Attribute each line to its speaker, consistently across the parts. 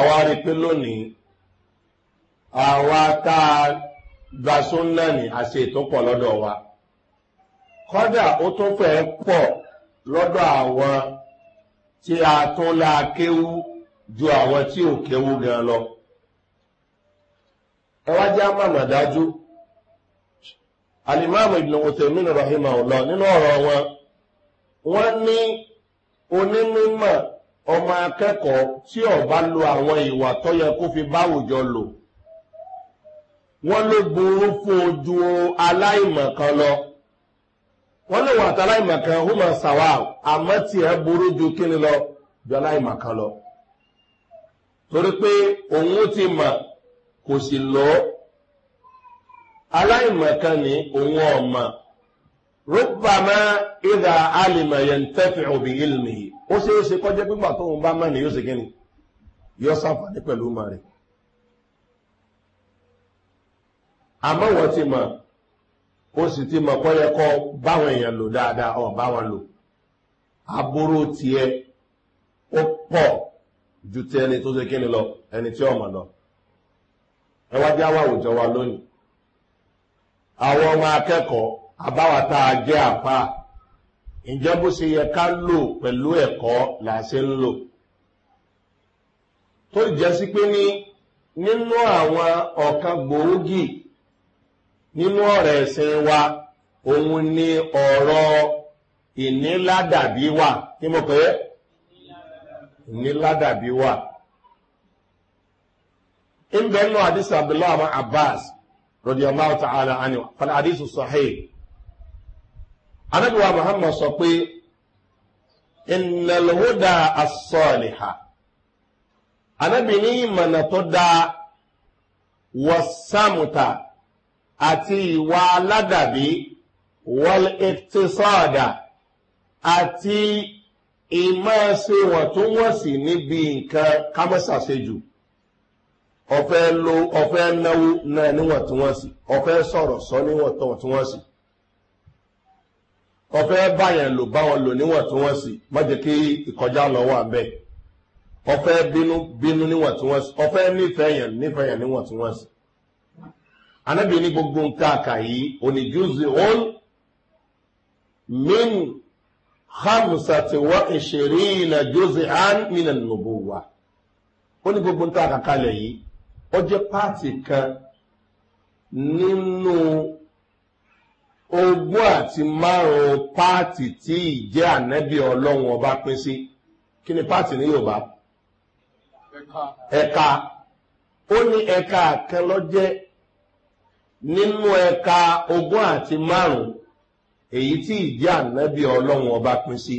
Speaker 1: àwa rí pé lónìí àwa tá a gba súnà ní àṣẹ ìtúpọ̀ lọ́dọ̀ wa kọ́dà ó tún fẹ́ pọ̀ lọ́dọ̀ àwọn tí a tún la kéwú ju àwọn tí ò kéwú gan lọ ẹ wá jẹ́ àmàmà dájú alimami ibn uthaymeen rahimahullah nínú ọ̀rọ̀ wọn wọ́n ní onímọ̀ ọmọ akẹ́kọ̀ọ́ tí ọba lo àwọn ìwà tó yẹ kó fi báwùjọ lò wọ́n ló burú fún ojú aláìmọ̀kan lọ wọ́n lè wà tá aláìmọ̀kan húmọ̀ sàwà àmọ́ tí ẹ burú ju kíni lọ ju aláìmọ̀kan lọ torí pé òun ti mọ̀ kò sì lọ aláìmọ̀kan ni òun ọ̀mọ̀ rúbàmá ìdá alìmọ̀ yẹn tẹ́fẹ̀ òbí ilmi ó ṣe é ṣe kọjẹ́ pípà tó ń bá mọ́ ni yóò ṣe gíní yóò sáfàní pẹ̀lú ma rẹ̀ àmọ́ wọ́n ti mọ̀ ó sì ti mọ̀ kọ́yẹ kọ́ báwọn èèyàn lò dáadáa ọ̀ báwọn lò aburú tiẹ̀ ó pọ̀ ju ti ẹni tó ṣe kíni lọ ẹni tí ọmọ lọ ẹ wá jáwọ́ àwùjọ wa lónìí àwọn ọmọ akẹ́kọ̀ọ́ abawata tá àpá ǹjẹ́ bó ṣe yẹ ká lò pẹ̀lú ẹ̀kọ́ là ṣe ń lò tó jẹ́ sí pé ní nínú àwọn ọ̀kan gbòógì nínú ọ̀rọ̀ ẹ̀sìn wa òun ni ọ̀rọ̀ ìníládàbí wà kí mo pẹ́ ìníládàbí wà abbas rọ̀díọ̀láwọ̀ ta'ala àni fàdí anábíwá muhammad sọ pé ìnàlọ́wọ́dà asọ́ọ̀lìhà anábì ní ìmọ̀nà tó da wọ́sàmùtà àti ìwà aládàbí wọ́l ìtìsọ́ọ̀dà àti ìmọ̀ọ́sẹ̀ wọ̀túnwọ̀sì níbi nǹkan kámọ́sàṣejù ọ̀fẹ́ náwó náà níwọ̀ntúnwọ̀sì ọ̀fẹ́ sọ̀rọ̀ sọ níwọ̀ntúnwọ̀sì ọfẹ báyẹn lò báwọn lò níwọ̀ntúnwọ̀nsì má jẹ́ kí ìkọjá lọ wà bẹ́ẹ̀ ọfẹ bínú bínú níwọ̀ntúnwọ̀nsì ọfẹ nífẹ̀ẹ́ yẹn nífẹ̀ẹ́ yẹn níwọ̀ntúnwọ̀nsì. anábì ní gbogbo nǹkan àkà yìí oníjúzi òun min hamsati wa ìṣeré ilẹ̀ jose an mina nùbọ̀ wa ó ní gbogbo nǹkan àkàkalẹ̀ yìí ó jẹ́ páàtì kan nínú. ogún àti márùn-ún páàtì tí ìjẹ́ ànẹ́bí ọlọ́run ọba pín sí kí ni páàtì ní yorùbá ẹ̀ka ó ní ẹ̀ka kan nínú ẹ̀ka ogún àti márùn-ún èyí tí ìjẹ́ ànẹ́bí ọlọ́run ọba pín sí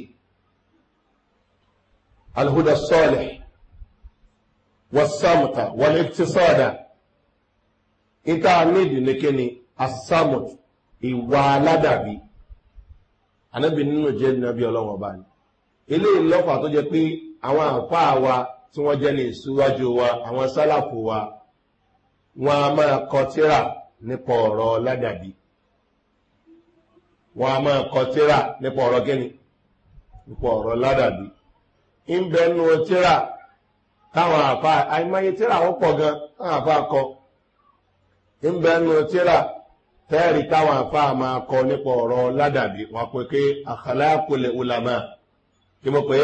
Speaker 1: alhuda sọ́ọ̀lẹ̀ wasamuta wọlé tí sọ́ọ̀dà ìta nídìí ní ni ìwà aládàbí anábì nínú jẹ́ nàbí ọlọ́wọ́n bá ní eléyìí lọ́fà tó jẹ́ pé wa tí wọ́n jẹ́ ní wa àwọn wa wọn a máa kọ tíra nípa ọ̀rọ̀ ládàbí wọn a máa kọ tíra nípa ọ̀rọ̀ gẹ́ni nípa ọ̀rọ̀ ládàbí ń bẹ tíra táwọn àpá àìmọye tíra wọ́n pọ̀ kọ ń bẹ tẹ́ẹ̀rí táwọn afá máa kọ nípa ọ̀rọ̀ ládàbí wọn pé pé àkàlákùlẹ̀ ulama kí mo pé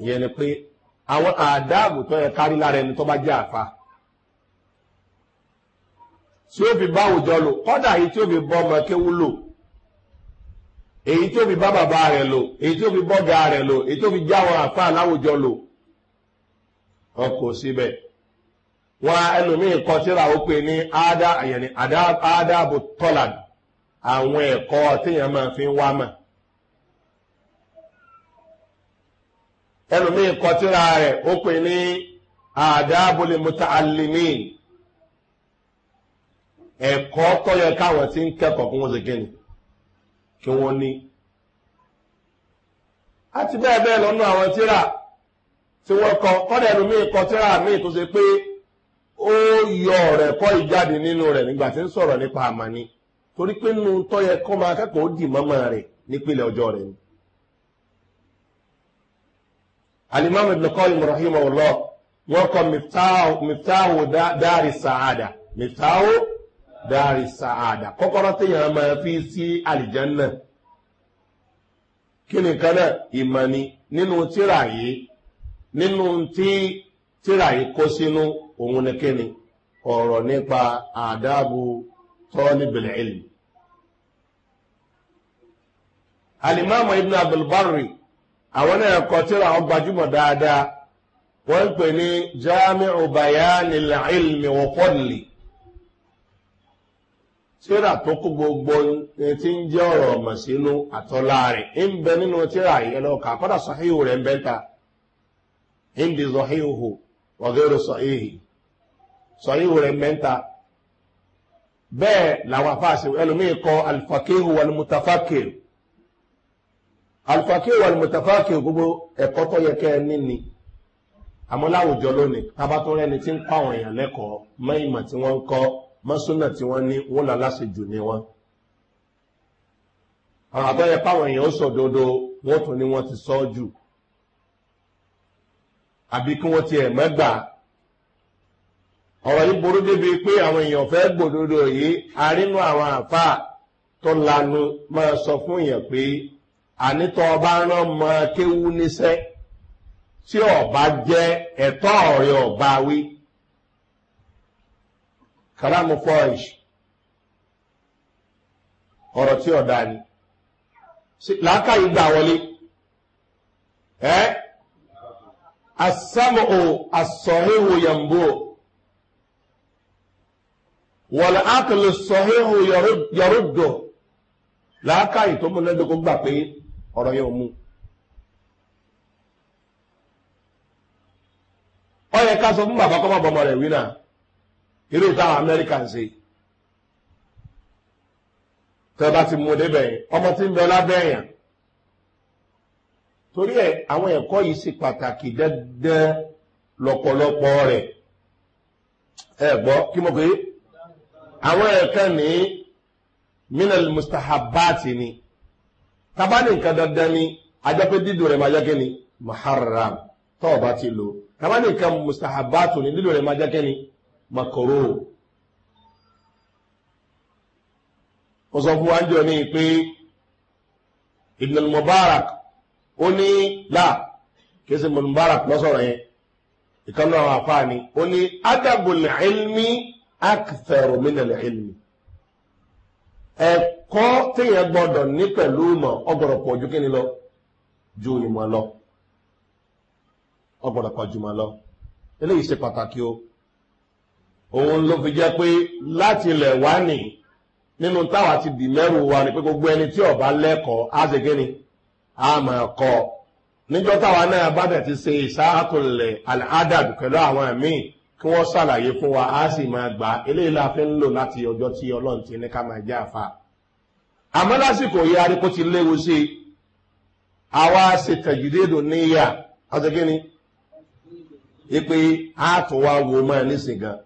Speaker 1: ìyẹn ni pé àwọn àdáàbò tó yẹ kárí lára ẹni tó bá jẹ́ àfa tí ó fi bá òjọ lò kọ́dà èyí tí ó fi bọ́ ọmọ kéwú lò èyí tí ó fi bá bàbá rẹ̀ lò èyí tí ó fi bọ́gà rẹ̀ lò èyí tí ó fi jáwọn àfa láwùjọ lò wọn síbẹ̀. wọn ẹlòmíì kọ síra ó pe ní ádábù tọ́làn àwọn ẹ̀kọ́ tíyẹn máa fi wá mọ̀ ẹlòmíì kọ síra rẹ̀ ó pe ní ádábù lè mú ta alìmí ẹ̀kọ́ tọ́yọ káwọn ti ń kẹ́kọ̀ọ́ kún ó sì kéni kí wọ́n ní àti bẹ́ẹ̀ bẹ́ẹ̀ lọ́nà àwọn tíra tí wọ́n kọ kọ́dẹ̀ ẹlòmíì kọ síra míì tó ṣe pé. ó yọ ọ̀rẹ́ kọ́ ìjáde nínú rẹ̀ nígbà tí ń sọ̀rọ̀ nípa ni. torí pé nínú tọ́ yẹ kọ́ máa kẹ́kọ̀ọ́ dì mọ́mọ́ rẹ̀ nípìnlẹ̀ ọjọ́ rẹ̀ ni. alimami ibnukọ́ ibrahima ọlọ́ wọ́n kọ́ miftahu dáàrí sàádà miftahu dáàrí sàádà kọ́kọ́rọ́ téèyàn máa fi sí àlìjánná kí nìkan náà ìmọ̀ ni nínú tíra yìí nínú tí tíra yìí kó sínú òun ni kíni ọ̀rọ̀ nípa àdáàbò tọ́líbìlì ilmi alimami ibn abdulbari àwọn náà kọ tí àwọn gbajúmọ̀ dáadáa wọ́n ń pè ní jamiu bayani ilmi wọ́pọ̀lì tíra tó kó gbogbo tí ń jẹ́ ọ̀rọ̀ ọ̀mọ̀ sínú àtọ́lá ń bẹ nínú tíra yìí lọ́ka kọ́dà sọ́híhù rẹ̀ ń bẹ́ta ń di sọ́híhù wọ́gẹ́rù sọ́híhì sọ̀yíwò rẹ̀ mẹ́ta bẹ́ẹ̀ làwọn afáàṣẹ ẹlòmíì kọ alifakiru walimutafakiru alifakiru walimutafakiru gbogbo ẹ̀kọ́ tó yẹ kẹ́ ẹ níní àmọ́ láwùjọ lónìí tábà tó rẹ́ni tí ń kọ́ àwọn èèyàn lẹ́kọ̀ọ́ mẹ́ìmọ̀ tí wọ́n ń kọ́ mọ́súnà tí wọ́n ní wọ́n là láṣejù ní wọn. àwọn àtọ́yẹ páwọn èèyàn ó sọ̀dodo wọ́n tún ní wọ́n ti sọ́ jù àbí kí wọ́n ti ẹ̀ mẹ́gbàá ọ̀rọ̀ yìí ború débi pé àwọn èèyàn fẹ́ gbòdodo yìí arínú àwọn àfa tó lanu máa sọ fún èèyàn pé ànítọ́ ọba rán mọ kéwú níṣẹ́ tí ọba jẹ́ ẹ̀tọ́ ọ̀rẹ́ ọba wí. kàrámù fọ́ọ̀ṣ ọ̀rọ̀ tí ọ̀dà ni làákàyè gbà wọlé ẹ́ asámọ̀ asọ̀híhù yẹ̀mbó. wọ̀lẹ́àkìl sọ̀híhù yọrùdọ̀ làákàyè tó mú lẹ́dọ̀kọ́ gbà pé ọ̀rọ̀ yẹn ò mú. ọ yẹ ká sọ fún bàbá kọ́ bàbá rẹ̀ wí náà irú táwọn amẹ́ríkà ń ṣe. ti mú torí àwọn àwọn ẹ̀kan ní minal mustahabati ni tabani nǹkan dandan ni ajọ́ pé dídò rẹ̀ máa jẹ́kẹ́ ni muharram tọ́ ọba ti lò tabani nǹkan mustahabatu ni dídò rẹ̀ máa jẹ́kẹ́ ni makoro ó sọ fún wa ń jọ ní pé ibn mubarak ó ní láà kí ó mubarak lọ́sọ̀rọ̀ yẹn ìkànnì àwọn àfáà ó ní adabul ilmi. akthar min al ẹkọ ẹ̀kọ́ gbọdọ ní pẹ̀lú ìmọ̀ ọgbọdọ pọ̀ ju kí lọ ju ìmọ̀ lọ ọgbọ̀dọ̀ pọ̀ ju lọ eléyìí ṣe pàtàkì o òun ló fi jẹ́ pé láti ilẹ̀ wá ní nínú táwa ti dì mẹ́rù wa ni pé gbogbo ẹni tí ọba lẹ́kọ̀ọ́ á ṣe kí ni máa kọ́ níjọ́ táwa náà bá bẹ̀ ti ṣe ìsáàtò àdàdù pẹ̀lú àwọn kí wọ́n ṣàlàyé fún wa a sì máa gbà fi ń lò láti ọjọ́ ti ní ká máa jẹ́ àfa àmọ́ lásìkò yìí arípo ti léwu sí àwa ṣe tẹ̀júdédò níyà ọjọ́ ipe wo máa nísìn gan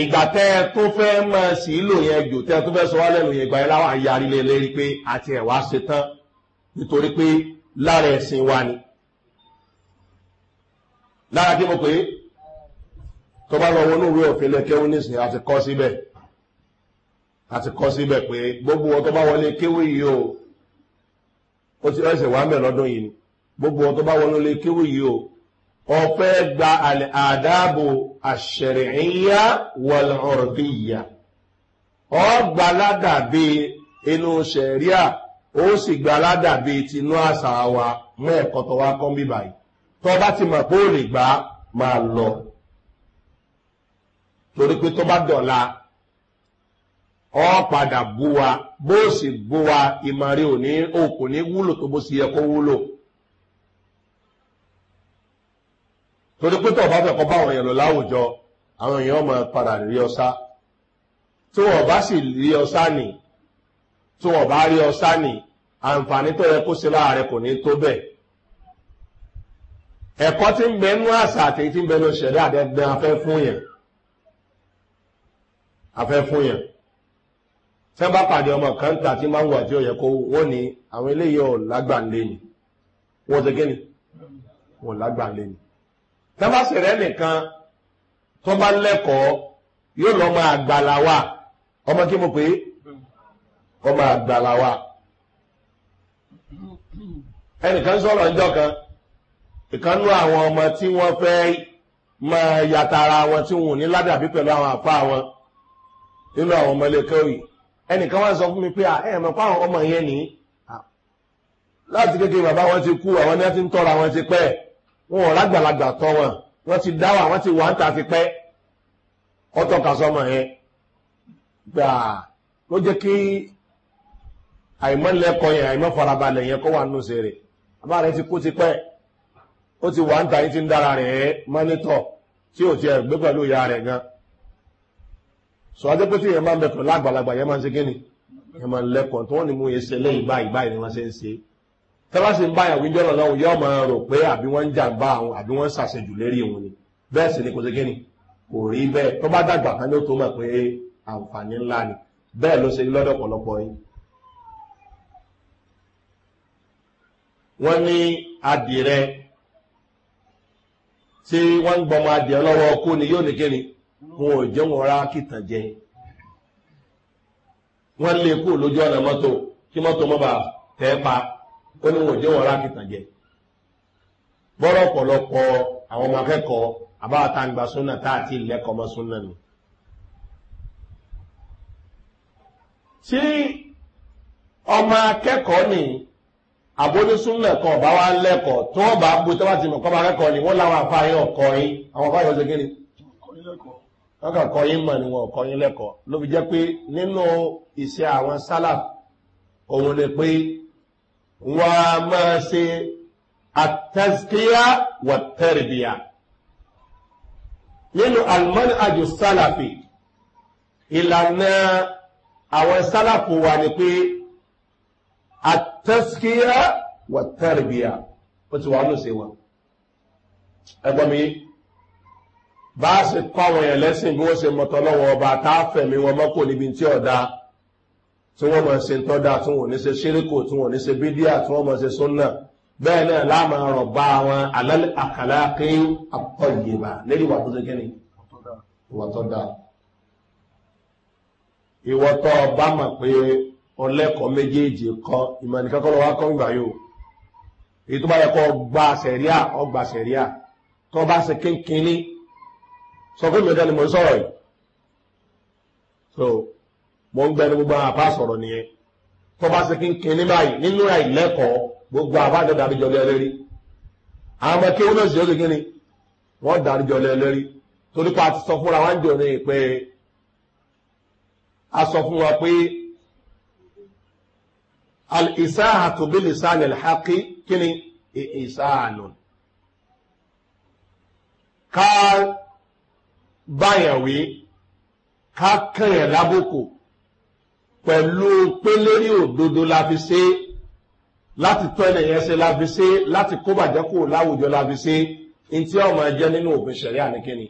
Speaker 1: ìgbà tẹ́ ẹ tó fẹ́ máa sì lò yẹn jù tẹ́ ẹ tó fẹ́ sọ wá lẹ́nu yẹn láwọn lé lérí ni lára kí mo pè tó bá lọ wọnú ìwé òfin lẹ́kẹ́wó nísìnyí àti kọ́ síbẹ̀ àti kọ́ síbẹ̀ pé gbogbo wọn tó bá wọlé kéwé yìí o ó ti ẹsẹ̀ wá mẹ́ lọ́dún yìí ni gbogbo wọn tó bá wọlé kéwé yìí o ọ̀fẹ́ gba àdáàbò àṣẹ̀rìíyá wọ̀lọ́rọ̀dìyà ọgbà ládàbí inú ṣẹ̀ríà ó sì gba ládàbí tinú àṣà wa mọ́ ẹ̀kọ́ tó wá kọ́ bíbáyìí tó bá ti mọ̀ pé ó lè gbà máa lọ torí pé tó bá dọ̀la ọ padà bú wa bó sì bú wa ìmọ̀rí òní òkò ní wúlò tó bó sì yẹ kó wúlò torí pé tó bá fẹ́ kọ́ bá àwọn èèyàn lọ láwùjọ àwọn èèyàn máa padà rí ọsá tí wọ́n bá sì rí ọsá nì tí wọ́n bá rí ọsá nì àǹfààní tó yẹ kó ṣe láàárẹ̀ kò ní tó bẹ́ẹ̀ ẹ̀kọ́ tí ń bẹnu àṣà àti tí ń bẹnu ṣẹ̀dá àdẹ́gbẹ́ afẹ́ fún yẹn afẹ́ fún yàn tẹ́ bá pàdé ọmọ kan tà tí máa ń wà tí ó yẹ kó wọ́n ní àwọn eléyìí ọ̀ lágbàǹlé ni wọ́n ti gé wọ́n lágbàǹlé ni tẹ́ bá sì rẹ́ nìkan tó bá lẹ́kọ̀ọ́ yóò lọ́ máa gbàlà wa ọmọ kí mo pè é ọmọ àgbàlà wa ẹnìkan sọ̀rọ̀ ọjọ́ kan ìkanú àwọn ọmọ tí wọ́n fẹ́ máa yàtara wọn tí wọn ò ní ládàbí pẹ̀lú àwọn àfa wọn. nínú àwọn ọmọ ilé-ẹ̀kọ́ yìí ẹnìkan wá sọ fún mi pé ẹ̀mọ̀ pa ọmọ yẹn ní láti bàbá wọn ti kú àwọn ní ti ń tọrọ àwọn ti pẹ́ wọn ò lágbàlagbà tọ́ wọn ti dá wọn ti wà ń ta ti pẹ́ ọtọ̀ kà sọmọ yẹn gbà ló jẹ́ kí àìmọ́lẹ́kọ yẹn àìmọ́farabalẹ̀ yẹn kọ́ wà nù sèrè àbá rẹ ti kú ti pẹ́ ti wà ń ti ń dára rẹ̀ mọ́nítọ̀ tí sọ adé pé tí yẹn máa ń bẹ̀tọ̀ lágbàlagbà yẹn máa ń ṣe kíni yẹn máa ń lẹ́kọ̀ọ́ tí wọ́n ní mú yẹn ṣe lẹ́yìn báyìí báyìí ni wọ́n ṣe ń ṣe tẹ́lásì ń báyàwó ìjọ náà lọ́wọ́ yóò máa rò pé àbí wọ́n ń jàǹbá àwọn àbí wọ́n ń ṣàṣejù lérí òun ni bẹ́ẹ̀ sì ni kò ṣe kíni kò rí bẹ́ẹ̀ tó bá dàgbà kan ní ó tó mọ̀ pé àǹfààní ńlá ni bẹ́ẹ̀ ló ṣe lọ́dọ̀ pọ̀lọpọ̀ yìí. wọ́n ní adìrẹ tí wọ́n ń gbọmọ adìrẹ lọ́wọ́ ọkú ni yóò ní kíni wọn ò jẹ́ wọn ra kìtàn jẹ wọ́n lè e kú lójú ọ̀nà mọ́tò kí mọ́tò mọ́ tẹ́ pa ó ní wọn ò jẹ́ wọn ra kìtàn jẹ bọ́rọ̀ ọ̀pọ̀lọpọ̀ àwọn ọmọ akẹ́kọ̀ọ́ súnà súnà tí ọmọ akẹ́kọ̀ọ́ ni àbónísúnlẹ̀ kan ọ̀bá wá lẹ́kọ̀ọ́ tó ọ̀bá gbé tó bá ti mọ̀ wọ́n láwọn ọkọ̀ yín wọ́n kàn kọ́ yín mọ̀ ni wọ́n kọ́ yín lẹ́kọ̀ọ́ ló fi jẹ́ pé nínú iṣẹ́ àwọn sálà òun lè pé wọ́n a máa ṣe àtẹ́síkíyà wà tẹ́rìbíyà nínú almanu àjò sálàfì ìlànà àwọn sálàfù wà ní pé àtẹ́síkíyà wà tẹ́rìbíyà ó ti wà ní òṣèwọ̀n ẹgbọ́n mi yìí bá a ṣe kọ́ àwọn èèyàn lẹ́sìn bí wọ́n ṣe mọ̀tọ́ lọ́wọ́ ọba tá a fẹ̀mí wọn mọ́kò níbi tí ọ̀dà tí wọ́n mọ̀ ṣe ń tọ́da tí wọ́n ní ṣe ṣíríkò tí wọ́n ní ṣe bídíà tí wọ́n mọ̀ ṣe súnà bẹ́ẹ̀ náà láàmú ọ̀rọ̀ bá àwọn alẹ́ àkàlà kí àpọ̀ ìyèbà lérí ìwà tó ṣe kí ni ìwà tó dáa ìwọ tó ọba mọ̀ pé ọlẹ́kọ̀ọ́ méjèèjì kọ́ ìmọ̀ nìkan kọ́ sọ fún mi dání mo sọ̀rọ̀ yìí so mo ń gbẹni gbogbo àpá sọ̀rọ̀ nìyẹn tó bá ṣe kí n kiri báyìí nínú àìlẹ́kọ̀ọ́ gbogbo àpá àti dàbíjọ lẹ́lẹ́rí àwọn ọmọ kí wọ́n lọ sí ọ́ kékeré wọ́n dàbíjọ lẹ́lẹ́rí torí pa ti sọ fúnra wọn jọ ní pé a sọ fún wa pé al tó bí lisan al kí ni isa'anun báyàwé ká kẹ̀yàn lábòkò pẹ̀lú pé lérí òdodo la fi ṣe láti tọ́ ẹnì yẹn ṣe la fi ṣe láti kó bàjẹ́ kúrò láwùjọ la fi ṣe ntí ọmọ ẹjẹ nínú òfin ṣẹlẹ̀ àníkíni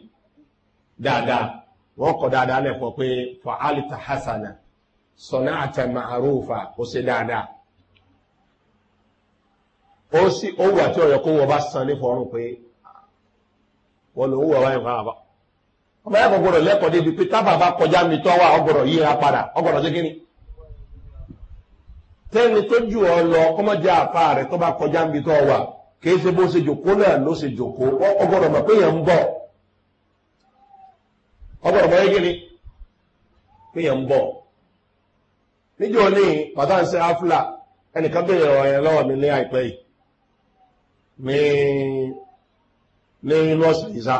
Speaker 1: dáadáa wọ́n kọ̀ dáadáa lẹ́fọ̀ pé fa'alita hasana sọ̀nà àtẹ̀mà àrùfà ó ṣe dáadáa ó sì ó wà tí ọ̀yọ́ kó wọ́n bá san ní fọ́ọ̀rùn pé wọ́n lò ó wà wáyé fún àwọn ọmọ yàgò gbọdọ̀ lẹ́kọ̀ọ́ débi pé tábà bá kọjá mi tọ́ wa ọgbọ̀dọ̀ yíra padà ọgbọ̀dọ̀ ṣe kíni. tẹ́ni tó jù ọ lọ kọ́mọ́jà àfa rẹ̀ tó bá kọjá mi tọ́ wa kìí ṣe bó ṣe jòkó náà ló ṣe jòkó ọgbọ̀dọ̀ mọ̀ pé yẹn ń bọ̀ ọgbọ̀dọ̀ mọ̀ yẹ́gẹ́ni pé yẹn ń bọ̀. níjọ́ ní pàtàǹsẹ̀ áfúlà ẹnìkan bèèrè ọ̀rọ̀ lọ́wọ́ mi ní àìpẹ́ yìí ní ní nọ́ọ̀sì ìsá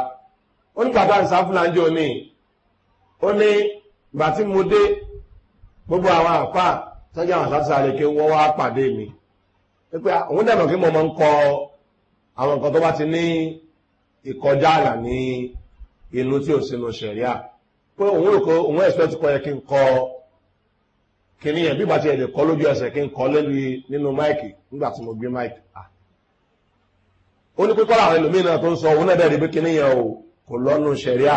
Speaker 1: ó ní bàbá ìsáfúnlájọ́ ní ó ní ìgbà tí mo dé gbogbo àwọn àpá tọ́jú àwọn àtàtà rẹ̀ kí wọ́n wá pàdé mi pé òun dẹ̀mọ̀ kí mo mọ́ ń kọ àwọn nǹkan tó bá ti ní ìkọjá àlà ní inú tí ò sínú sẹ̀ríà pé òun rò pé òun ẹ̀sọ́ ti yẹ kí n kọ kíní yẹn bí bàtí ẹ̀ lè kọ lójú ẹsẹ̀ kí n kọ lẹ́lu nínú máìkì nígbà tí mo gbé máìkì ah. ó ní pípọ́ àwọn ẹlòmíràn tó ń sọ òun náà dẹ̀ rí pé kíní yẹn o kò lọ́nu sẹ̀ríà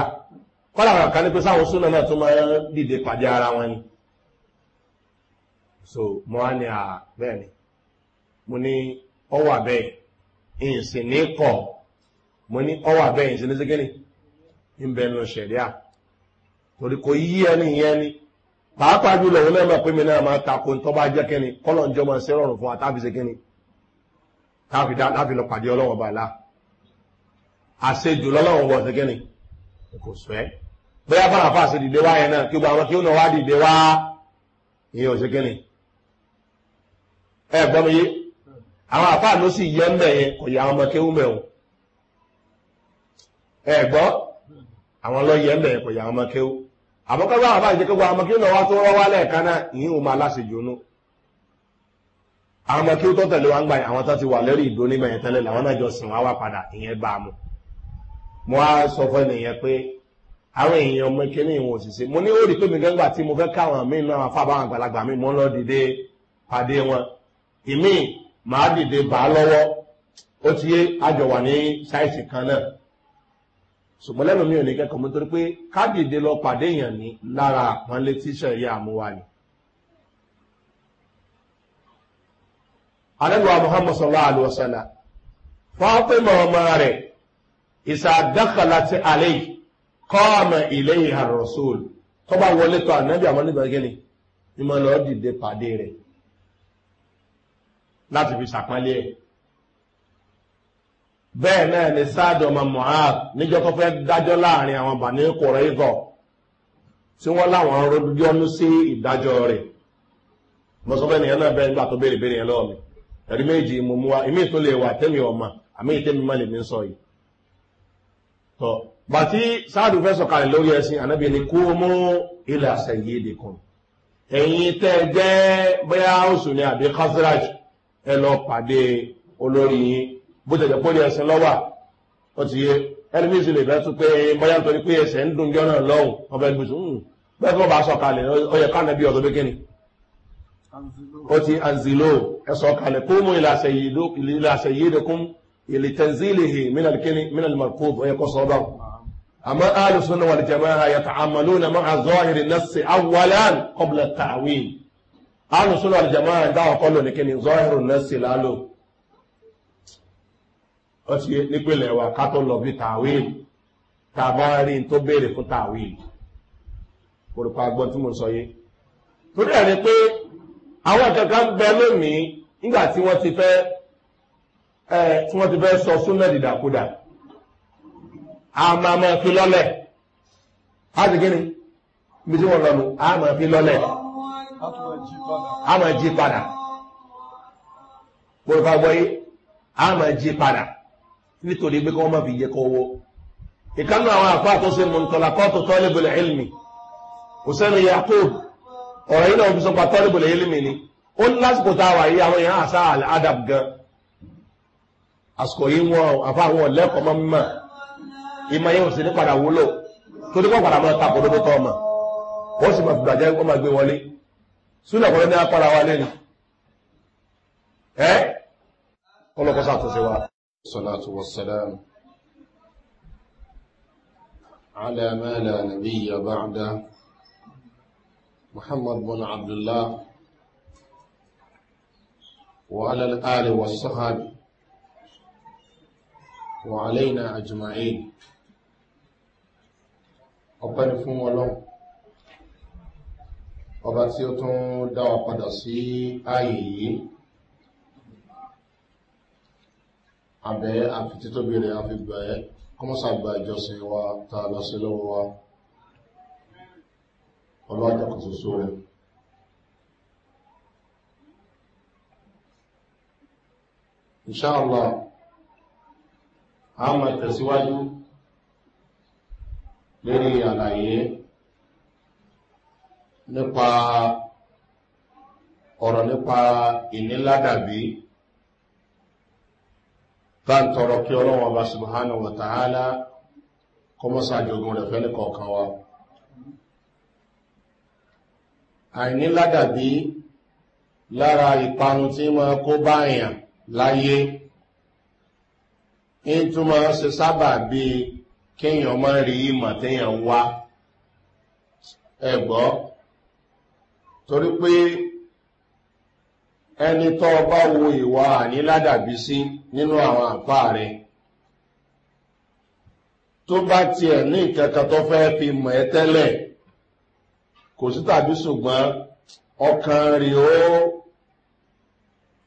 Speaker 1: kọ́lá àwọn kan ní pé sáwọn súnà náà tó máa ń dìde pàdé ara wọn ni so mo wá ní ni mo ní ọwọ́ àbẹ́ ìsìn ní kọ̀ mo ní ọwọ́ àbẹ́ ìsìn ní sígínì ń bẹ nu sẹ̀ríà torí kò yí ẹni ni pàápàá jùlọ òun náà mọ̀ pé mi náà máa ń tọ́ba jẹ́ kọ́lọ̀ ń fún wa ṣe lọ pàdé ọlọ́wọ́ àṣejù lọ́lọ́run wọ̀ ṣẹ́gẹ́ni kò sẹ́ bóyá bá àfa àṣẹ dìde wá yẹn náà kí gbogbo àwọn kí ó náà wá dìde wá ìyẹn ò ṣẹ́gẹ́ni ẹ gbọ́ mi yé àwọn àfa ló sì yẹ mbẹ yẹn kò yẹ àwọn ọmọ kéwú mbẹ o ẹ gbọ́ àwọn lọ yẹ mbẹ yẹn kò yẹ àwọn ọmọ kéwú àmọ́ kọ́ bá àfa ìṣẹ́kẹ́ gbogbo àwọn ọmọ kéwú náà wá tó rọ́ wálẹ̀ kan náà àwọn ọmọ kéwú tó tẹ̀lé wa ń gbà yẹn àwọn tó ti wà lórí ìdó nígbà yẹn tẹ́lẹ̀ làwọn náà jọ sìn wá wá padà ìyẹn bá a mú. mo á sọ fún ènìyàn pé àwọn èèyàn ọmọ kíní ìwọ̀n òṣìṣẹ́ mo ní òòrì tó mi gángbà tí mo fẹ́ káwọn míì inú àwọn báwọn àgbàlagbà mi mo ń lọ dìde pàdé wọn ìmí màá dìde bà á lọ́wọ́ ó ti yé àjọ wà ní sáìsì kan náà ṣùgbọ́n lẹ́nu mi ò ní kẹ́kọ̀ọ́ mo torí pé ká pàdé èèyàn ní lára ni. alẹ́ isa دخلت عليه قام إليها الرسول طبعا ولدت على النبي عمل لي بقى ìmọ̀ lọ dìde pàdé rẹ̀ láti fi sàpálé ẹ̀ bẹ́ẹ̀ náà ni sáàdọ̀ ma mohab níjọ́ tó fẹ́ dájọ́ láàrin àwọn bà ní kòrò ìgọ̀ tí wọ́n láwọn rọ́dújọ́nú sí ìdájọ́ ọrụ mọ́sọ́fẹ́ mi wa mi tọ́ bà tí sáàdù fẹ́ sọ̀kalẹ̀ lórí ẹ̀sìn ànábì ni kó mú ilẹ̀ àṣẹ yìí dì kan ẹ̀yin tẹ́ jẹ́ bóyá oṣù ni àbí khazraj ẹ lọ pàdé olórí yín bó tẹ̀jẹ̀ pọ́lì ẹ̀sìn lọ́wà ó ti yé ẹlẹ́mí ìṣẹ̀lẹ̀ fẹ́ tún pé bóyá nítorí pé ẹ̀sẹ̀ ń dùn jọ́nà lọ́hùn ọbẹ̀ gbèsè hmm. bẹ́ẹ̀ tó bá sọ̀kalẹ̀ ọyẹ ká nàbí ọ̀dọ́ bẹ́kẹ́ni ó ti anzilo ẹ̀ kó mú ilẹ̀ àṣẹ yìí kún لتنزيله من الكلي من المركوب وهي قصبة أما أهل السنة والجماعة يتعاملون مع ظاهر النص أولا قبل التعويل أهل السنة والجماعة دعوا قالوا لكن ظاهر النص لالو ọtí nípìnlẹ̀ wa ká tó lọ bí tàwíìlì tá a bá rí n tó béèrè fún tàwíìlì orúkọ tí mo sọ yé torí ẹ̀ pé àwọn kankan bẹ lónìí nígbà tí wọ́n ti fẹ́ ẹ tí wọ́n ti fẹ́ sọ súnà dìdàkudà àmà máa fi lọ́lẹ̀ láti kí ni bí tí wọ́n lọ́nu àmà fi lọ́lẹ̀ àmà jí padà gbọ́dọ̀fà gbọ́yé àmà jí padà nítorí pé kí wọ́n má fi yẹ kọ́ wọ́ ìkànnì àwọn àpá àtọ́sí mọ̀ntọ́lá kọ́ọ̀tù tọ́lẹ̀bùlẹ̀ ẹ̀lmì kò sẹ́nu yakub ọ̀rọ̀ yìí náà fi sọ pa tọ́lẹ̀bùlẹ̀ ẹ̀lmì ni ó ní lásìkò tá a wà yí àwọn èèyàn àṣà àdàb gan àsìkò yìí wọn àfa àwọn ọ̀lẹ́kọ̀ọ́ mọ́ mímọ́ ìmọ̀ yẹn ò sì ní padà wúlò torí wọ́n padà máa tapò lóbótọ́ ọmọ wọ́n sì máa fìgbàjẹ́ wọ́n máa gbé wọlé súnà kọ́lé ní apára wa lẹ́nu ẹ́ kọ́lọ́kọ́ sàtúnṣe wa. salatu wa salam ala ma la nabiyya ba'da muhammad bin abdullah wa ala al-ali wa sahabi وعلينا أجمعين ọ̀pẹ́ni fún ọlọ́run ọba tí ó tún dáwà padà sí ààyè yìí àbẹ́ àfitítóbi rẹ̀ àfigbà ẹ́ kọmọ́sàgbà ìjọsìn wa ta lọ sí lọ́wọ́ wa ọlọ́jọ́ rẹ̀ inṣáàlá a ma tẹ̀síwájú lórí àlàyé nípa ọ̀rọ̀ nípa ìníládàbí tá ń tọrọ kí ọlọ́wọ́n bá ṣubhánà wàtàhálà kọmọ́sàjogún rẹ̀ fẹ́ ní kọ̀ọ̀kan wa àìníládàbí lára ìpanu tí wọ́n kó báyàn láyé ń tún ṣe sábà bí kéèyàn má rí ìmọ̀ téèyàn wá ẹ̀gbọ́ torí pé ẹni tó bá wo ìwà àní sí nínú àwọn àpá rẹ̀ tó bá tiẹ̀ ní ìkẹ́kẹ́ tó fẹ́ fi mọ̀ ẹ́ tẹ́lẹ̀ kò sí tàbí ṣùgbọ́n ọkàn rí ó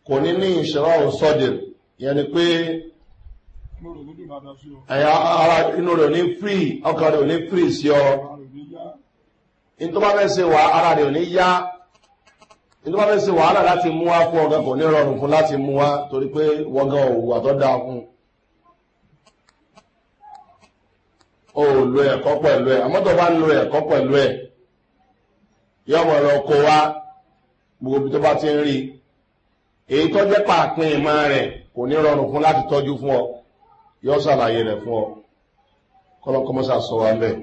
Speaker 1: kò ní ní ìṣẹ́wà òsọ́dẹ̀ ni pé ẹ̀yà ara inú rẹ̀ ò ní free ọkàn rẹ̀ ò ní free sí ọ nítorí bẹ́ẹ̀ ṣe wà ara rẹ̀ ò ní yá nítorí bẹ́ẹ̀ ṣe wàhálà láti mú wá fún ọ̀gá kò ní rọrùn fún láti mú wá torí pé wọ́gán òwò àtọ́dá fún o lo ẹ̀kọ́ pẹ̀lú ẹ̀ àmọ́tọ̀ bá ń lo ẹ̀kọ́ pẹ̀lú ẹ̀ yọmọ lọ kó wá gbogbo tó bá ti ń rí èyí tó jẹ́ pàápín ìmọ̀ rẹ̀ kò ní rọrùn fún láti tọ́jú fún ọ. yọ́ sàlàyé rẹ fún ọ kọmosa sọ wà mẹ́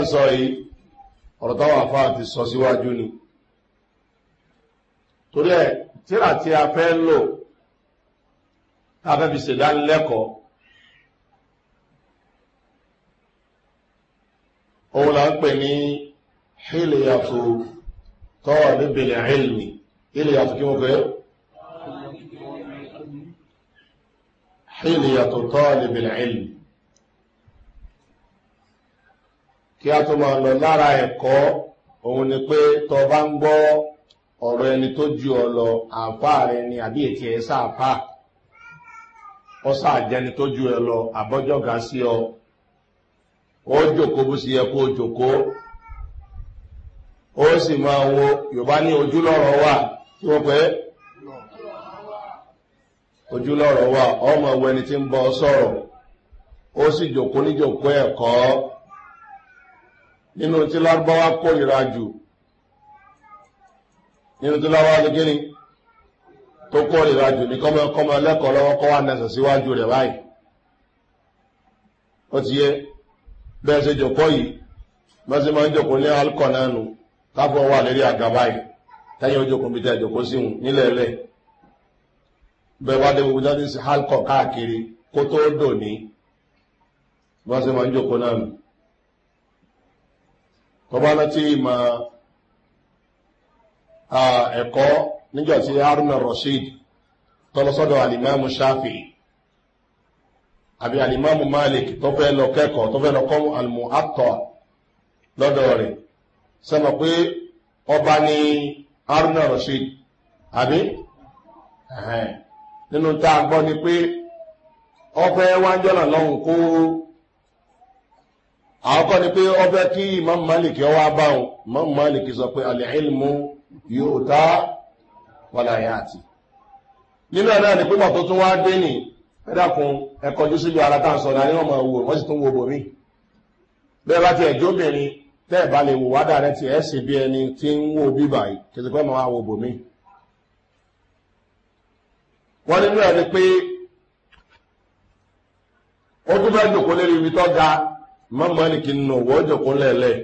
Speaker 1: ń sọ yìí ọ̀rọ̀ sọ síwájú ni torí a tíra tí a fẹ́ lò tá fi ṣèdánilẹ́kọ̀ọ́ òun là ń pè ní hílìyàtò tọ́wọ̀ níbi ilẹ̀ hílìmì kí wọ́n fẹ́ حلية طالب العلم kí a tó máa lọ lára ẹ̀kọ́ òun ni pé tọ bá ń gbọ́ ọ̀rọ̀ ẹni tó ju àbí jẹni tó ju ẹ lọ àbọ́jọ́gà sí ọ ó jòkó bó sì yẹ kó jòkó ó sì máa wo yorùbá ojúlọ́rọ̀ wa ọmọ ẹwọ ẹni tí ń bọ́ sọ̀rọ̀ ó sì jòkó níjòkó ẹ̀kọ́ nínú tí lárúbáwá kórìíra jù nínú tí lárúbáwá ló tó kórìíra jù ní kọ́mọkọ́mọ lẹ́kọ̀ọ́ lọ́wọ́ kọ́ wà nẹ̀sẹ̀ síwájú rẹ̀ báyìí ó ti yé bẹ́ẹ̀ ṣe jòkó yìí máa ń jòkó ní alkọ̀ náà nù káfọ́ wà àgàbáyìí bẹ́ẹ̀ bá dé gbogbo jáde sí halkọ̀ káàkiri kó tó dò ní wọ́n sì máa ń jòkó náà nù tọ́bá láti ìmọ̀ ẹ̀kọ́ níjọ̀tí haruna rasheed tọ́lọ́sọ́dọ̀ alimamu shafi àbí alimamu malik tó fẹ́ lọ kẹ́kọ̀ọ́ tó fẹ́ lọ kọ́ almu atọ́ lọ́dọ̀ rẹ̀ sẹ́mọ̀ pé ọba ni haruna rasheed àbí ẹ̀hẹ́n nínú tá a gbọ́ ni pé ọfẹ́ wájọ́ náà lọ́hùn kó àkọ́kọ́ ni pé ọfẹ́ kí imam malik ọwọ́ abáhùn imam malik sọ pé alẹ́hìlmù yóò tá wọlé ayé àti nínú ẹ̀ náà ni pípọ̀ tó tún wá dé nì ẹ̀dàkùn ẹ̀kọ́jú síbi ara tá à ń sọ náà níwọ̀n máa wọ́n sì tún wo bòmí bẹ́ẹ̀ bá ti ẹ̀jọ́ obìnrin tẹ́ẹ̀ bá lè wò wádà rẹ ti ẹ̀ sì bí ẹni tí ń wò bíbà kìtìpẹ́ máa wò bòmí wọ́n nínú ẹ̀ ni pé ó tún fẹ́ jòkó lérí ibi tó ga mọ́mọ́ ní kí n nù wọ́n jòkó lẹ́lẹ̀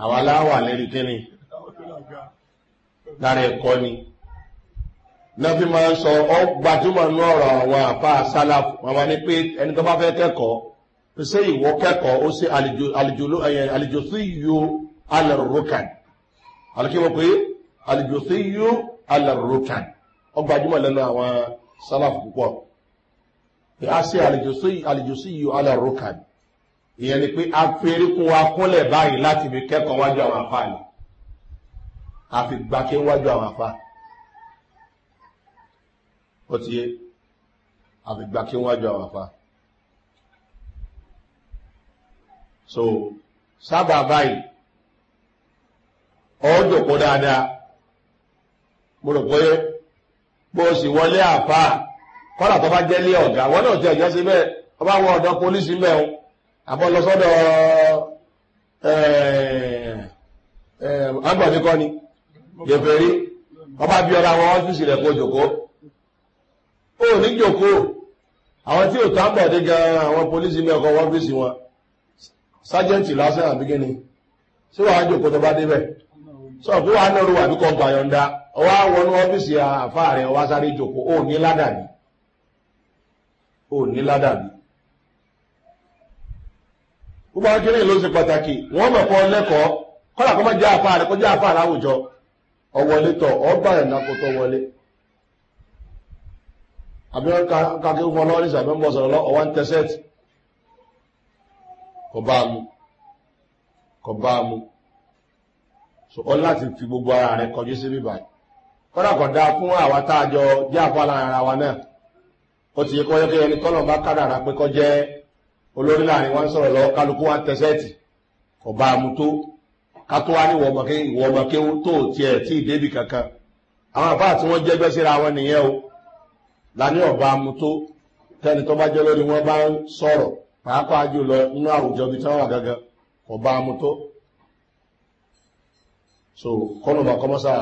Speaker 1: àwọn aláwà lérí kíni lára ẹ̀kọ́ ni nàfi máa ń sọ ọ gbajúmọ̀ ní ọ̀rọ̀ àwọn àfa sálàfù wọn máa ní pé ẹni tó bá fẹ́ kẹ́kọ̀ọ́ ṣé ìwọ kẹ́kọ̀ọ́ ó ṣe àlejò sí yo alẹ́ rúkàn àlùkí wọ́n pé àlejò sí yo alẹ́ rúkàn ọgbàjúmọ̀ lẹ́nu àwọn sálàfù púpọ̀ pé a ṣe àlejò sí yìí alárùkàn ìyẹn ni pé a fẹ́rí kún wa kúnlẹ̀ báyìí láti fi kẹ́kọ̀ọ́ wájú àwọn àfa ni a fi gbà kí wájú àwọn àfa ó ti yé a fi gbà kí wájú àwọn àfa so sábà báyìí ọ̀ọ́dọ̀kọ́ dáadáa mo rò pé bó o sì wọlé àfa kọ́là tó bá jẹ́ lé ọ̀gá wọn náà ti ọ̀jọ́ sí bẹ́ẹ̀ ọba wọ ọ̀dọ́ polisi bẹ́ẹ̀ o àbọ̀ lọ sọ́dọ̀ ọgbọ̀n kọ́ ni yẹ̀fẹ̀rí ọba bí ọ̀rọ̀ àwọn ọ́fíìsì rẹ̀ kó jòkó ó ní jòkó àwọn tí ò tán bọ̀dé gan àwọn polisi bẹ́ẹ̀ kọ́ ọ́fíìsì wọn sájẹ́ǹtì lásán àbígẹ́ni sí wàá jòkó tó bá débẹ̀ sọ fún wa náà rú wà bí kò gbàyọ̀ǹda. ọwọ́ wọnú ọ́fíìsì àfá rẹ̀ ọwá sáré jòkó ó ní ládàbí ó ní ládàbí gbogbo ló pàtàkì lẹ́kọ̀ọ́ kọ́lá kọ́ mọ́ jẹ́ kọ́ jẹ́ tọ̀ wọlé wọn kàkí fún ọlọ́wọ́ ní ń bọ̀ sọ̀rọ̀ ọwọ́ ń kọ bá bá so láti fi gbogbo ara rẹ̀ kọjú sí bíbáyìí kọ́dàkọ̀dá fún àwa tá a jọ jẹ́ àfọ́lá ara wa náà ó ti yẹ kọ́ yẹ kí ẹni tọ́lọ̀ bá kádàrà pé kọ́ jẹ́ olórí láàrin wọn sọ̀rọ̀ lọ kálukú wa ń tẹ́sẹ̀tì kò bá a mú tó ká tó wá ní ìwọ ọmọ kéwú tó tiẹ̀ tí ì débi kankan àwọn àbá tí wọ́n jẹ́gbẹ́ síra wọn nìyẹn o lani ọba mu tó tẹni tó bá jẹ lórí wọn bá ń sọrọ pàápàá jùlọ nínú àwùjọ bíi tí wọn wà gángan so kọ́nùmọ̀ kọ́mọ́sá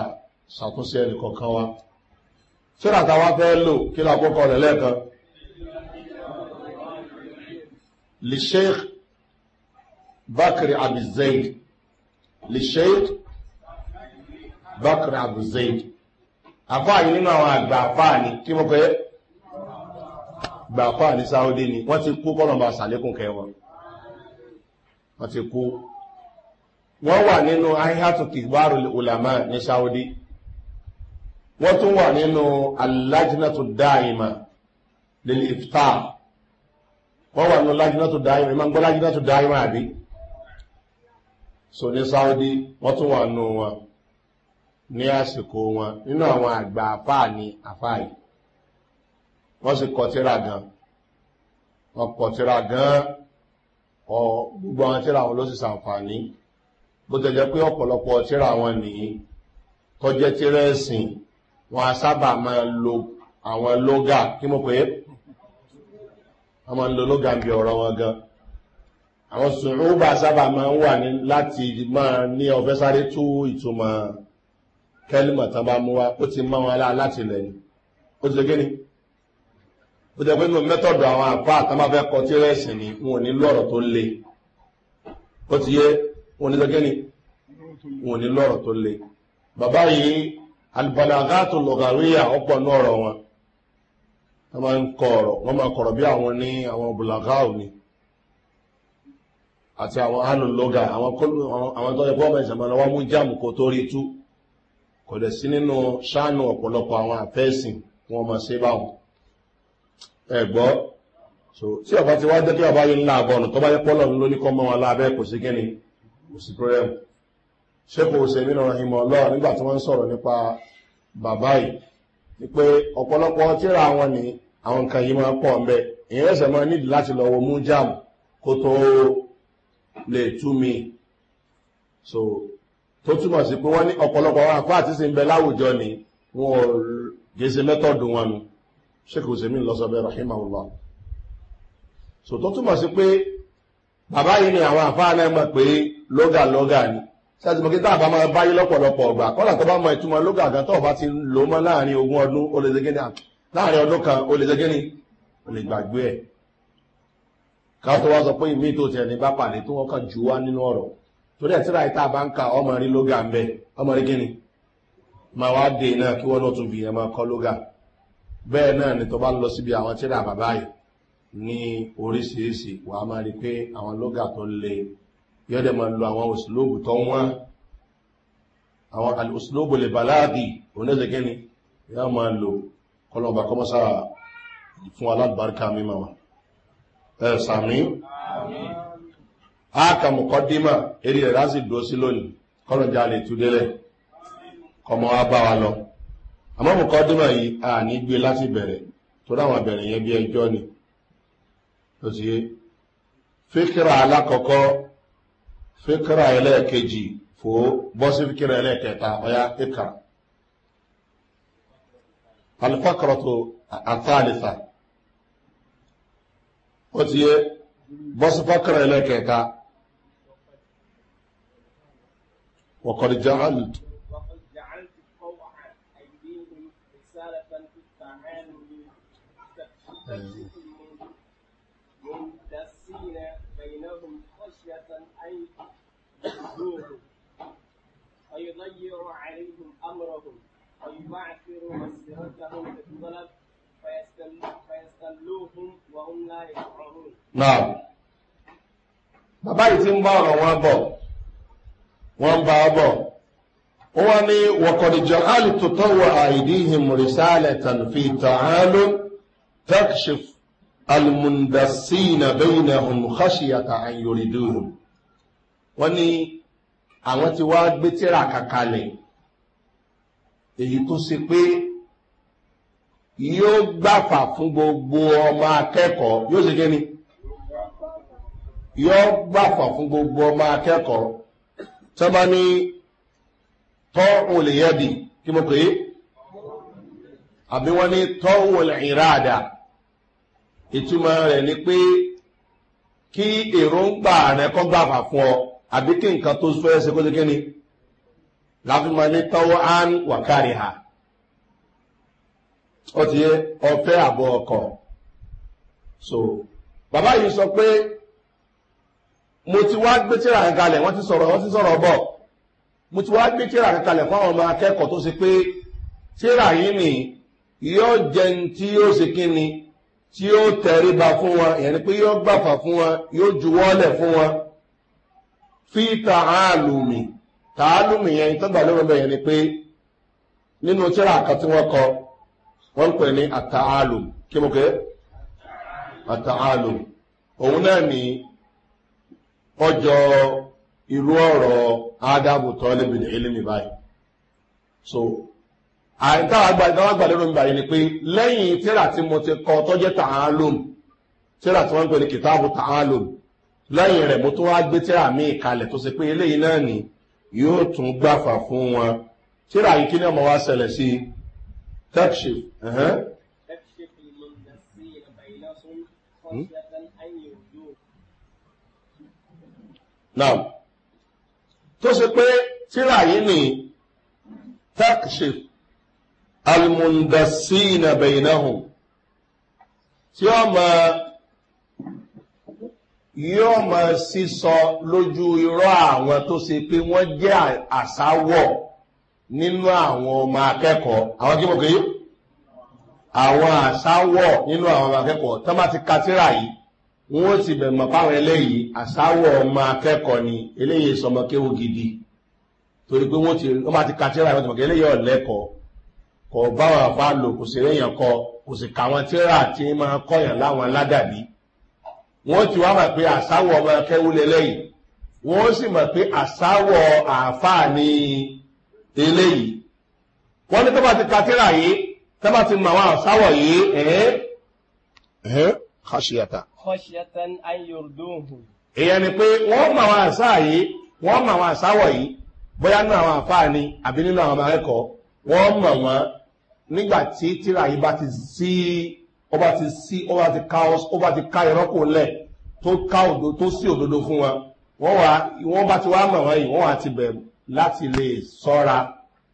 Speaker 1: ṣàtúnṣe ẹnì kọ̀ọ̀kan wa tíra táwa fẹ́ lò kí ló àkókò rẹ̀ lẹ́ẹ̀kan lè sheikh bakri abizaid lè sheikh bakri abizaid àfáà yìí nínú àwọn àgbà àfáà ni kí mo pẹ́ gbà àfáà ní sáwọ́dé ni wọ́n ti kú kọ́nàmbà sàlékùn kẹwọn wọ́n ti kú wọ́n wà nínú ahihatu kìgbárò ulama ní Saudi wọ́n tún wà nínú alájínátò dáìmà lílì ìfta wọ́n wà nínú alájínátò dáìmà ìmá ń gbọ́ alájínátò dáìmà àbí so ní saudi wọ́n tún wà nínú wọn ní àsìkò wọn nínú àwọn àgbà àfáà ní àfáà yìí wọ́n sì kọtíra gan wọ́n kọtíra gan ọ gbogbo àwọn tíra wọn ló sì sàǹfààní bó tẹ̀jẹ́ pé ọ̀pọ̀lọpọ̀ tíra wọn nìyí tọ́jẹ́ tíra ẹ̀sìn wọn a sábà máa lo àwọn lóga kí mo pè é wọn máa lóga bí ọ̀rọ̀ wọn gan àwọn sùúrùbà sábà máa ń wà ní láti máa ní ọ̀fẹ́ sáré tú ìtumọ̀ kẹ́límọ̀ tán bá mú wa ó ti mọ́ wọn láti lẹ́yìn ó ti gé ni ó jẹ́ pé nínú mẹ́tọ̀dù àwọn àpá àtàmáfẹ́ kọ tí rẹ̀sì ni wọn ò ní lọ́rọ̀ tó le ó ti yé ni wọn ò ní lọ́rọ̀ tó le bàbá yìí albalagatu lọgàwíyà ọ̀pọ̀ náà ọ̀rọ̀ wọn wọ́n máa ń kọ ọ̀rọ̀ wọ́n máa kọ̀rọ̀ bí àwọn ní àwọn bulagau ni àti àwọn hànú lọ́gà àwọn tó yẹ kó ọmọ ìṣẹ̀mọ́ lọ́wọ́ mú jáàmù kó tó rí tú kò dẹ̀ sí nínú ṣáànù ọ̀pọ̀lọpọ̀ àwọn àfẹ́sìn wọn máa ṣe báwọn ẹ̀gbọ́ tí ọba ti wá jẹ́ kí ọba yìí ńlá àbọ̀nù tó bá yẹ pọ́lọ̀ lóníkọ́ mọ́ wọn lábẹ́ kò sí kẹ́ni kò sí pírẹ́mù ṣékò òṣèlú náà ìmọ̀ ọlọ́ọ̀ nígbà tí wọ́n ń sọ̀rọ̀ nípa bàbá yìí ni pé ọ̀pọ̀lọpọ̀ tíra àwọn ni àwọn nǹkan yìí máa pọ̀ ńbẹ èèyàn ẹ̀sẹ̀ máa nídìí láti lọ wo mú jam kó tó lè tú mi so tó túmọ̀ sí pé wọ́n ní ọ̀pọ̀lọpọ̀ àwọn àfáà tí sì ń bẹ láwùjọ ni wọn ò gèsè mẹ́tọ̀dù wọn nu ṣékò òṣèlú lọ́sọ̀bẹ̀ rahimahullah so tó túmọ̀ sí pé bàbá yìí ni àwọn àfáà náà mọ̀ pé lọ́gà lọ́gà ni ṣáàtì mọ̀ kí tá a bá máa báyé lọ́pọ̀lọpọ̀ ọgbà kọ́lá tó bá mọ ìtumọ̀ lóga gan ti lò mọ́ láàrin ogún ọdún ó láàrin ọdún kan ó lè lè ẹ̀ wá sọ pé ìmí tó tiẹ̀ ní bá pàdé tó wọ́n kàn jù wá nínú ọ̀rọ̀ torí bá ń ka ọmọ rí lóga ń bẹ ọmọ rí gíní máa wá dé náà kí wọ́n náà tún fi máa kọ́ lóga bẹ́ẹ̀ náà ni tó bá lọ síbi àwọn yọ́dẹ̀ ma lo àwọn òsìlóòbù tó wọ́n àwọn òsìlóòbù lè bàláàdì oníṣẹ́gẹ́ ni yọ́ ma lo kọlọ̀bà kọmọ́sá fún alábàárkà mímọ̀ wa sàmí ákàmùkọ́ dímà eré rẹ̀ láti dúró sí lónìí kọ́nàjà lè tú délẹ̀ kọmọ wa bá wa lọ àmọ́ mùkọ́ dímà yìí a ní gbé láti bẹ̀rẹ̀ tó dáwọn bẹ̀rẹ̀ فكرة عليك جي فو بس فكرة عليك تعطيا فكرة الفقرة الثالثة وتي بس فكرة عليك تا وقد جعلت
Speaker 2: Yeah. ذوقوا فيضيع عليهم أمرهم ويبعثر مسيرتهم في الظلم فيستلوهم وهم لا يشعرون
Speaker 1: نعم bàbá yìí ti ń bá ọ̀rọ̀ wọn bọ̀ wọ́n bá ọ bọ̀ ó wá ní wọ̀kọ̀dìjọ́ alìtòtò wọ àìdíhìn rìsálẹ̀ tànfì tààlù takshif almundasina bẹ́yìn ahùn khashiyata ayòrìdúhùn wọ́n ní àwọn ti wá gbé tíra kàkalẹ̀ èyí tó ṣe pé yóò gbàfà fún gbogbo ọmọ akẹ́kọ̀ọ́ yóò ṣe kí ni yóò gbàfà fún gbogbo ọmọ akẹ́kọ̀ọ́ tó bá ní tọ́ òlè yẹ́bì kí mo pè é àbí wọ́n ní tọ́ òlè ìràdà ìtumọ̀ rẹ̀ ni pé kí èròǹgbà rẹ̀ kọ́ gbàfà fún ọ àbí kí nǹkan tó fẹ́ ṣe kó ṣe kíni láfíìmọ̀ ní tọ́wọ́ án wà kárí ha ó ti yé ọfẹ́ àbọ̀ ọkọ̀ so bàbá yìí sọ pé mo ti wá gbé tíra kalẹ̀ wọ́n ti sọ̀rọ̀ wọ́n ti sọ̀rọ̀ bọ̀ mo ti wá gbé tíra kalẹ̀ fún àwọn ọmọ akẹ́kọ̀ọ́ tó ṣe pé tíra yìí ni yóò jẹun tí yóò ṣe kíni tí yóò tẹríba fún wọn ìyẹn ni pé yóò gbàfà fún wọn yóò juwọ́lẹ̀ fún wọn. fíta taa tààlùmí yẹn tó gbà lórí ọbẹ̀ yẹn ni pé nínú tíra kan tí wọ́n kọ wọ́n pè ní àtàálù kí mo pé àtàálù òun náà ní ọjọ́ irú ọ̀rọ̀ ádámù tọ́lẹ̀bì ìlú báyìí so ni pé lẹ́yìn tíra tí mo ti kọ lẹ́yìn rẹ̀ mo tó wá gbé tíra mi ìkalẹ̀ tó ṣe pé eléyìí náà ni yóò tún gbàfà fún wọn tíra yìí kí ni ọmọ wa ṣẹlẹ̀ sí i tẹ́kṣì. náà tó ṣe pé tíra yìí ni tẹ́kṣì almundasina bẹ̀yìnahùn tí ọmọ yóò mọ̀ sísọ lójú irọ́ àwọn tó ṣe pé wọ́n jẹ́ àsáwọ̀ nínú àwọn ọmọ akẹ́kọ̀ọ́ àwọn kí mo kìí àwọn àsáwọ̀ nínú àwọn ọmọ akẹ́kọ̀ọ́ tó bá ti katira yìí wọ́n ti bẹ̀mọ̀ páwọn eléyìí àsáwọ̀ ọmọ akẹ́kọ̀ọ́ ni eléyìí sọmọ kéwò gidi torí pé wọ́n bá ti katira yìí wọ́n ti mọ̀ kí eléyìí ọ̀lẹ́kọ̀ọ́ kọ̀ báwọn àfa lò kò sí réyàn kọ kò sì kà wọn tíra tí máa kọ̀yàn láwọn aládàbí wọ́n ti wá mọ̀ pé àsáwọ̀ ọmọ akẹ́wúlẹ̀ lẹ́yìn wọ́n sì mọ̀ pé àsáwọ̀ àáfàá ni eléyìí wọ́n ní tọ́ba ti katira yìí tọ́ba ti mọ̀ àwọn àsáwọ̀ yìí ẹ̀ ẹ̀ kọ́ṣíyàtà.
Speaker 2: kọ́ṣíyàtà ayọ̀dọ́hùn.
Speaker 1: èèyàn ni pé wọ́n mọ̀ àwọn àṣà yìí wọ́n mọ̀ àwọn àsáwọ̀ yìí bóyá nínú àwọn àáfàá ni àbí nínú àwọn akẹ́kọ̀ọ́ wọ́n mọ̀ wọ́n nígbà tí tíra yìí bá ti sí. Si ọba ti sí ọba ti ká ọba ti ká ìrọ́pò lẹ̀ tó ká òdo tó sí òdodo fún wọn wọ́n wá wọ́n bá ti wá mọ̀ wọ́n yìí wọ́n wá ti bẹ̀rù láti lè sọ́ra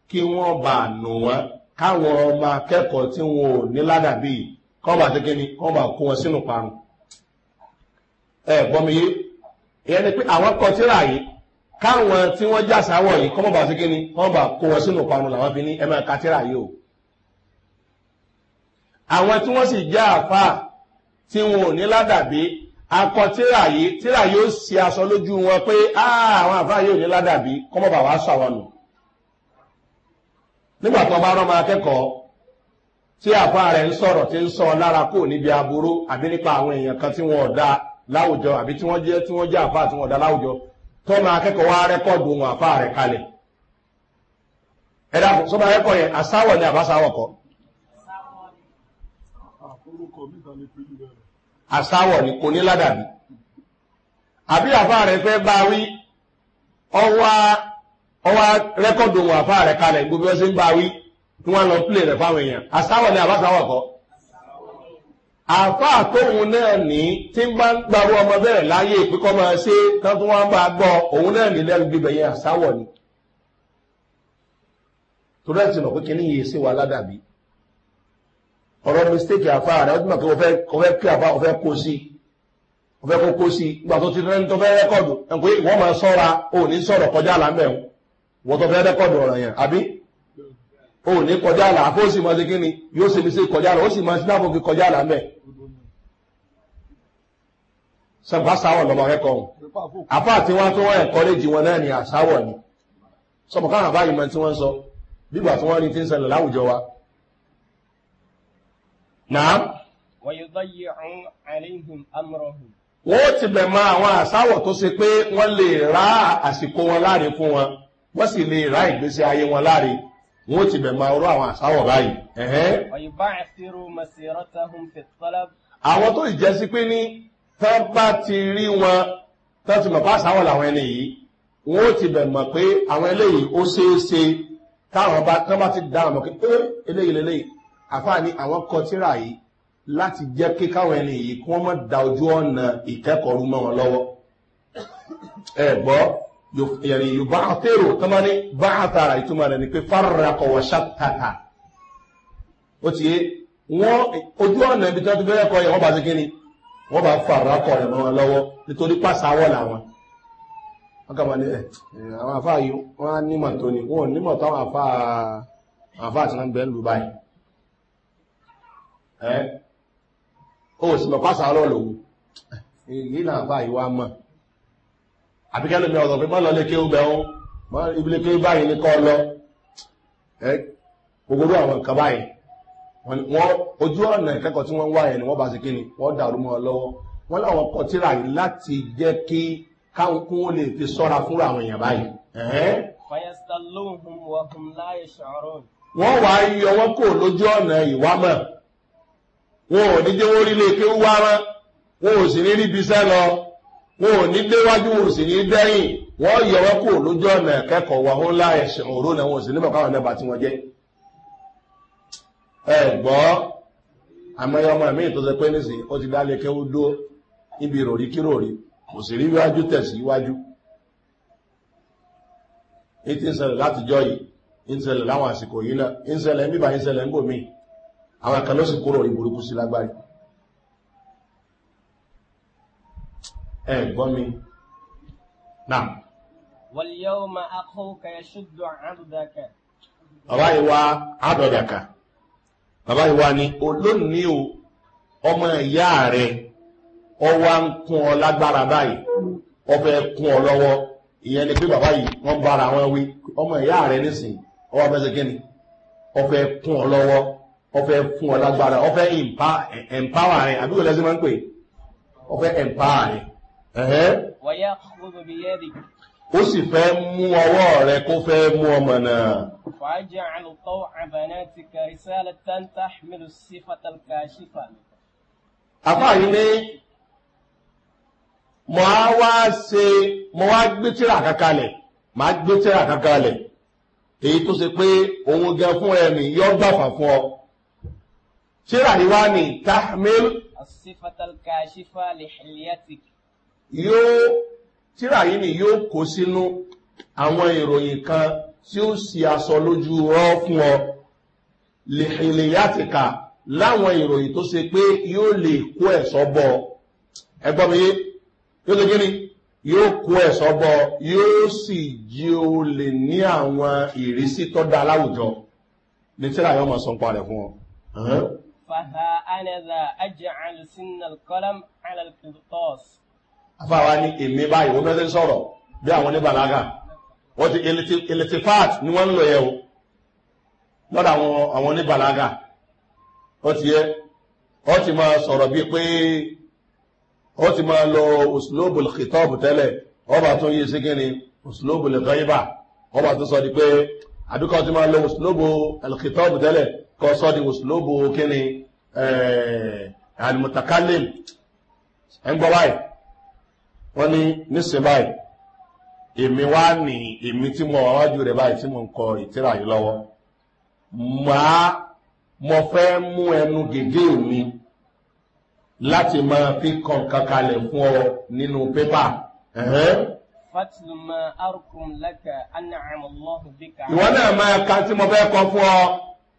Speaker 1: kí wọ́n bá nù wọ́n káwọn ọmọ akẹ́kọ̀ọ́ tí wọn ò ní ládàbí kọ́ bá tẹ́kẹ́ ni kọ́ bá kó wọn sínú parun ẹ gbọ́mi yé ìyẹn ni pé àwọn kan tíra yìí káwọn tí wọ́n jà sáwọ̀ yìí kọ́ bá tẹ́kẹ́ ni kọ́ bá kó wọn sínú parun làwọn fi ní ẹ máa ka tíra yìí o àwọn tí wọ́n sì jẹ́ àfà tí wọn ò ní ládàbí akọ tíra yìí tíra yìí ó ṣe aṣọ lójú wọn pé àwọn àfà yìí ò ní ládàbí kọ́mọ́ bà wá sọ àwọn nù nígbà tó bá rán ọmọ akẹ́kọ̀ọ́ tí àfà rẹ̀ ń sọ̀rọ̀ tí ń sọ lára kò níbi aburú àbí nípa àwọn èèyàn kan tí wọn ò dá láwùjọ àbí tí wọ́n jẹ́ tí wọ́n jẹ́ àfà tí wọn ò láwùjọ tó ọmọ akẹ́kọ̀ọ́ wá rẹ́kọ̀dù wọn àfà rẹ̀ kalẹ̀ ẹ̀dá sọ́mọ akẹ́kọ̀ọ́ yẹn àsáwọ̀ ni àbásáwọ̀ kọ́ àsáwọ̀ ni kò ní ládàbí àbí àfá rẹ̀ fẹ́ bá wí ọwá rẹ́kọ̀dù wọn àfá rẹ̀ kalẹ̀ gbogbo ọ́sí ń bá wí tí wọ́n lọ pílẹ̀ rẹ̀ fáwọn èèyàn àsáwọ̀ ni àbásáwọ̀ kọ́ àfá àtóhun náà ní tí ń bá ń gbarú ọmọ bẹ́ẹ̀ láyé ìpínkọ́ máa ṣe kán tó wọ́n bá gbọ́ òun náà ní lẹ́nu bíbẹ̀ yẹn àsáwọ̀ ni torí ẹ̀ ti mọ̀ pé kí ní yìí sí wa ládàbí ọ̀rọ̀ mistake àfa rẹ̀ ọdún mọ̀kẹ́ ọ̀fẹ́ kí àfa ọ̀fẹ́ kó sí ọ̀fẹ́ kó kó sí nígbà tó ti rẹ́ni tó fẹ́ rẹ́kọ̀dù ẹ̀kọ́ ìwọ́n máa sọ́ra ò ní sọ̀rọ̀ kọjá àlà mẹ́rin wọ́n tó fẹ́ rẹ́kọ̀dù ọ̀rọ̀ yẹn àbí ò ní kọjá àlà àfọ́ sì máa ṣe kí ni yóò ṣe mi ṣe kọjá àlà ó sì máa sínáfò fi kọjá àlà mẹ́ sọ̀gbà sáwọ̀ lọ́mọ rẹ́kọ̀ àfa àti wọn tó wọ́n ẹ̀kọ́lẹ́jì wọn náà ni àsáwọ̀ ni sọ̀bọ̀ká àbáyìí mọ̀ tí wọ́n sọ bígbà tí wọ́n rí ti ń ṣẹlẹ̀ láwùjọ wa Nàám. Wọ́n ti bẹ̀ máa àwọn àsáwọ̀ tó ṣe pé wọ́n lè rá àsìkò wọn láre fún wọn, wọ́n sì lè rá ìgbésí ayé wọn láre. Wọ́n ti bẹ̀ máa rú àwọn àsáwọ̀ báyìí. Àwọn tó ìjẹ́ sí pé ní tán ti rí wọn, tán ti mọ̀ bá àsáwọ̀ làwọn ẹni yìí, wọ́n ti bẹ̀ mọ̀ pé àwọn eléyìí ó ṣeéṣe táwọn bá ti dáhùn mọ̀ pé eléyìí àfáà ní àwọn kọ tíra yìí láti jẹ́ kí káwọn ẹni yìí kí wọ́n mọ̀ da ojú ọ̀nà ìkẹ́kọ̀ọ́ rú wọn lọ́wọ́ ẹ gbọ́ yẹ̀rì yorùbá àtẹ̀rò tó bá àtàrà ìtumọ̀ rẹ̀ ni pé fárakọ̀ wọ̀ ṣàtàtà ó ti yé wọ́n ojú ọ̀nà ibi tí wọ́n ti fẹ́ kọ́ yẹn wọ́n bá ti kí ni wọ́n bá farakọ̀ rẹ̀ mọ́ wọn lọ́wọ́ nítorí pàṣáwọ̀ làwọn wọ́n kà máa ní ẹ̀ àwọn àfáà yìí wọ́n á nímọ̀ tó ni wọ́n ò nímọ̀ tó àwọn àfáà àfáà ti náà bẹ́ẹ̀ lù báyìí ẹ́ ó sì mọ̀ pásà ọlọ́lọ́wọ́ ìlànà àbá ìwà mọ̀ àbíkẹ́ lómi ọ̀dọ̀ pé mọ́ lọ lé kéwú bẹ̀rún mọ́ ibílé kéwú báyìí ní kọ́ lọ ẹ́ gbogbo àwọn nǹkan báyìí wọ́n ojú ọ̀nà ìkẹ́kọ̀ọ́ tí wọ́n wá yẹn ni wọ́n bá ṣe kíni wọ́n dàrú mọ́ ọ lọ́wọ́ wọ́n láwọn kọ̀ tíra yìí láti jẹ́ kí káwọn kún ó lè fi sọ́ra fúnra àwọn èèyàn báyìí wọ́n wá yọ wọ́n kò lójú ọ̀nà ìwámọ̀ wọn ò ní jẹ́wọ́ rí lépe wá rán wọn ò sì ní rí bisẹ́ lọ wọn ò ní déwájú wọn ò sì ní dẹ́yìn na yẹ wọ́n kúrò lójú ọ̀nà ẹ̀kẹ́kọ̀ọ́ wa ó ń láyẹ̀ ṣòro náà wọn ò sì ní bàbá tí wọ́n jẹ́ ẹ gbọ́ ọmọ mi tó ṣe pé ó ti dá lékẹ́ ó dó níbi ìròrí kíròrí kò sì rí tẹ̀sí látijọ́ yìí láwọn àsìkò yìí náà àwọn àkàlọ́sì kó rọrì burúkú sí lágbárí ẹ gbọ́ mi náà
Speaker 2: wàlíyàwó ma akọ́ọ̀kà ya ṣùgbọ́ àdọ̀dàkà
Speaker 1: bàbá ìwà àdọ̀dàkà bàbá ìwà ni olóòní o ọmọ ìyá rẹ ọwá ń kún ọ lágbára báyìí ọbẹ̀ kún ọ lọ́wọ́ ìyẹn ni pé bàbá yìí wọ́n bára wọn wí ọmọ ìyá rẹ nísìnyí ọwọ́ fẹ́ ọbẹ̀ kún ọ lọ́wọ́ ọfẹ́ fún ọ lágbára ọfẹ́ ẹ̀mpáwà rẹ̀ àbí kò lẹ́sí máa ń pè ọfẹ́ ẹ̀mpáwà rẹ̀
Speaker 2: ẹ̀hẹ́
Speaker 1: ó sì fẹ́ mú ọwọ́ rẹ̀ kó fẹ́ mú ọmọ náà àfáàyí ní mọ̀ á wá ṣe mọ̀ wá gbé tíra kankalẹ̀ mọ̀ á gbé tíra kankalẹ̀ èyí tó ṣe pé òun gan fún ẹ̀mí yọ́ gbàfà fún ọ tíra yìí wá ní tahmil yóò tíra yìí ni yóò kó sínú àwọn ìròyìn kan tí ó sì aṣọ lójú rọ́ fún ọ lèhìlèyàtìkà láwọn ìròyìn tó se pé yóò lè kó ẹ̀sọ́ bọ́ ẹgbọ́n mi yóò lè gíní yóò kó ẹ̀sọ́ bọ́ yóò sì jí o lè ní àwọn ìrísí tọ́da láwùjọ ní tíra yóò mọ̀ sọ́npa rẹ̀ fún ọ.
Speaker 2: فها أنا ذا أجعل سن القلم على القرطاس
Speaker 1: afáwa ní èmi báyìí wọ́n bẹ́sẹ̀ sọ̀rọ̀ bí àwọn oníbàlágà wọ́n ti eletifaat ni wọ́n ń lò yẹ o lọ́dọ̀ àwọn oníbàlágà wọ́n ti yẹ wọ́n ti máa sọ̀rọ̀ bíi pé wọ́n ti máa lọ òsùlóbùl kìtọ́ọ̀bù tẹ́lẹ̀ ọba tó yí sígi ni òsùlóbùl gọ́yìbà ọba tó sọ kọ́sọ́ ni òṣìlóbò kíni eh, alimutakalim ẹ̀ ń gbọ́ báyìí wọ́n ní nísìnyí báyìí èmi wá ní èmi tí mo wà wájú rẹ̀ báyìí tí mo ń kọ ìtìrà yìí lọ́wọ́ màá mo fẹ́ mú ẹnu gègé mi láti máa fi kàn kankalẹ̀ fún ọ nínú pépà.
Speaker 2: Fátìlùmọ̀ arúgbó lẹ́kẹ̀ẹ́, àná àmọ́ lọ́hùn bí Ìwọ náà máa
Speaker 1: ka tí mo fẹ́ kọ fún ọ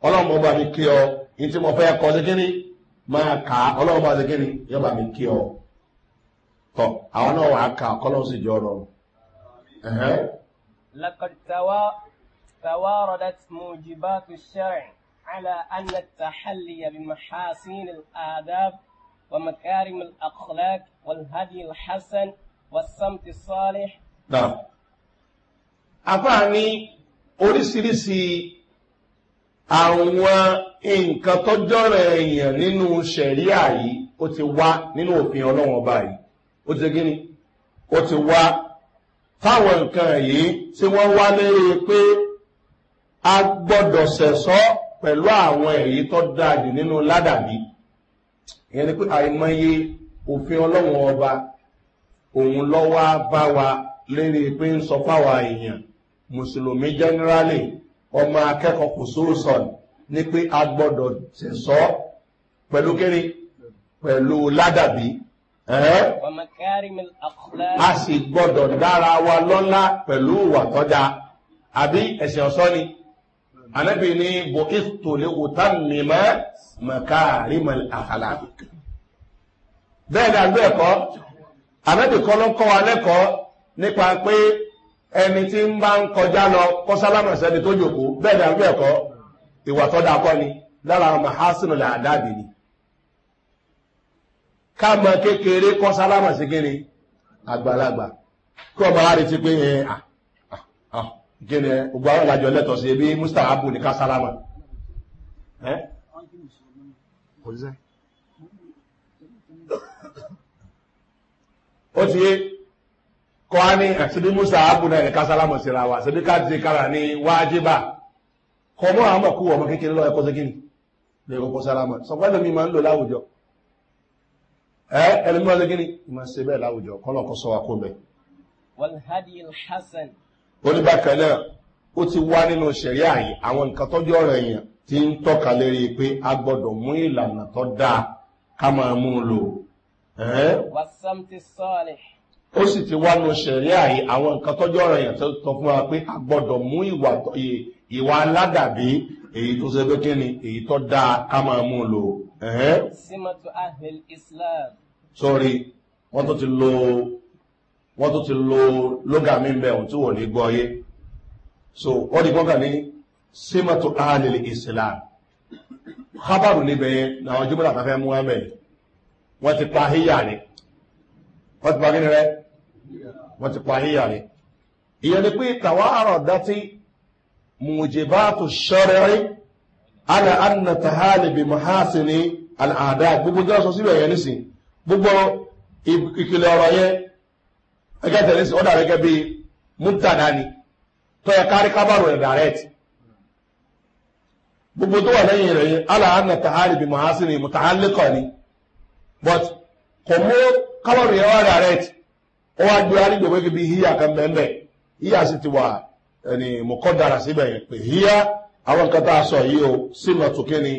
Speaker 1: ọlọ́run bọ́ bá mi kí ọ ní tí mo fẹ́ kọ́ sí kíní máa kà á ọlọ́run bá sí kíní yọ bá mi kí ọ tọ àwọn náà wàá kà ọlọ́run sì jọ ọrọ̀.
Speaker 2: لقد تواردت موجبات الشرع على أن التحلي بمحاسن الآداب ومكارم الأخلاق والهدي الحسن والصمت الصالح.
Speaker 1: نعم. àfààní oríṣiríṣi àwọn nǹkan tọ́jọ́rọ̀ èèyàn nínú sẹ̀ríà yìí ó ti wá nínú òfin ọlọ́wọ́n ọba yìí ó ti gíní ó ti wá táwọn nǹkan yìí tí wọ́n wá lérí pé a gbọ́dọ̀ sẹ̀sọ́ pẹ̀lú àwọn èyí tó dáàdì nínú ládàbí ìyẹn ni pé àìmọye òfin ọlọ́wọ́n ọba òun lọ́wọ́ bá wa lérí pé ń sọ fáwọn èèyàn mùsùlùmí jẹ́nẹ́rálì ọmọ akẹ́kọ̀ọ́ kò sóró sọ̀nù ní pé a gbọ́dọ̀ sẹ̀sọ́ pẹ̀lú kéré pẹ̀lú ládàbí a sì gbọ́dọ̀ dára wa lọ́lá pẹ̀lú ìwà tọ́já àbí ẹ̀sìn ọ̀sọ́ ni anábì ní bọ̀ ìtòlé òtá mímọ́ mọ̀kárí mọ̀ àkàlà bẹ́ẹ̀ ni àgbẹ̀ ẹ̀kọ́ anábì kọ́ ló ń kọ́ wa lẹ́kọ̀ọ́ nípa pé ẹni tí ń bá ń kọjá lọ kọ́ sálámà sẹ́ni tó jòkó bẹ́ẹ̀ ni àbí ẹ̀kọ́ ìwà tó dáa kọ́ ni lára ni ká kékeré sí àgbàlagbà kí pé à eh, ah, ah, ah, ni gbogbo àwọn ìlàjọ sí ní kọ́ni ṣebí musa abuna ẹ̀ kásálámọ̀ síra wa ṣebí káàdì kára ní wájíbà kọ́mọ́ àwọn ọmọkú ọmọ kékeré lọ́wọ́ ẹ̀kọ́ sẹ́kìnì lè kọ́kọ́ sálámọ̀ sọ̀pẹ́lẹ̀ mi máa ń lò láwùjọ ẹ ẹlẹ́mí wá sẹ́kìnì ìmọ̀ ṣe bẹ́ẹ̀ láwùjọ kọ́ lọ́kọ́ sọ wa kó bẹ́ẹ̀. oníbàkẹ́lẹ̀ ó ti wá nínú ṣẹ̀rí àyè àwọn nǹkan tọ́jú ọ̀rọ̀ èèyàn ti ń tọ́ka lérí pé a gbọ́dọ̀ mú ìlànà tó dáa ká máa mú un lò.
Speaker 2: wàsámtì sọ́ọ̀lì
Speaker 1: ó sì ti wá nu ṣẹ̀rí àyè àwọn nǹkan tọ́jọ́ ọ̀rọ̀ yẹn tó fún wa pé a gbọ́dọ̀ mú ìwà ìwà aládàbí èyí tó ṣe pé kí ni èyí tó dáa ká máa mú un lò.
Speaker 2: símọ́tò ahel islam.
Speaker 1: sọ́rí wọ́n tó ti lo wọ́n tó ti lo lóga mi bẹ́ẹ̀ ohun tí wò ní gbọ́ yé so wọ́n di gbọ́ngàn ní símọ́tò ahel islam kábàrù níbẹ̀ yẹn làwọn jùmọ̀lá kan fẹ́ mú wọn bẹ̀ wọ́n ti pa híyà ni wọ́n ti pa kí ni rẹ́ wọ́n ti parí ìyà rẹ̀ ìyẹn ni pé tàwa àrọ̀ dátí mùjìbá tó ṣọ́rẹ́rí ala anna tahali bi mahasini al'ada gbogbo jẹ́ sọ síbẹ̀ yẹn nísìn gbogbo ìkìlẹ̀ ọ̀rọ̀ yẹn ẹgẹ́ tẹ̀lé sí ọ̀dà gẹ́gẹ́ bí mútàdá ni tó yẹ kárí kábàrò rẹ̀ direct gbogbo tó wà lẹ́yìn rẹ̀ yẹn ala anna tahali bi mahasini mutahali kọ́ ni but kò mú kábàrò yẹn wá direct ó wá gbé arígbè pé kíbi híyà kan bẹ́ẹ̀ híyà sì ti wà ẹni mọ̀kọ́ dára síbẹ̀ yẹn pé híyà àwọn nǹkan tá a sọ yìí o sínú ọ̀túnkẹ́ ni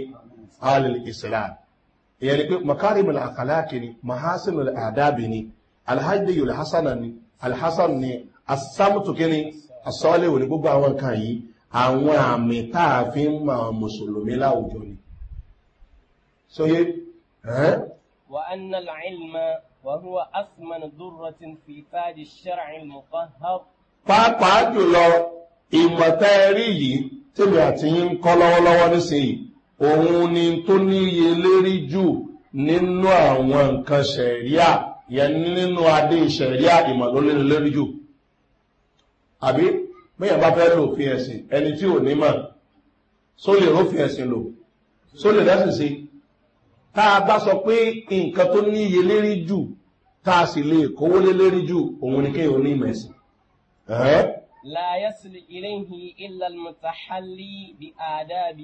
Speaker 1: alil islam ìyẹn ni pé makarim al-akhalaki ni mahasin al-adabi ni alhaji yul hasan ni alhasan ni asamutukẹ́ ni asọ́lẹ̀wò ni gbogbo àwọn nǹkan yìí àwọn àmì tá a fi ń mọ mùsùlùmí láwùjọ ni. sóye.
Speaker 2: wà á nà láìlmà. وهو أثمن ذرة في تاج الشرع المطهر
Speaker 1: pàápàá jùlọ ìmọ̀tẹ́ rí yìí tèmi àti yín ń kọ́ lọ́wọ́lọ́wọ́ nísìnyí òun ni tó níye lérí jù nínú àwọn nǹkan ṣẹ̀ríà yẹn nínú adé ṣẹ̀ríà ìmọ̀lólérí lérí jù àbí bẹ́yàn bá fẹ́ lò fi ẹ̀sìn ẹni tí ò ní mọ̀ só lè rófin ẹ̀sìn lò só lè dẹ́sìn sí tá a bá sọ pé nǹkan tó ní iye lérí jù tá a sì lè kówó lé lérí jù òun ni kéèyàn ní ìmọ̀ ẹ̀sìn.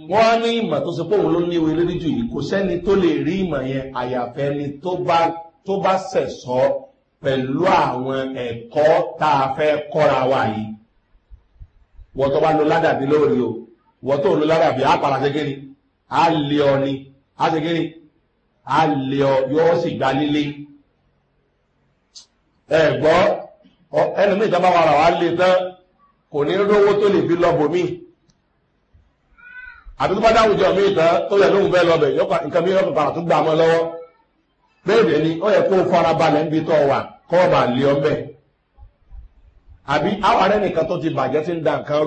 Speaker 1: wọ́n ní ìmọ̀ tó ṣe pé òun ló ní iye lérí jù yìí kò sẹ́ni tó lè rí ìmọ̀ yẹn àyàfẹ́ ni tó bá sẹ̀sọ́ pẹ̀lú àwọn ẹ̀kọ́ tá a fẹ́ kọ́ra wa yìí wọ́n tó bá lo ládàbí lórí o wọ́n tó lo ládàbí á para ṣe kiri á ni a lè ọ yóò sì gba ẹgbọ ẹ̀gbọ́ ẹlòmíì ìjọba wa rà wá lè tán kò ní rówó tó lè fi lọ́bù mí àti tó bá jọ mi tán tó yẹ lóhùn bẹ́ẹ̀ lọ́bẹ̀ nǹkan mi yọ̀ọ̀kan tó gbà mọ́ lọ́wọ́ ni ó yẹ kó níbi tó wà bá ọ àbí nìkan tó ti bàjẹ́ ń da nǹkan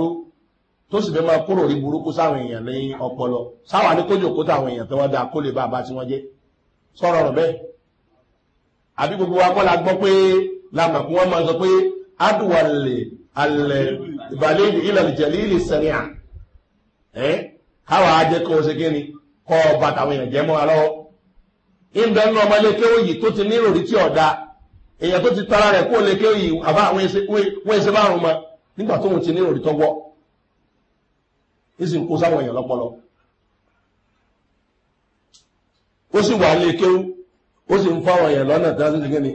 Speaker 1: tó sì fẹ́ ọpọlọ sáwọn kó táwọn èèyàn tó da kó lè bá sọ̀rọ̀ rẹ̀ bẹ́ẹ̀ àbí gbogbo wa kọ́ la gbọ́ pé lámàkún wọ́n máa sọ pé adùwàlè alẹ̀ ìbàlẹ̀ ìlàlẹ̀ jẹ̀lẹ̀ ìlẹ̀ sẹ̀ríà ẹ́ káwà ajẹ́ kọ́ ṣe kí ni kọ́ ọba tàwọn èèyàn jẹ́ mọ́ wa lọ́wọ́ tó ti nírò tí ọ̀dà tó ti tara rẹ̀ kó ó àbá àwọn ẹsẹ̀ mọ́ nígbà ti ó sì wà lè ó sì ń fáwọn èèyàn lọ́nà tí wọ́n ti gíní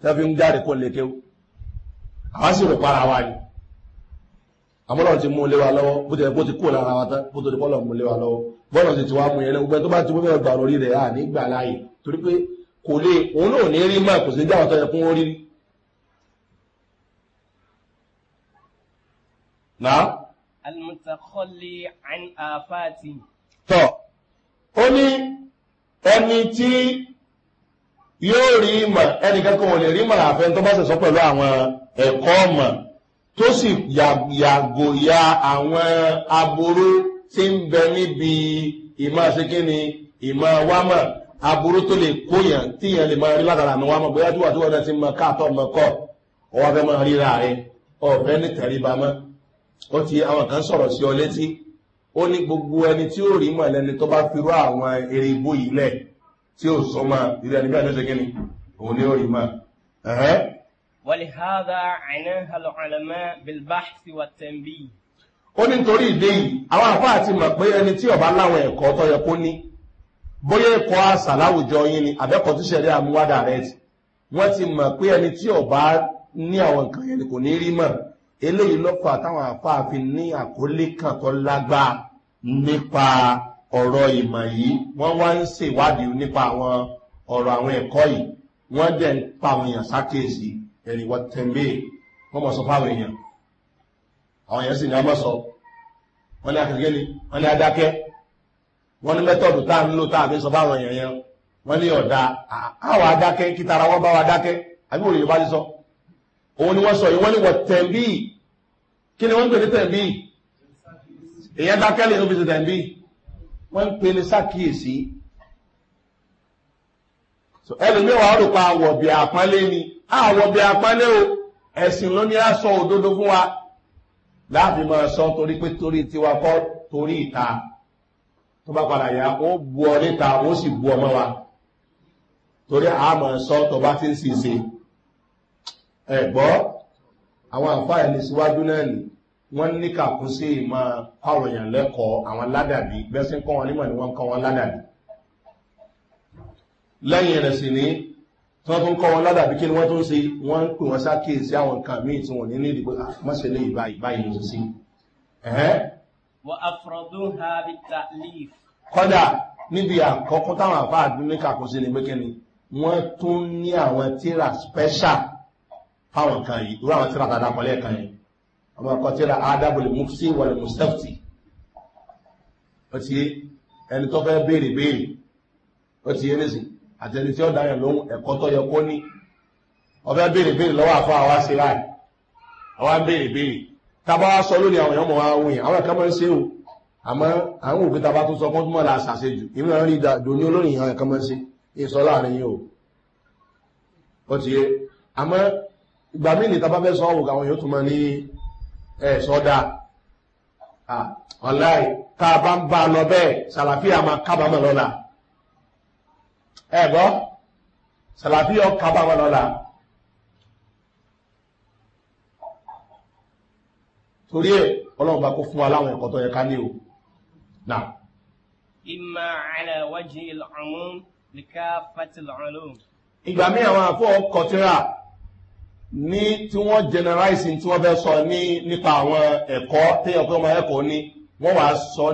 Speaker 1: tí wọ́n fi ń jáde kó lè àwọn sì rò para wa ni àmọ́lọ́run ti mú un wa lọ́wọ́ bó ti yẹ ti kó lára wa tán kó tó ti mú un wa lọ́wọ́ bọ́ọ̀lù sì ti wá mú yẹn lẹ́wọ́ gbẹ́ tó bá ti mú bẹ́ẹ̀ gbà lórí rẹ̀ à nígbà láàyè torí pé kò lè òun náà ní rí máa kò sí dáhùn tó yẹ fún orí na.
Speaker 2: alimutakọ́lé àfáàtì.
Speaker 1: tọ́ ó ní ẹni tí yóò rí ìmọ̀ ẹnìkan kan ò lè rí ìmọ̀ àfẹ́ tó bá sẹ̀sọ́ pẹ̀lú àwọn ẹ̀kọ́ ọmọ tó sì yàgò ya àwọn aburú tí ń bẹ níbi ìmọ̀ àṣekínni ìmọ̀ wámọ̀ aburú tó lè kóyàn tíyàn lè máa rí látara àmì wámọ̀ bóyá tí wà tí wọ́n náà ti mọ káàtọ́ ọmọ kọ́ ọwọ́ fẹ́ máa ríra rẹ ọ̀fẹ́ ní tẹ̀ríba mọ́ ó ti àwọn kan sọ̀rọ̀ sí ọ létí ó ní gbogbo ẹni tí ó rí mọ̀ lẹ́ni tó bá firú àwọn eré ibó yìí lẹ̀ tí ó sọ máa ìrí ẹni bí àdóṣe kíni òun ni ó rí mọ̀.
Speaker 2: wàlíhàdà àìnáhà lọ́kànlẹ́mẹ́ bilbaxi wà tẹ̀m̀bì.
Speaker 1: ó ní nítorí ìdí yìí àwọn àfa àti mọ̀ pé ẹni tí ọba láwọn ẹ̀kọ́ tó yẹ kó ní bóyá ẹ̀kọ́ àṣà láwùjọ yín ni àbẹ́kọ̀ tó ṣẹlẹ̀ àmúwádà rẹ̀ wọ́n ti mọ̀ pé ẹni tí ọba ní àwọn nǹkan yẹn kò ní rí mọ̀ eléyìí lọ́pàá táwọn àfa àfi ní àkólé kan tó lágbára nípa ọ̀rọ̀ ìmọ̀ yìí wọ́n wá ń ṣèwádìí nípa àwọn ọ̀rọ̀ àwọn ẹ̀kọ́ yìí wọ́n dẹ̀ ń pa àwọn èèyàn sákèèsì ẹ̀rìnwọ̀ tẹ̀lé wọ́n mọ̀ sọ fáwọn èèyàn àwọn èèyàn sì ní ọmọ sọ wọ́n ní akẹ́kẹ́ ni wọ́n ní adákẹ́ wọ́n ní mẹ́tọ̀dù tá à ń lò tá à fi sọ fáwọn èèyàn yẹn wọ́n ní ọ̀dà àwọn adákẹ́ kí tara wọ́n bá wa dákẹ́ àbí òrìyìn bá ti sọ òun ni wọ́n sọ yìí wọ́n ní wọ́n tẹ̀lé kí ni wọ́n ń pè ní tẹ̀lé èyàn dákẹ́lẹ̀ ló fi ṣẹ̀tẹ̀ bí wọ́n ń pe ní sàkíyèsí ẹlòmíwàá rò pa àwọ̀bì àpánlé ni àwọ̀bì àpánlé o ẹ̀sìn ló ní aṣọ òdodo fún wa láàfin máa sọ torí pé torí tiwa kọ́ torí ìta tó bá padà yá ó bu ọ níta ó sì bu ọmọ wa torí a máa sọ tó bá ti ń sì ṣe ẹ̀gbọ́ àwọn àǹfààní síwájú náà nìyí wọ́n ní kàkún sí ìmọ̀ pàròyàn lẹ́kọ̀ọ́ àwọn ládàbí bẹ́sìn kọ́ wọn nímọ̀ ni wọ́n kọ́ wọn ládàbí lẹ́yìn rẹ̀ sì ní tí wọ́n tún kọ́ wọn ládàbí kí ni wọ́n tún sí wọ́n ń pè wọ́n sákèèsí àwọn nǹkan míì tí wọ́n ní ní ìdìbò mọ́sẹ̀ lè ìbá ìbá yìí ló sí. kọ́dà níbi àkọ́kọ́ táwọn àfa àdúní kàkún sí ni pé kíni wọ́n tún ní àwọn tíra special fáwọn kan yìí irú àwọn tíra tàdá kọ́lẹ́ kan yìí ọmọ kọtíra adábòlè mufti wà lè mustafti ó ti ẹni tó fẹ́ béèrè béèrè ó ti yé nísìn àti ẹni tí ó dáyàn lóhun ẹ̀kọ́ tó yẹ kó ní ọfẹ́ béèrè béèrè lọ́wọ́ àfọ́ àwa sí láì àwa ń béèrè béèrè tábà wá sọ lónìí àwọn èèyàn mọ̀ wá wọ̀nyí àwọn ẹ̀ka máa ń ṣe o àmọ́ àwọn òkè tábà tó sọ kọ́ńtùmọ̀ là ṣàṣe jù ìwé àwọn rí dàdó ní àwọn ẹ̀ka o ó ti yé àmọ́ ìgbà míì ní tábà ẹ̀ sọ́dá ọ̀láì tá a bá ń bá a lọ bẹ́ẹ̀ sàlàfíà máa kábàámọ̀ lọ́la ẹ̀ bọ́ sàlàfíà kábàámọ̀ lọ́la torí ẹ̀ ọlọ́run bá kó fún wa láwọn ẹ̀kọ́ tó yẹ ká ní o náà.
Speaker 2: ìmọ̀ àlẹ́ wájú
Speaker 1: ní tí wọ́n generalize tí wọ́n fẹ́ sọ ní nípa àwọn ẹ̀kọ́ téèyàn pé ọmọ ẹ̀kọ́ ní wọ́n wàá sọ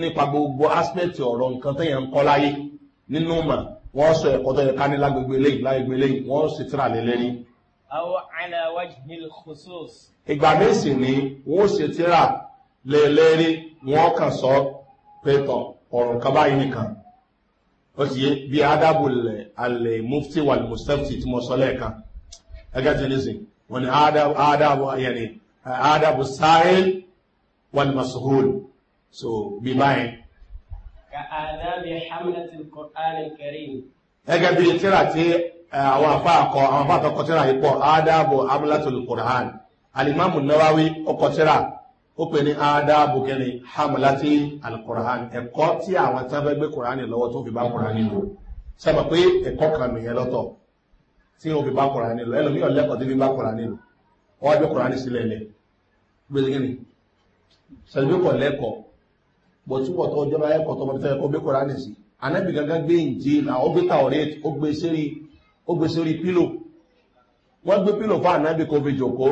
Speaker 1: nípa gbogbo aspect ọ̀rọ̀ nǹkan téèyàn ń kọ́ láyé nínú mọ̀ wọ́n sọ ẹ̀kọ́ tó yẹ ká ní lágbègbè eléyìí lágbègbè eléyìí wọ́n sì tíra lé lérí.
Speaker 2: àwọn aláwájú khusus.
Speaker 1: ìgbà mẹ́sì ni wọ́n sì tíra lé lérí wọ́n kàn sọ pé tọ̀ ọ̀rọ̀ kan báyìí nìkan ó sì yé bí adábòlẹ̀ alẹ́ mufti wal mustapha ti mọ sọ lẹ́ẹ̀kan ẹgẹ́jẹ́ nísìn wọ́n ni adabu sahil wal masuhul so bí báyìí ẹgẹ́ bí tíra tí eh, àwọn afá akọ àwọn afá àtọkọ tíra ipọ̀ adabu amlatul quran alimamu nawawi ọkọ tíra ó pè ní adabu kẹni hamlati alquran ẹ̀kọ́ tí àwọn tán fẹ́ gbé quran lọ́wọ́ tó fi bá quran lò sẹ́mọ̀ pé ẹ̀kọ́ kan nìyẹn lọ́tọ̀ tí o fi bá kọ̀ra nílò ẹlòmí ọ̀lẹ́kọ̀ tí fi bá kọ̀ra nílò wọ́n wájú kọ̀ra ní sílẹ̀ ilẹ̀ gbèsè gíní sẹ̀lẹ̀bíkọ̀ lẹ́kọ̀ọ́ bọ̀ túbọ̀ tó jọba ẹ̀kọ́ tó mọ̀tẹ́ ẹ̀kọ́ bí kọ̀ra ní sí anábì gangan gbé ìjì àwọn bí tàwọ̀rẹ́ ó gbé sórí pílò wọ́n gbé pílò fún anábì kò fi jòkó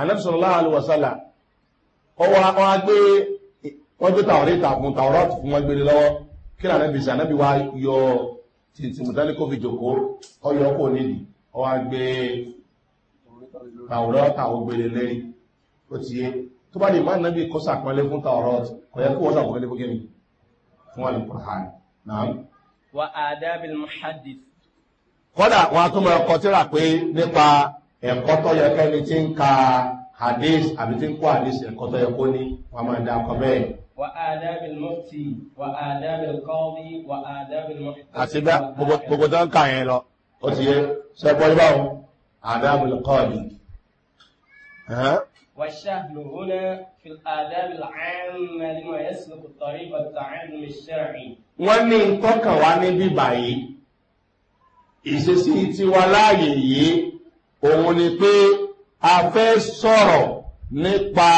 Speaker 1: anábì sọ̀rọ̀ láhàlú wàsálà wọ́n gbé tàwọ̀rẹ́ tàkùn tàwọ̀rọ̀ fún wọn gbé lọ́wọ́ kí tí tí mùtálíkò fi jòkó ọyọ kò nídi ọwá gbé tàwọ̀rọ̀ta ògbèrè lẹ́yìn ó ti yé tó bá ní ìmá náà bí kó sàpẹ́lẹ́ fún tàwọ̀rọ̀t kọ̀yẹ́ kó wọ́n sàpẹ́lẹ́ fún náà wà wọn tíra pé nípa tó ka hadith àbí tí ń hadith tó yẹ
Speaker 2: وآداب المفتي وآداب القاضي وآداب المحتسب
Speaker 1: àti bá gbogbo tó ń kà yẹn lọ ó ti yé sẹ́pọ̀ yìí báwọn آداب القاضي.
Speaker 2: والشهد هنا في الآداب العامة لما يسلك الطريق التعلم الشرعي.
Speaker 1: wọ́n ní nǹkan kan wá níbí báyìí ìṣesí tiwa láàyè yìí òun ni pé a fẹ́ sọ̀rọ̀ nípa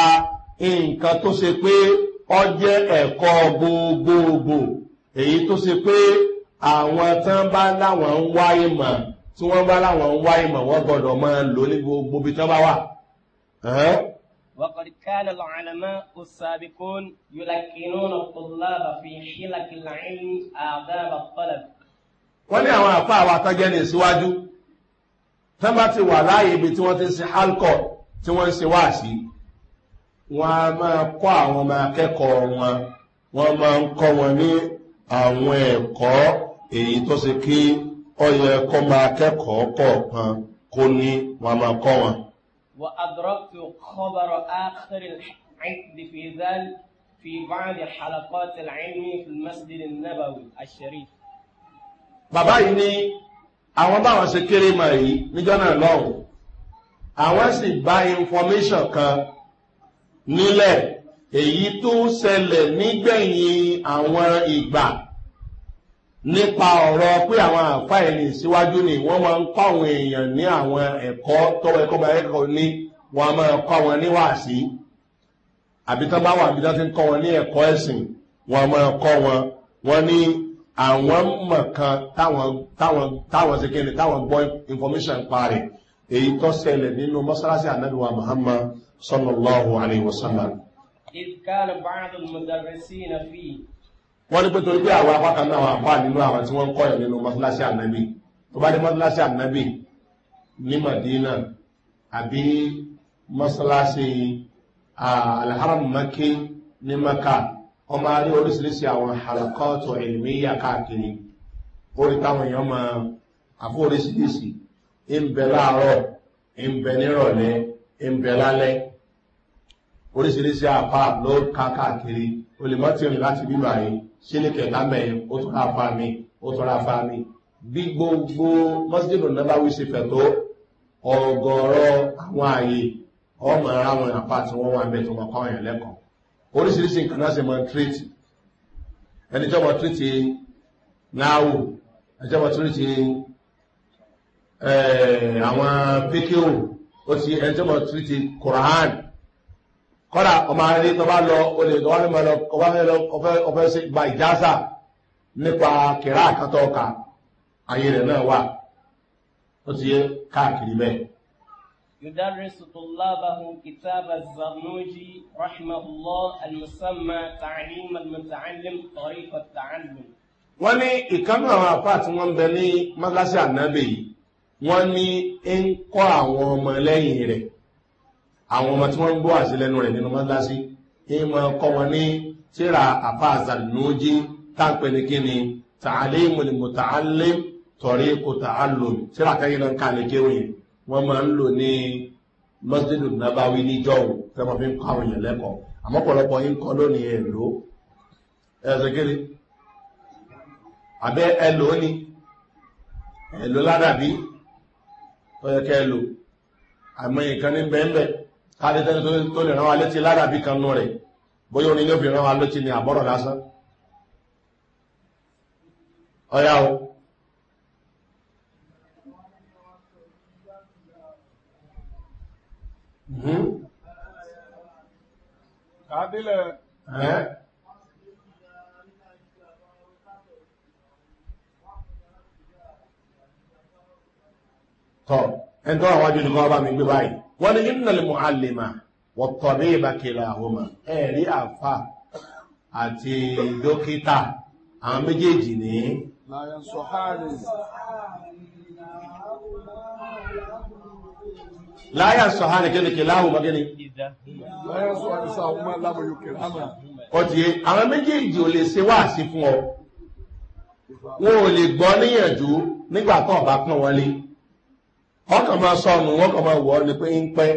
Speaker 1: nǹkan tó ṣe pé ọjẹ́ ẹ̀kọ́ gbogbogbò èyí tó ṣe pé àwọn tán bá láwọn ń wá ìmọ̀ tí wọ́n bá láwọn ń wá ìmọ̀ wọ́n gbọ́dọ̀ máa lò ní gbogbo ibi tán bá wà.
Speaker 2: وقد كان العلماء السابقون يلقنون الطلاب في حلك العلم آداب الطلب
Speaker 1: wọ́n ní àwọn àfá àwọn àtọ́jẹ́ ní ìsíwájú tán bá ti wà láàyè ibi tí wọ́n ti ń se halkọ̀ tí wọ́n ń se wáàsí wọn a máa kọ́ àwọn ọmọ akẹ́kọ̀ọ́ wọn wọ́n máa ń kọ́ wọn ní àwọn ẹ̀kọ́ èyí tó ṣe kí ọyẹ kọ́ máa kẹ́kọ̀ọ́ kọ̀ọ̀kan kó ní wọn máa kọ́ wọn.
Speaker 2: wà á dọ̀rọ̀ tó kọ́bọ̀rọ̀ ákẹ́rì fi fi báàdì xalakọ́ tẹ̀lẹ̀ ẹ̀mí fi masjidi nabawi
Speaker 1: bàbá yìí ní àwọn báwọn ṣe kéré màá yìí níjọ́ náà lọ́hùn-ún àwọn sì bá information kan nílẹ̀ èyí tó ń ṣẹlẹ̀ nígbẹ̀yìn àwọn ìgbà nípa ọ̀rọ̀ pé àwọn àfa ẹni síwájú ni wọ́n máa ń kọ́ àwọn èèyàn ní àwọn ẹ̀kọ́ tọ́wọ́ ẹ̀kọ́ bá ẹ̀kọ́ ní wọ́n máa kọ́ wọn ní wàásí àbí tán bá wà àbí tán ti ń kọ́ wọn ní ẹ̀kọ́ ẹ̀sìn wọ́n máa kọ́ wọn wọ́n ní àwọn mọ̀ kan táwọn táwọn táwọn ṣe kéde táwọn gbọ́ information parí èyí tó ṣẹlẹ̀ nínú mọ́ṣáláṣí ànábìwá muhammad صلى الله عليه وسلم
Speaker 2: إذ كان بعض المدرسين فيه
Speaker 1: wọ́n ní pé torí pé àwọn apá kan náà wọ́n apá nínú àwọn tí wọ́n kọ́yọ̀ nínú mọ́síláṣí ànábì tó bá dé mọ́síláṣí ànábì ní madina àbí mọ́síláṣí alharamaki ní maka wọ́n máa rí oríṣiríṣi àwọn àlàkọ́ọ̀tọ̀ èlìmíyà káàkiri orí táwọn èèyàn máa àfọ́ oríṣiríṣi ń láàárọ̀ ń nírọ̀lẹ́ ń bẹ lálẹ́ oríṣiríṣi àpá ló ká káàkiri o lè mọ́tì rìn láti bíbà yìí ṣé ní kẹta mẹ́rin ó tún ra mi ó tún ra fa mi bí gbogbo mọ́sídìrì nàbáwí ṣe fẹ̀ tó ọgọ̀rọ̀ àwọn ààyè ọmọ ara wọn àpá tí wọ́n wà ń bẹ tó wọ́n kọ́ ọ̀yàn lẹ́kọ̀ọ́ oríṣiríṣi nǹkan náà ṣe mọ tírètì ẹni tí ọmọ tírètì náwó ẹni tí ọmọ tírètì eh, àwọn pékéwò ó ti ẹni tó mọ̀ tí ti quran kọ́dà ọmọ ayé tó bá lọ olè tó wá ní mọ̀ lọ ọba fẹ́ lọ ọfẹ́ sí gba ìjásà nípa kẹrà àkàtọ̀ ọkà ayé rẹ̀ náà wà ó ti yẹ káàkiri bẹ́ẹ̀.
Speaker 2: يدرس طلابه كتاب الزرنوجي رحمه الله المسمى تعليم المتعلم طريق التعلم.
Speaker 1: wọ́n ní ìkànnì àwọn apá tí wọ́n ń wọ́n ní ń kọ́ àwọn ọmọ lẹ́yìn rẹ̀ àwọn ọmọ tí wọ́n ń gbọ́ àṣìlẹ́nu rẹ̀ nínú mọ́dásí ní mọ́ kọ́ wọn ní tíra àfáàzàlójí táǹpẹ́ ní kí ni tààlẹ́mùlìmùtàálẹ́ tọ̀rí kò tààlùmí tíra kẹ́yìn náà ká ní kéwìn wọ́n máa ń lò ní mọ́sídìdù nàbáwí níjọ́ òun ládàbí ọyẹ kẹ́ lò àmọ́ nǹkan ní bẹ́ẹ̀bẹ́ káàdé tẹ́ni tó lè rán wa létí ládàbí kan nú rẹ̀ bóyá oní yóò fi rán wa létí ní àbọ̀rọ̀ lásán ọyá o. Kàdílẹ̀. tọ́ ẹni tó àwọn ajínú kan bá mi gbé báyìí wọ́n ní ìnàlẹ̀ mọ́ àlèmà wọ́n tọ́ ní ìbákẹ́lá àwọmà ẹ̀rí àfà àti dókítà àwọn méjèèjì ní
Speaker 3: láyà sọ̀hánì kí ní kí
Speaker 1: láhùn bá gẹ́ni láyà
Speaker 3: sọ̀hánì sàwọn lábọ̀ yóò kẹrẹ
Speaker 1: ọ̀tí àwọn méjèèjì ò lè se wá fún ọ wọn ò lè gbọ́ níyànjú nígbàtọ̀ ọ̀bá pọ̀ wọlé Ọ kama máa sọ ma wọn kàn máa wọ̀ ọ́ ni pé ń pẹ́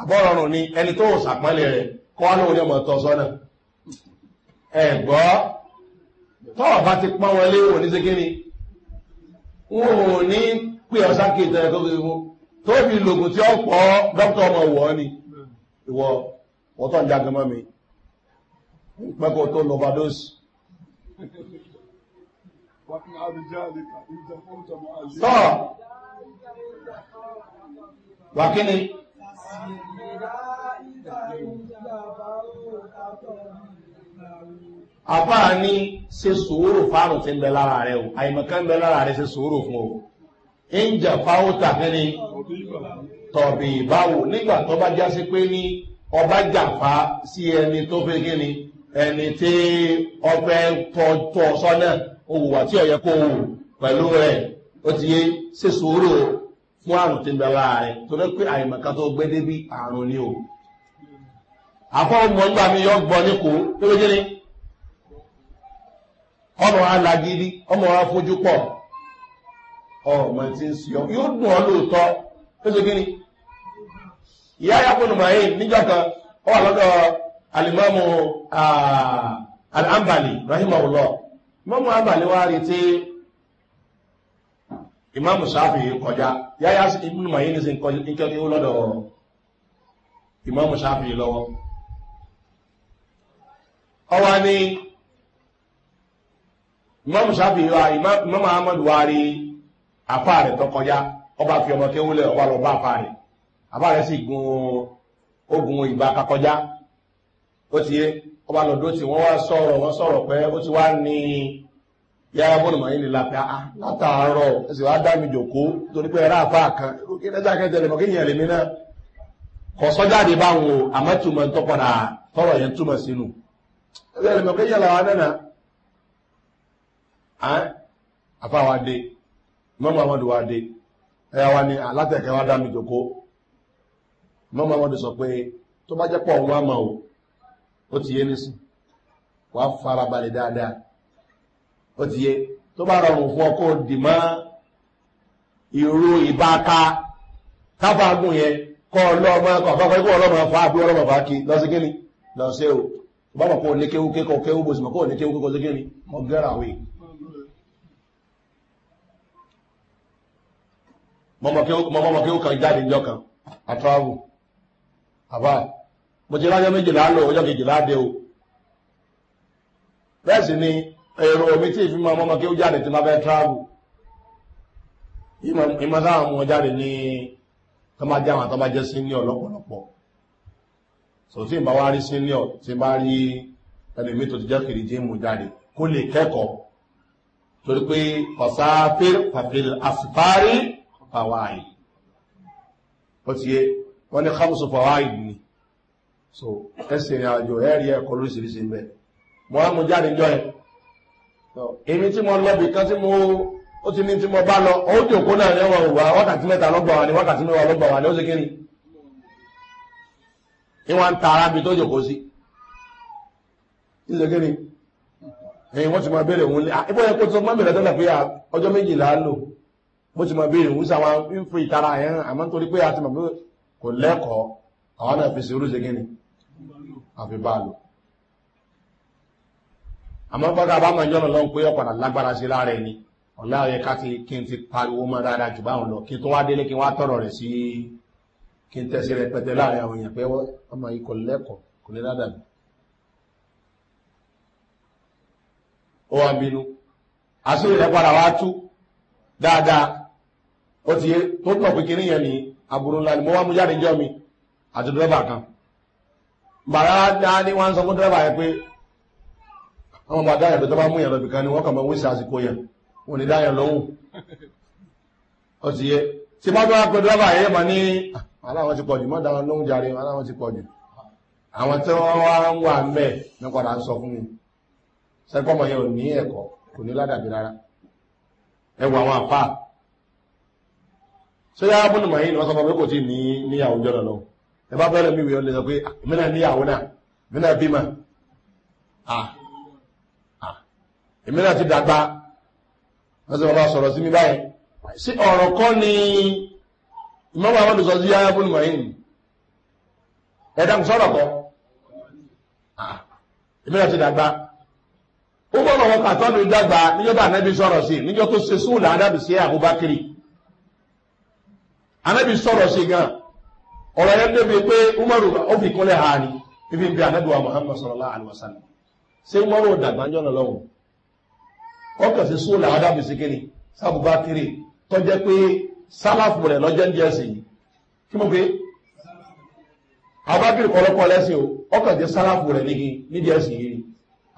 Speaker 1: àbọ̀rọ̀rùn ni ẹni tó wò sàpọ́nlé rẹ̀ kọ́ lóun ní ọmọ tọ́ sọ́nà ẹ̀ gbọ́ bá ti pọ́n wọn lé ní wọn ni ìwọ tó ń jagun wà kí ni. àfáà ní ṣe sòwòrò fáàrùn tí ń bẹ lára rẹ o àìmọ̀kan ń bẹ lára rẹ ṣe sòwòrò fún o ń jà fáwọ́ tàbí ni tọ̀bì ìbáwò nígbà tó bá já pé ní ọba jàfa sí ẹni tó fẹ́ kí ni ẹni tí ọfẹ́ tọ́ sọ́nà òwò àti ọ̀yẹ́kọ̀ òwò pẹ̀lú rẹ̀ ó ti yé ṣe sòwòrò fún àrùn tí ń bẹ lára rẹ̀ torí pé àyèmọ̀ká tó gbé débi àrùn ni o àfọwọ́mọ nígbà mi yọ gbọ́ níko tó ló jẹ́ni ọmọ wa lagidi ọmọ wa fojú pọ̀ ọmọ tí ń yóò dùn ọ lóòótọ́ ó ṣe kíni ìyá yakunu níjọ kan wà lọ́dọ̀ alambali ah, rahimahulọ mọ́mú ambali wa ìmáàmù sáfì kọjá yáyá ibùdó màá yìí ní sin nkẹ́kẹ́ ó lọ́dọ̀ ìmáàmù sáfì lọ́wọ́ ọwọ́ ni ìmáàmù sáfì wa ìmáàmù ahmadu wa rí apá rẹ̀ tó kọjá ọba fi ọmọ kéwúlẹ̀ ọba lọ bá apá rẹ̀ apá rẹ̀ sì gun ogun ìgbà kakọjá ó ti yé ọba lọ́dọ̀ tí wọ́n wá sọ̀rọ̀ wọ́n sọ̀rọ̀ pé ó ti wá ní yàrá bọ́ọ̀lù màá yín ni lápẹ́ àá ah, látàárọ̀ ẹsẹ̀ wá dá mi jòkó torí pé ẹ̀rá àfa kan kí ẹ̀rá jákè tẹ̀lé mọ́ kí yẹn lèmi náà kọ̀ sọ́jáde bá wọn o àmọ́ túmọ̀ ń tọ́padà tọ́rọ̀ yẹn túmọ̀ sínú ẹ̀rá lèmi kí yẹn làwọn náà àá àfa wa dé mọ́mọ́ àwọn ọdún dé ẹ̀yà wa ni alátẹ̀kẹ́ ah, wa dá mi jòkó mọ́mọ́ àwọn ó ti yé tó bá rọrùn fún ọkọ̀ dì mọ́ ìró ìbáka káfáàgùn yẹn kọ́ ọlọ́mọ ẹ̀kọ́ àfọ́kọ́ ikú ọlọ́mọ ẹ̀fọ́ àbí ọlọ́mọ ẹ̀fọ́ kí lọ sí kíni lọ sí o tó bá mọ̀ kó ní kéwú kékọ̀ kéwú bó sì mọ̀ kó ní kéwú kékọ̀ sí kíni mọ̀ gẹ́rà wí. mọ̀mọ̀ kéwú kan jáde ìjọ kan àtúráwù àbá mo ti rájọ́ méjìlá lò ọjọ́ kejìlá dé o bẹ́ẹ̀ sì ni ẹ̀rọ omi tí ìfimọ̀ ọmọ kí ó jáde tí máa fẹ́ tíráàbù ìmọ̀ sáwọn ọmọ jáde ní tọ́má jẹ́ àwọn tọ́má jẹ́ senior lọ́pọ̀lọpọ̀ so tí ìbá wá rí senior tí bá rí ẹlòmí tó ti jẹ́ kiri jí mú jáde kó lè kẹ́kọ̀ọ́ torí pé kọ̀sáfíl pàfíl àsìpárí fàwáì ó ti yé wọ́n ní kámsù fàwáì ni so ẹsẹ̀ ìrìn àjò ẹ̀rí ẹ̀kọ́ lóríṣiríṣi ń mọ́ á mú jáde jọ́ ẹ̀ èmi tí mo lọ bì kan tí mo ó ti ní tí mo bá lọ ó jòkó náà ní ọmọ òwà wákàtí mẹ́ta lọ́gbà wà ní wákàtí mẹ́wàá lọ́gbà wà ní ó sì kiri ìwọ̀n ń ta ara bí tó jòkó sí ìṣe kiri ẹ̀yìn wọ́n ti máa bèèrè òun lé ibọ́ yẹ kó tó máa bèèrè tẹ́lẹ̀ pé ọjọ́ méjìlá lò bó ti máa bèèrè òun sáwọn ń ìtara ẹ̀hán àmọ́ nítorí pé a ti máa bèèrè kò lẹ́kọ̀ọ́ àwọn náà fi ṣe orúṣe kiri àfi bá a lò àmọ́ gbọ́dọ̀ àbá máa yọ̀nà lọ́n pé ọ̀padà lágbára sí láàrẹ ẹni ọ̀la ọ̀yẹ ká ti kí n ti pariwo mọ́ dáadáa jù báwọn lọ kí n tó wá délé kí wá tọ̀rọ̀ rẹ̀ sí kí n tẹ̀sí rẹpẹtẹ láàrin àwọn èèyàn pé ọmọ lẹ́kọ̀ọ́ kò ní dáadáa ó wá bínú àṣírí rẹ̀ padà wá tú dáadáa ó ti tó tọ̀ pé aburú ńlá kan wọ́n máa dáyà tó bá mú yàn lọ́bìkan ni wọ́n kàn máa wíṣẹ́ àsìkò yàn wọ́n ní dáyà lọ́wọ́ ó ti yẹ tí bá bá pẹ́ dọ́bà yẹ́ ma ní aláwọn ah, ti pọ̀jù mọ́dá wọn ló ń jàre aláwọn ti pọ̀jù àwọn tí wọ́n wá ń wà mẹ́ ní sọ fún mi sẹ́kọ́mọ̀ yẹn ò ní ẹ̀kọ́ kò ní ládàbí rárá ẹwà àwọn àpá sọ́yà abúlé màá yìí ni wọ́n sọ fún mi kò tí ní níyàwó jọ́nà náà ah èmi náà ti dàgbà wọ́n sì bàbá sọ̀rọ̀ sí mi báyìí sí ọ̀rọ̀ kọ́ ni ìmọ̀wá àwọn olùsọ sí yáyá fún mọ̀yìn ẹ̀dá kò sọ̀rọ̀ kọ́ ah, èmi náà ti dàgbà ó gbọ́dọ̀ wọn kàtọ́ mi dàgbà níjọ́ bá anábì sọ̀rọ̀ sí níjọ́ tó ṣe súwùlà anábì sí àbúbákiri anábì sọ̀rọ̀ sí gan ọ̀rọ̀ yẹn débi pé umaru ó fi kúnlẹ̀ hàn ní ibi ibi anábì wa muhammad sọ̀rọ̀ láàrin wasan ṣé umaru dàgbà ń jọ́nà lọ́wọ́ ọkàn sí sóòlù àwọn dábì sí kíni sábùbá kiri tó jẹ́ pé sálàfù rẹ̀ lọ́jọ́ ní ẹ̀sìn yìí kí mo pé abákiri kọ́lọ́kọ́ lẹ́sìn o ọkàn jẹ́ sálàfù rẹ̀ nídìí ẹ̀sìn yìí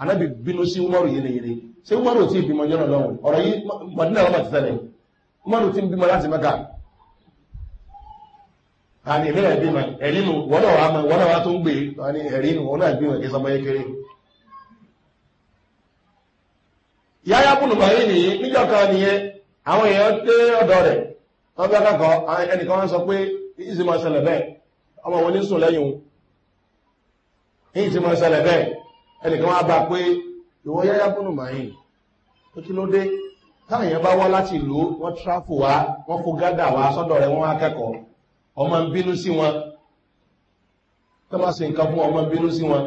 Speaker 1: anábì bínú sí umaru yìí nìyí ṣé umaru ti bímọ jọ́nà lọ́wọ́ ọ̀rọ̀ yìí mọ̀dínà ọmọ ti tẹ̀lé umaru ti bímọ láti mẹ́ka àní ìbílẹ̀ bímọ ẹ̀rí nu wọ́n náà wà tó ń gbé ẹ̀rí nu wọ́n náà bímọ ìkẹsàmọ́yé kéré yáyá bùnùbà yìí nìyí níjọ kan nìyẹn àwọn èèyàn dé ọ̀dọ̀ rẹ̀ wọ́n fẹ́ kẹ́kọ̀ọ́ ẹnìkan wọ́n sọ pé ìsì máa ṣẹlẹ̀ bẹ́ẹ̀ ọmọ wọn ní sùn lẹ́yìn òun ìsì máa ṣẹlẹ̀ bẹ́ẹ̀ ẹnìkan wọ́n bá pé ìwọ yáyá bùnùbà yìí ó kí ló dé táwọn èèyàn bá wá láti ìlú wọ́n tráfù wá wọ́n fò gádà wá sọ́dọ̀ rẹ̀ wọ́n wá kẹ́kọ̀ọ́ ọmọ ń bínú sí wọn tó bá ṣe nǹkan fún ọmọ ń bínú sí wọn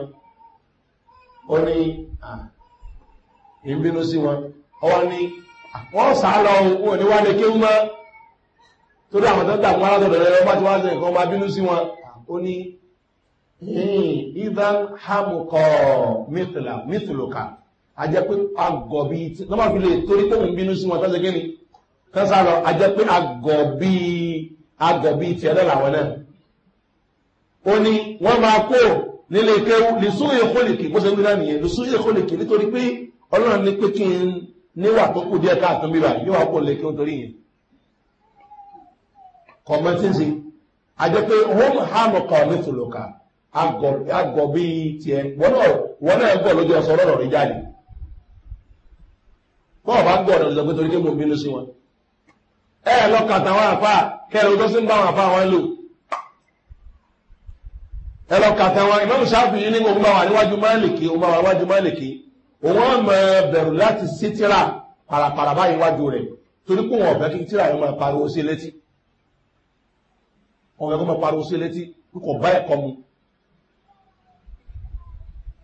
Speaker 1: ó ní ah, ń bínú sí wọn ọwọ́ ní wọ́n sá lọ wọn ní wáde kí wọ́n torí àwọn tó dàgbọ́n alátọ̀dọ̀ rẹ̀ ọba tí wọ́n ṣe nǹkan ọba bínú sí wọn ó ní ìdán hamukọ mítìlùkà ajẹ́ pé agọ̀bí tí wọ́n bá fi lè torí pé òun bínú sí wọn tọ́sẹ̀ kí ni tọ́sà lọ ajẹ́ pé agọ̀bí agọ̀bí tí ẹ̀dọ́ làwọn náà ó ní wọ́n máa kó nílé kéwú lùsú ìkólìkì bó ṣe ń gbé náà nìyẹn lùsú ìkólìkì nítorí pé ọlọ́run ní pé kí n níwà tó kù díẹ̀ káàtún bíbà yóò wá kó lè kí n torí yẹn kọ̀mọ́tíǹsì àjẹ́ pé home ham ọkọ̀ nítorọ̀ka agọ̀ bí tiẹ̀ wọ́n náà gbọ́ lójú ọ̀sán rí jáde bá gbọ́ torí kí mo bínú sí wọn ẹ àfa kẹrin tó sì ń bá àfa wọn lò ẹ òun ọmọ bẹ̀rù láti sí tíra parapara báyìí wájú rẹ̀ torí kó wọn ọ̀fẹ́ kí tíra yẹn máa pariwo sí létí ọ̀fẹ́ kó máa pariwo sí létí kò bá ẹ̀kọ́ mu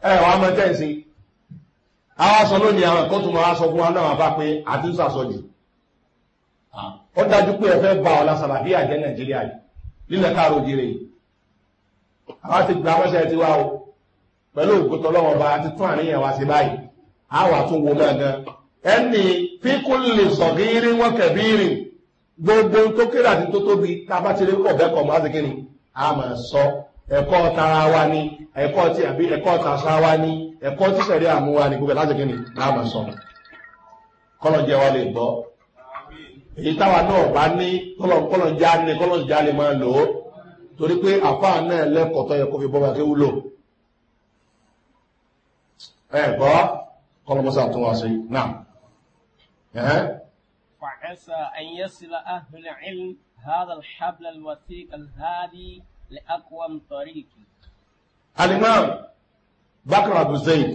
Speaker 1: ẹ wàá mọ tẹ́ǹsì àwọn aṣọ lónìí àwọn ẹ̀kọ́ tó máa sọ fún wa náà bá pé àti ń jù ó dájú pé ẹ fẹ́ ba ọ̀la sàlàbí àjẹ́ nàìjíríà yìí nílẹ̀ káàró jire yìí àwọn ti gba amọ́ṣẹ́ ti wá o pẹ̀lú òkútọ́ lọ́wọ́ ba àti tún àníyàn wa sí báyìí. àwà tún wo dáadáa ẹni fíkú sọ̀gírí wọn kẹ̀bíìrì gbogbo tó kéré àti tó tóbi tábà ti lè kọ̀ máa ti a máa sọ ẹ̀kọ́ tara wa ni ẹ̀kọ́ ti àbí ẹ̀kọ́ tasa wa ni ẹ̀kọ́ ti sẹ̀rí àmú wa ni gbogbo a máa sọ kọ́lọ̀ jẹ́ wa lè gbọ́ èyí táwa náà bá ní kọ́lọ̀ já kọ́lọ̀ já lè máa lò ó torí kọlọmọsá tó wá sí náà ẹ̀hẹ́
Speaker 2: فعسى أن يصل أهل العلم هذا الحبل الوثيق الهادي لأقوم طريق
Speaker 1: الإمام بكر أبو زيد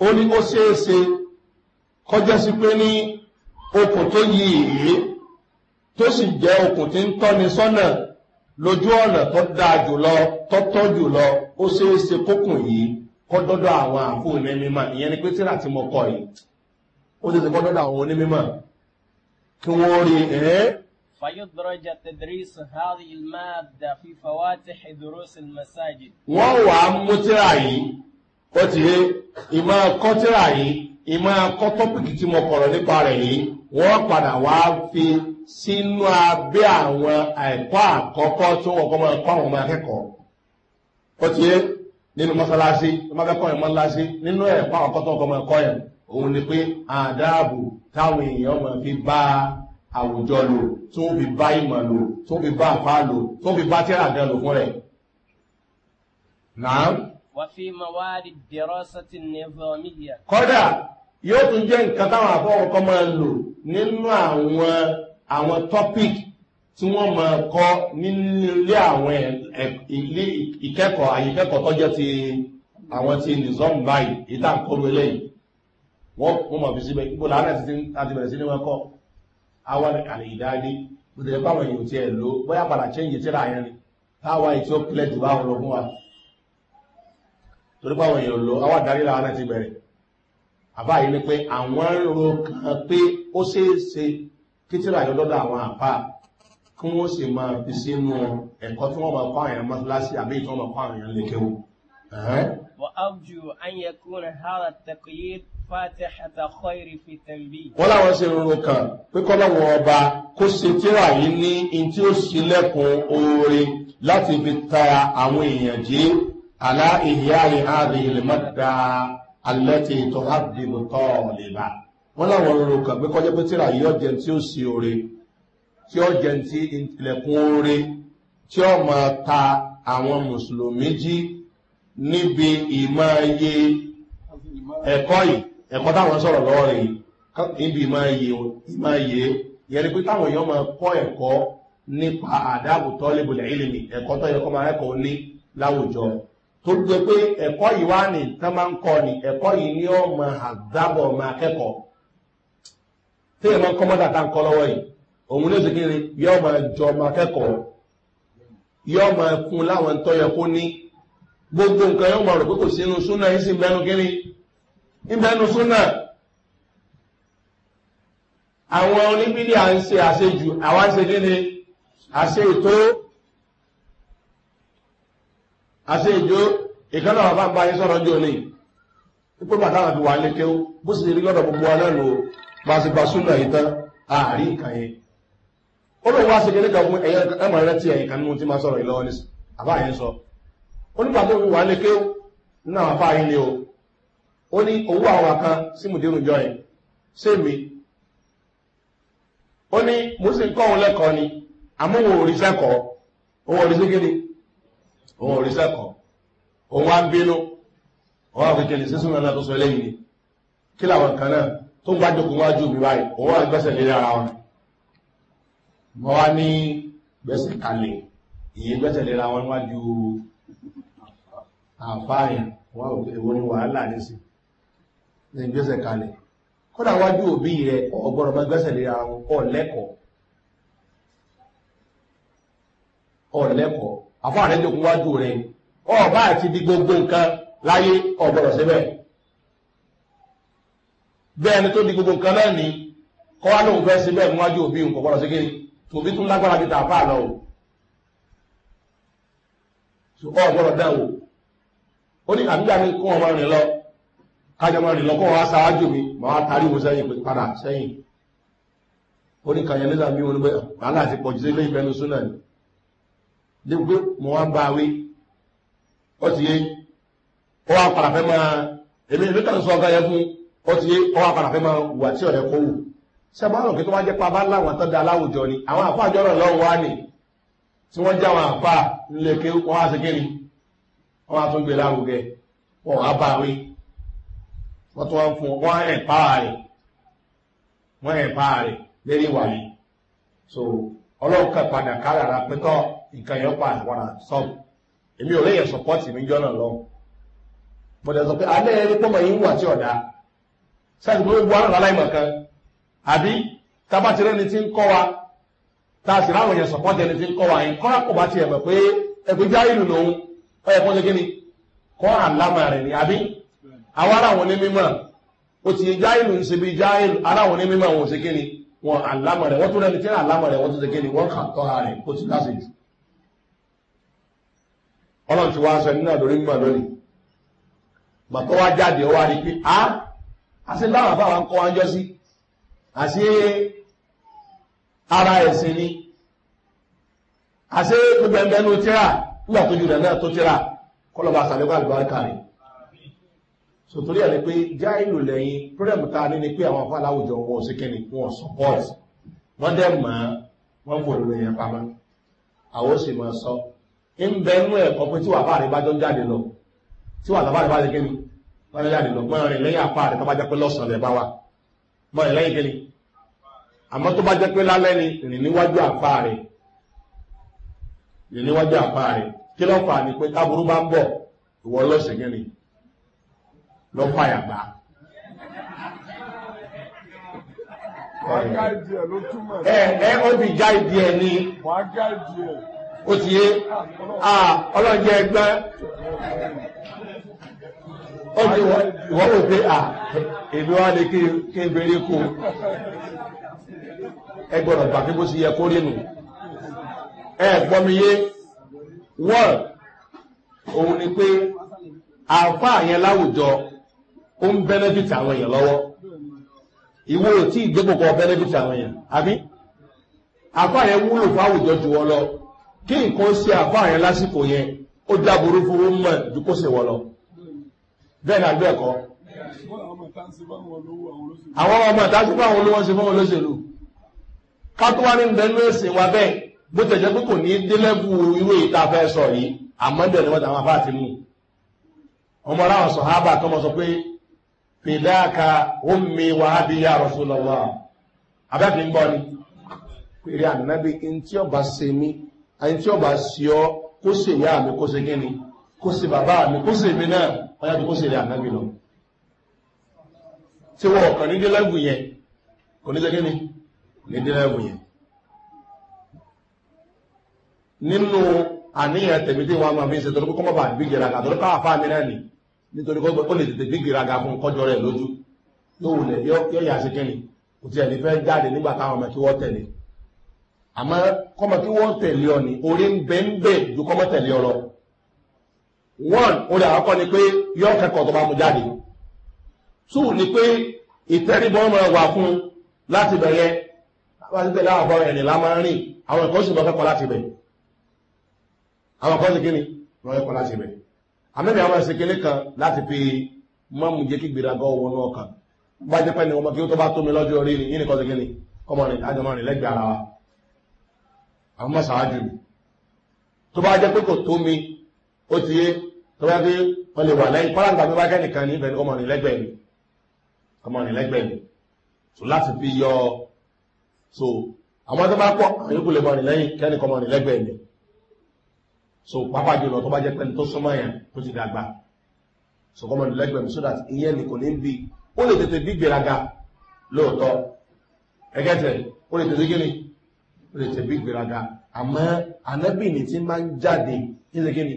Speaker 1: ó ní ó ṣeéṣe kọjá sí pé ní okùn tó yí ìrí tó sì jẹ́ okùn tí ń tọ́ni sọ́nà lójú ọ̀nà tó dáa jùlọ tó jùlọ ó ṣeéṣe kókùn yìí kọ́ àwọn àfò ní mímọ̀ ìyẹn ni pé tíra tí mo kọ yìí ó ti ti kọ́ dọ́dọ̀ àwọn onímọ̀ kí wọ́n rí ẹ́.
Speaker 2: فيدرج تدريس هذه المادة في فواتح دروس المساجد. wọ́n wà á
Speaker 1: mú tíra yìí ó ti rí ìmọ̀ kọ́ tíra yìí ìmọ̀ kọ́ tọ́pìkì tí mo kọ̀rọ̀ nípa rẹ̀ yìí wọ́n padà wá fi sínú abẹ́ àwọn ẹ̀kọ́ àkọ́kọ́ tó wọ́n kọ́ máa kọ́ àwọn ọmọ akẹ́kọ̀ọ́ ó ti rí nínú mọ́sálásí tó máa fẹ́ kọ́ ẹ̀ mọ́sálásí nínú ẹ̀ fáwọn kọ́tọ́ ọkọ̀ máa kọ́ ẹ̀ òun ni pé àdáàbò táwọn èèyàn máa fi bá àwùjọ lò tó fi bá ìmọ̀ lò tó fi bá àfá lò tó fi bá tíra àdán lò fún rẹ̀. Nàá.
Speaker 2: Wọ́n fi mọ̀wáàdì dẹ̀rọ sọ́tì ní Vọ́míyà.
Speaker 1: Kọ́dà yóò tún jẹ́ nǹkan táwọn àfọwọ́kọ́ máa lò nínú àwọn àwọn tọ́píkì tí wọ́n mọ̀ kọ́ nílé àwọn ilé ìkẹ́kọ̀ọ́ àyíkẹ́kọ̀ọ́ tó jẹ́ ti àwọn ti nìzọ́m báyìí ìta ń kọ́rù eléyìí wọ́n mọ̀ fi síbẹ̀ ipò láàrín àti àti bẹ̀rẹ̀ sí ní wọ́n kọ́ àwọn àlè ìdáadé gbogbo ẹ̀pá àwọn èèyàn ti ẹ̀ lò bóyá padà chẹ́ǹgì tíra yẹn ni táwa èyí tí ó pilẹ̀ jù báwọn lọ́gbọ́n wa torí báwọn èèyàn lò àwọn àdáyé láàrín àti bẹ̀rẹ̀ àbá yìí ni pé àwọn ro kan pé ó ṣeé ṣe kí tíra yọ lọ́dọ̀ àwọn àpá kí wọ́n sì máa fi sínú ẹ̀kọ́ tí wọ́n máa kọ́ àyàn mọ́síláṣí àbí ìtọ́ máa kọ́ àyàn lékewu.
Speaker 2: wọ́n láwọn ṣe rúrun kan
Speaker 1: pé kọ́lọ́wọ́ ọba kó ṣe tíra yìí ní in tí ó ṣe lẹ́kùn oore láti fi ta àwọn èèyàn jí àlá ìyá ìhàdì ìlẹ̀mọ́ta alẹ́tì ìtọ́ àdìbò tọ́ ọ̀lẹ́bà wọ́n láwọn rúrun kan pé kọ́jọ́ pé tíra yìí ọ̀jẹ̀ tí ó ṣe oore tí ó jẹ́ ti ilẹ̀kùn oore tí ó mọ̀ ta àwọn mùsùlùmí jí níbi ìmọ̀ iye ẹ̀kọ́ yìí ẹ̀kọ́ táwọn sọ̀rọ̀ lọ́wọ́ rẹ̀ níbi ìmọ̀ iye yẹn ni pé táwọn èèyàn máa kọ́ ẹ̀kọ́ nípa àdáàbò tọ́lébùlẹ̀ ìlìmì ẹ̀kọ́ tó yẹ kọ́ máa ẹ̀kọ́ ní láwùjọ tó gbé pé ẹ̀kọ́ yìí wá ní tán máa ń kọ́ ní ẹ̀kọ́ yìí ni ó máa àdábọ̀ máa kẹ́kọ̀ọ́ tí èèyàn máa ń kọ́ mọ́tà tá ń kọ́ lọ́wọ́ yìí òun ní ìsìnkiri yọ́ ma jọ ma kẹ́kọ̀ọ́ yọ́ ma kún láwọn tó yẹ kó ní gbogbo nǹkan yọ́ ma rò pé kò sínú súnà yìí sí ìbẹ́nu kiri ìbẹ́nu súnà àwọn oníbílì à ń se àṣejù àwọn àṣe kíni àṣe ètò àṣe ìjó ìkánná àwọn bá yín sọ̀rọ̀ jò ní ipò bàtà àti wà lékeu bó sì rí lọ́dọ̀ gbogbo alẹ́ lò pàṣípàṣúnà ìtàn àárín ìkàyẹn olóòwò wá ṣe kí nígbà rẹ ti ẹ̀yìn kan nínú tí máa sọ̀rọ̀ ìlọ́wọ́ ní àbáyé sọ ó nígbà tó fi wà ní kéw nínú àwọn afáyé ni o ó ní owó àwọn kan sí mùdírù jọ yẹn mi ó ní mo sì ń kọ́ òun lẹ́kọ̀ọ́ ni àmọ́ òun òun ni kí làwọn kan náà tó ń gbájókòó wájú mi báyìí òun wá gbẹ́sẹ̀ lé ara mọ́ wá ní gbẹ́sẹ̀ kalẹ̀ ìyẹn gbẹ́sẹ̀ lera wọn wájú àfáàyàn wọ́n èwo ni wàhálà ní sí ní gbẹ́sẹ̀ kalẹ̀ kódà wájú òbí rẹ ọgbọ́n ọmọ gbẹ́sẹ̀ lera wọn kọ́ lẹ́kọ̀ọ́ ọ̀lẹ́kọ̀ọ́ àfáà rẹ jókòó wájú rẹ ọba bẹ́ẹ̀ni tó di gbogbo nǹkan náà ni kọ́wá lóun fẹ́ síbẹ̀ níwájú òbí nǹkan gbọ́dọ̀ sí kiri tòbí tún lágbára bí tààfà lọ o ṣùgbọ́n ọ̀gbọ́n dán o ó ní àbíyá mi kún ọmọ rìn lọ kájọ ọmọ rìn lọ kún ọmọ aṣáájú mi mà wá tarí wo sẹ́yìn pé padà sẹ́yìn ó ní kàyẹn nígbà mi wọn wàhálà ti pọ̀ jù sí ilé ìfẹ́nu súnà ni dípò mo wá bá wí ó ti yé ó wá padà fẹ́ máa èmi ìlú kan sọ ọ̀gá yẹn fún ó ti yé ó wá padà fẹ́ máa wà tí ọ̀rẹ́ kó wù ṣẹ́bọ́n òkè tó wá jẹ́ pa bá láwọn tó da láwùjọ ni àwọn àpá àjọrọ̀ lọ́wọ́ wá ní tí wọ́n já wọn àpá nílé ké wọ́n á sí kéni wọ́n á tún gbé láwùgẹ wọ́n á bá wí wọ́n tún wọ́n fún wọ́n ẹ̀ pàà rẹ̀ wọ́n ẹ̀ pàà rẹ̀ lérí wà ní so ọlọ́run kan padà kárara pẹ́tọ́ nǹkan yẹn pa àwọn àṣọ́ọ̀bù èmi ò léyìn sọpọ́tì mi jọ́nà lọ mo dẹ̀ sọ pé alẹ́ ẹni tó mọ̀ yín wà tí ọ̀dà sáà àbí tabatirẹ́ ni ti ń kọ́ wa tá a sì ráwọn ni ti ń kọ́ wa yẹn kọ́ra kò bá tiẹ̀ mọ̀ pé ẹgbẹ́já ìlú lòun ọ yẹ kó ṣe kíni kọ́ àlámà ni àbí àwọn aráwọn onímọ̀ ó ti já ìlú ń ṣe bí já ìlú aráwọn onímọ̀ wọn ò ṣe kíni wọn àlámà rẹ̀ tún rẹ̀ ni tí ń àlámà rẹ̀ wọ́n tún ṣe kíni wọ́n kà tọ́ ara rẹ̀ kó ti láṣẹ jù ọlọ́run ti wá aṣọ nínú àdórí mímọ̀ lónìí gbàtọ́ jáde ọwọ́ àdìpín á àti láwọn àbáwọn wá ń jọ sí àṣí ara ẹ̀sìn ni àṣí gbogbo ẹgbẹ́ ní tíra nígbà tó jù rẹ̀ náà tó tíra kọlọ̀bà sàlẹ́kọ̀ àlùbáríkà rẹ̀ so torí ẹ̀ ni pé já ìlú lẹ́yìn pírẹ̀mù ní ni pé àwọn afọ́ aláwùjọ wọn sí kẹ́ni wọn support wọ́n dẹ̀ mọ́ wọ́n fò lórí ẹ̀yẹn pamọ́ àwọn ó sì máa sọ ń bẹ nú ẹ̀kọ́ pé tí wàá bá rẹ̀ bá jáde lọ tí wàá bá jẹ́ kẹ́ni wọ́n jáde lọ mọ́ rìn lẹ́yìn apá rẹ̀ tó bá jẹ́ pé lọ́sàn-án rẹ̀ bá wà mọ́ rìn lẹ́yìn kẹ́ni àmọ́ tó bá jẹ́ pé lálẹ́ ni rìn níwájú àpá rẹ̀ rìn níwájú àpá rẹ̀ kí ló fà ní pé táburú bá ń bọ̀ ìwọ lọ́sẹ̀ yẹn ni lọ́fà yàgbá.
Speaker 3: ẹ ẹ ó fi já ìdí ẹ ní ó ti yé ọlọ́jẹ́ ẹgbẹ́
Speaker 1: ó ti wọ́n wò pé èmi wá lè kí n bèrè kú ẹ gbọ́dọ̀ gbà pé bó ti yẹ kó rí nù ẹ gbọ́ mi yé wọ́n òun ni pé àǹfààní yẹn láwùjọ ó ń bẹ́nẹ́fìtì àwọn èèyàn lọ́wọ́ ìwé ò tí ìgbégbòkọ bẹ́nẹ́fìtì àwọn èèyàn àbí àǹfààní yẹn wúlò fún àwùjọ ju wọn lọ kí nǹkan ṣe àǹfààní yẹn lásìkò yẹn ó dáburú fún wọn mọ̀ ju kó ṣe wọ lọ bẹ́ẹ̀ ni àgbẹ̀ kọ́
Speaker 3: àwọn ọmọ ìtàṣí fún àwọn olówó
Speaker 1: ṣe fún olóṣèlú ká ní ìbẹ̀lú ẹ̀sìn wa bẹ́ẹ̀ bó tẹ̀jẹ́ pé kò ní délẹ́bù irú ìta sọ yìí àmọ́dẹ̀ ni wọ́n tàwọn afá ti mú ọmọ ráwọn sọ hábà tó mọ sọ pé fìdáàkà omi wàhábí yá rọ̀ṣù lọ́wọ́ abẹ́fì ń bọ́ ni pèrè ànábi ẹni tí ọba se mi ẹni tí ọba sí ọ kó sì ìyá mi kó se kí ni kó sì bàbá mi kó sì mi náà wọ́n yàtọ̀ kó sì rí ànábi lọ tí wọ́n ọ̀kan ní délẹ́gùn yẹn kò ní jẹ́gẹ́ ni ní délẹ́gùn yẹn nínú àníyàn tẹ̀mí tí wọ́n máa fi ń ṣe torí kọ́kọ́ bá gbé gìràgà torí káwà fáà mi náà nì nítorí kọ́kọ́ ó lè tètè gbé gìràgà fún kọjọ rẹ̀ lójú yóò wulẹ̀ yóò yà sí kíni kò tiẹ̀ ní fẹ́ jáde nígbà táwọn ọmọ kí wọ́n tẹ̀lé àmọ́ kọ́mọ kí wọ́n tẹ̀lé ọ ní orí ń bẹ́ ń bẹ́ ju kọ́mọ tẹ̀lé ọ lọ. one orí àkọ́kọ́ ni pé yọ kẹ́kọ̀ọ́ tó bá mu jáde so ni pé ìtẹ́ríbọ́ ọmọ wà fún láti bẹ̀rẹ̀ láti tẹ̀lé àwọn ọ̀bọ̀n ẹ̀rìn àwọn ẹ̀kọ́ sì lọ́kẹ́kọ́ láti bẹ̀ àwọn ẹ̀kọ́ sì kí ni lọ́kẹ́kọ́ láti bẹ̀ àmẹ́bí àwọn ẹ̀sìn kele kan láti fi mọ́mù jẹ́ kí gbèrè àgọ́ wọn náà kan bá jẹ́ pẹ́ni ọmọ kí ó tó bá tó mi lọ́jọ́ orí ni yìí nìkan sì kí ni kọ́mọ rìn àjọmọ rìn lẹ́gbẹ̀ẹ́ ara wa àwọn mọ̀ sàájú mi tó bá jẹ́ pé kò tó mi ó ti yé tó bá jẹ́ pé ọmọ rìn lẹ́gbẹ̀ẹ́ mi so láti fi yọ so àwọn tó bá pọ̀ àwọn yòókù lè mọ rìn lẹ́yìn kẹ́ni kọ́ mọ rìn lẹ́gbẹ̀ẹ́ mi so pápá jùlọ tó bá jẹ́ pẹ́ni tó súnmọ́ yẹn tó ti dàgbà so kọ́ mọ rìn lẹ́gbẹ̀ẹ́ so that ìyẹn ni kò ní bí ó lè tètè bí gbèraga lóòótọ́ ẹgẹ́tẹ̀ ó lè tètè gíní ó lè tètè bí gbèraga àmọ́ anábìnrin ti máa ń jáde ní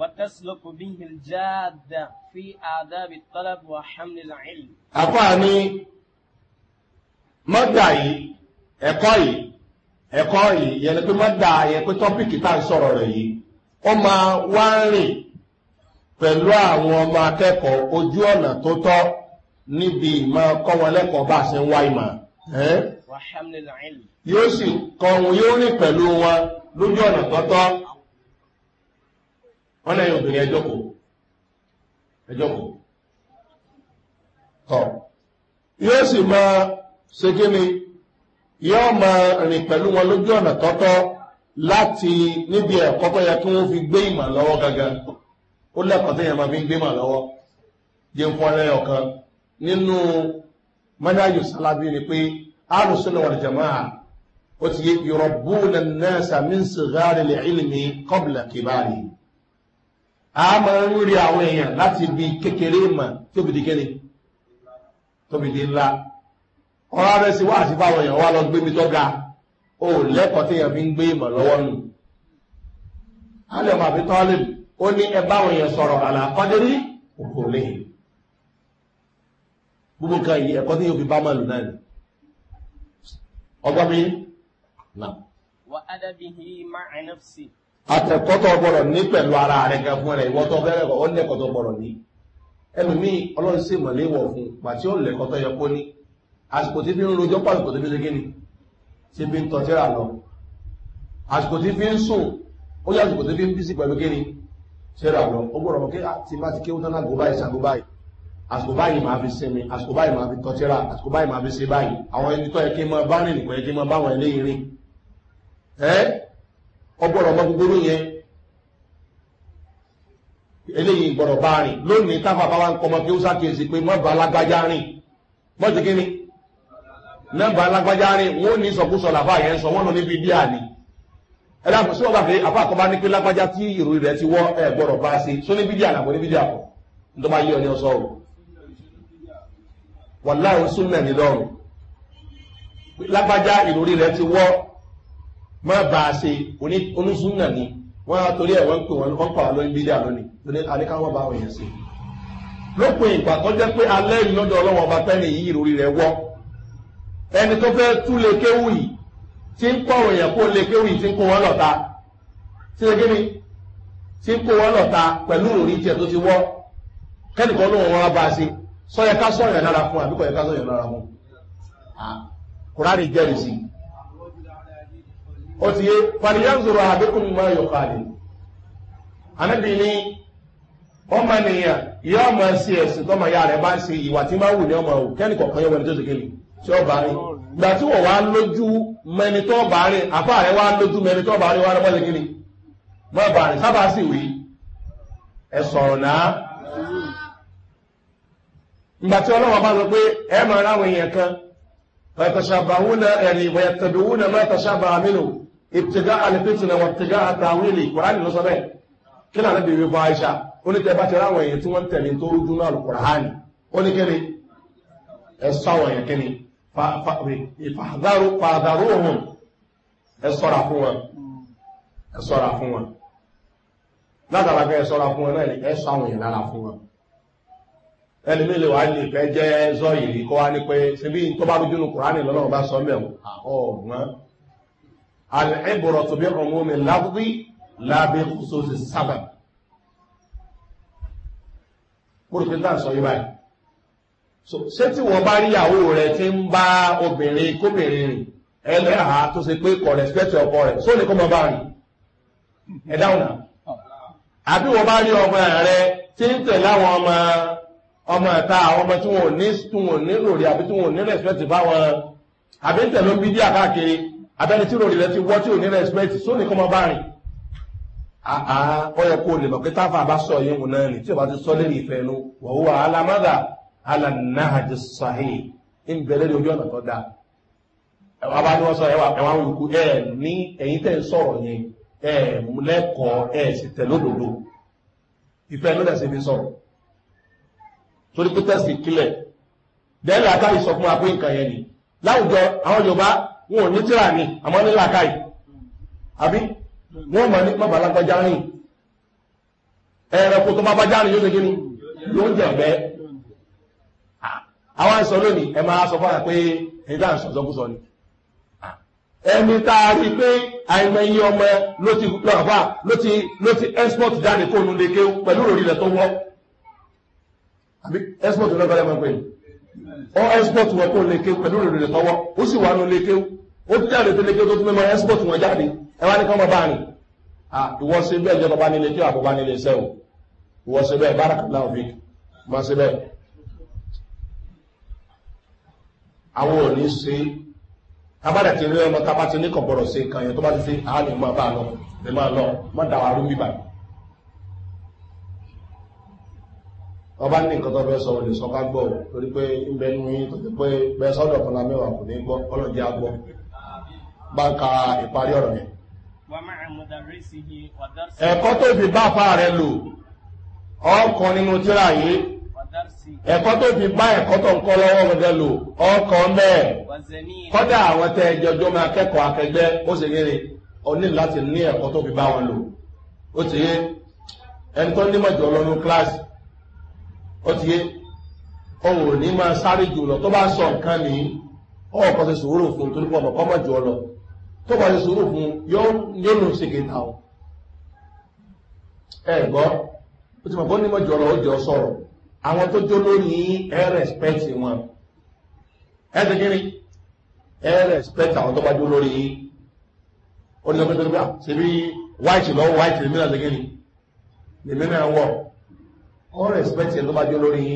Speaker 2: وتسلك به الجاد في آداب الطلب وحمل العلم
Speaker 1: àfààní mọ́dà yìí ẹ̀kọ́ yìí ẹ̀kọ́ yìí yẹn ni pé mọ́dà yẹn pé tọ́pìkì tá à ń sọ̀rọ̀ rẹ̀ yìí ó máa wá ń rìn pẹ̀lú àwọn ọmọ akẹ́kọ̀ọ́ ojú ọ̀nà tó tọ́ níbi ìmọ̀ kọ́ wọn lẹ́kọ̀ọ́ bá ṣe ń wá ìmọ̀ yóò sì kọ́ wọn yóò rìn pẹ̀lú wọn lójú ọ̀nà tó tọ́ wọ́n lẹ́yìn obìnrin ẹjọ́kò ẹjọ́kò tọ́ yóò sì máa ṣe kí ni yóò máa rìn pẹ̀lú wọn lójú ọ̀nà tọ́tọ́ láti níbi ẹ̀kọ́ tó yẹ kí wọ́n fi gbé ìmọ̀ lọ́wọ́ gangan ó lẹ́kọ̀ọ́ tó yẹ máa fi gbé ìmọ̀ lọ́wọ́ jẹ́ fún ọlẹ́ ọ̀kan nínú mọ́dájú sálábí ni pé àrùsùn lọ́wọ́ jama'a ó ti yẹ ìrọ̀bù náà sàmínsì gáàrí lè ilmi kọ́bùlà kìbárì a máa ń rí àwọn èèyàn láti ibi kékeré ìmọ̀ tóbi di kéde tóbi di ńlá ọ̀rọ̀ abẹ́ sí wá àti fáwọn èèyàn wá lọ gbé mi tó ga O lẹ́kọ̀ọ́ téèyàn fi ń gbé ìmọ̀ lọ́wọ́ nù alẹ́ àbí tọ́lẹ̀ ó ní ẹ báwọn èèyàn sọ̀rọ̀ òkò gbogbo nǹkan yìí ẹ̀kọ́ tí yóò fi bá máa lò náà ni ọgbọ́n mi náà.
Speaker 2: wà á dàbí máa ẹ̀ náà
Speaker 1: àtẹ̀kọ́tọ̀ gbọ́dọ̀ ní pẹ̀lú ara rẹ̀ gan fún rẹ̀ ìwọ́tọ̀ bẹ́rẹ̀ kọ́ lẹ́kọ̀tọ̀ gbọ́dọ̀ ní ẹlòmíì ọlọ́run sì mọ̀ léwọ̀ fún gbà tí ó lẹ́kọ̀tọ̀ yẹ kó ní àsìkò tí fi ń rojọ́ pàṣípò tó fi ṣe kí ni tí fi ń tọ́tíra lọ àsìkò tí fi ń sùn ó yẹ àsìkò tí fi ń bísí pẹ̀lú kí ni ṣẹ́ra lọ ó gbọ́dọ̀ mọ̀ kí àti má ti kéwọ́n tán lágbo báyìí ṣàgbo báyìí àsìkò báyìí máa fi sinmi àsìkò báyìí máa fi tọ́tíra àsìkò báyìí máa fi ṣe báyìí àwọn ẹni tó yẹ kí n máa bá rìn nìkan yẹ kí n máa bá àwọn ẹlẹ́yìn rìn ẹ́ ọgbọ́dọ̀ ọmọ gbogbo yẹn eléyìí gbọ́dọ̀ bá rìn lónìí táwọn bàbá wa ń kọmọ kí ó ṣàkíyèsí pé mọ́ bá alágbájá rìn mọ́ ti kí ni nọ́mbà alágbájá rìn wọ́n ní sọ̀kúsọ làbá yẹn sọ wọ́n lọ níbi díà ni ẹ dákun sí ọba pé àbá àkọ́bá ní pé lágbájá tí ìròyìn rẹ ti wọ́ ẹ gbọ́dọ̀ bá ṣe sọ níbi díà làbọ̀ níbi díà kọ̀ nítorí ayé ọ ní ọsọ o wàláhùn súnmẹ̀ nílọ́rùn lágbájá ìròyìn rẹ ti wọ́ má ba a ṣe onísúnà ni wọ́n á torí ẹ̀ wọ́n pè wọ́n wọ́n pa wọ́n lóyún bídíà lónìí lóní bá wọ̀nyẹn ṣe. lópin ìgbà tó jẹ́ pé alẹ́ ọlọ́wọ́ ọba tẹ́ni yìí ìròrí wọ́ ẹni tó fẹ́ kéwù yìí tí ń kọ́ òyìn kó lè kéwù yìí ń kó lọ́ta ṣe kíni ń wọ́ fún yẹ ká fún. jẹ́rìí sí i otu ihe yé ya zuru mọ́ yọ̀kàlì anábì ní ọmọ nìyàn yọ ya rẹ̀ bá esi se ìwà ya máa wù ní ọmọ òun kẹ́ni kọ̀ọ̀kan yọmọ ní tó sèkéli tí ọba rí gbà tí wọ́n wá lójú mẹni tó bá rí àfa rẹ̀ wá lójú mẹni tó bá rí wá lọ́mọ sèkéli mọ́ bá rí sábà sì wí ẹ sọ̀rọ̀ náà ìgbà tí ọlọ́wọ́ bá kan ìtìgá alifíṣìnà wọn tìgá àtàwílì kùránì ló sọ bẹ́ẹ̀ kí náà níbi wíwọ aisha ó ní tẹ́bá ti ráwọn èèyàn tí wọ́n tẹ̀lé tó rújú náà kùránì ó ní kíni ẹ̀sọ́ àwọn èèyàn kíni fàdàrú òhun ẹ̀sọ́ra fún wọn ẹ̀sọ́ra fún wọn látara pé ẹ̀sọ́ra fún wọn náà ni ẹ̀sọ́ àwọn èèyàn lára fún wọn ẹni mi lè wá lè fẹ́ jẹ́ zọ́yìí kó wá ní pé ṣe tó bá rújú nù kùránì lọ́nà العبرة بعموم اللفظ لا بخصوص السبب múrùkú tá sọ yí báyìí ṣé tí wọ́n bá rí rẹ̀ tí ń bá obìnrin kóbìnrin rìn ẹlẹ́hà tó ṣe pé kọ̀ rẹ̀spẹ́tì ọkọ rẹ̀ só ní kó mọ bá rìn ẹ dáhùn náà àbí wọ́n bá rí ọmọ rẹ̀ tí ń tẹ̀lé ọmọ ẹ̀ta ọmọ tí ní abẹ́ni tí ròrì rẹ ti wọ́ tí ò ní rẹ́spẹ́tì só ní bá rìn ọ yẹ kó lè mọ̀ pé táfà bá sọ wọn náà ni tí o bá ti sọ lẹ́yìn ìfẹ́ nu wọ́n wà alamada alanahaji sahi ń bẹ̀rẹ̀ lórí ọ̀nà tó ni wọ́n sọ ní ẹ̀yìn tẹ̀ ń sọ̀rọ̀ yẹn ẹ̀ múlẹ́kọ̀ọ́ ẹ̀ sì tẹ̀ ìfẹ́ ló fi sọ̀rọ̀ torí pé tẹ̀sí kílẹ̀ ni láwùjọ àwọn yorùbá wọn ò ní tíra ní àmọ́ ní làkàì àbí wọ́n mọ̀ ní pàbà lágbàjá rìn ẹ̀rẹ̀kù tó bá bá járin yóò gẹ́gẹ́ ní ló ń jẹ̀bẹ́ àwọn àìsàn lónìí ẹ máa sọ fọ́nà pé ẹ̀dá ìsọ̀sọ́kúsọ ni ẹni taari pé àìmọye ọmọ ló ti lọ́fà ló ti ló ti export jáde kó nu leke pẹ̀lú òrì rẹ̀ tó wọ́ àbí export lọ́gbàlẹ́ mọ́ pé ọ export wọ́ kó leke pẹ̀lú òrì rẹ̀ tó wọ́ ó sì wà nu leke ó ti jáde tẹ́lẹ̀ kí ó tó tún mẹ́mọ́ ẹ́sìpọ̀tì wọn jáde ẹ wá ní kọ́ mọ́ bá rìn ìwọ ṣe bẹ́ẹ̀ jẹ́ bàbá nílé kí nílé o ìwọ ṣe bẹ́ẹ̀ bára kàlá òfin má ṣe bẹ́ẹ̀ àwọn ò ní ṣe ti rí ọmọ tábà ti ní kọ̀bọ̀rọ̀ ṣe kan yẹn tó bá ti ṣe á lè máa bá a lọ lè máa lọ má dà wàá ọba ní nǹkan tó fẹ́ sọ gbọ́ torí pé ń tó bá ń ka ìparí ọ̀rọ̀ yẹn. ẹ̀kọ́ tó fi bá fa rẹ lò ọkọ̀ nínú tíra yìí ẹ̀kọ́ tó fi bá ẹ̀kọ́ tó ń kọ́ lọ́wọ́ ọmọdé lò ọkọ̀ mẹ́ẹ̀ kọ́dà àwọn tẹ ẹjọ́jọ́ máa kẹ́kọ̀ọ́ akẹgbẹ́ ó sì rí ọ ní láti ní ẹ̀kọ́ tó fi bá wọn lò ó ti yé ẹni tó nímọ̀ jù lọ kíláàsì ó ti yé ọ̀hún ò ní máa sáré jù lọ tó bá sọ nǹkan nìyí ọ̀kọ́ ti sòwúrò fún torí pọ̀ ọ̀kọ́ mọ̀ jù ọ lọ tó bá ti sùúrù fún yóò nù sí kìí náà ẹ gbọ́ ó ti mọ̀ bọ́ nímọ̀ jọ̀rọ̀ ó jọ sọ̀rọ̀ àwọn tó jó lórí ẹ rẹ̀spẹ̀tì wọn ẹ ti kiri ẹ rẹ̀spẹ̀tì àwọn tó white lọ́wọ́ white lèmi náà ti kiri lèmi náà wọ̀ ọ rẹ̀spẹ̀tì ẹ tó bá jó lórí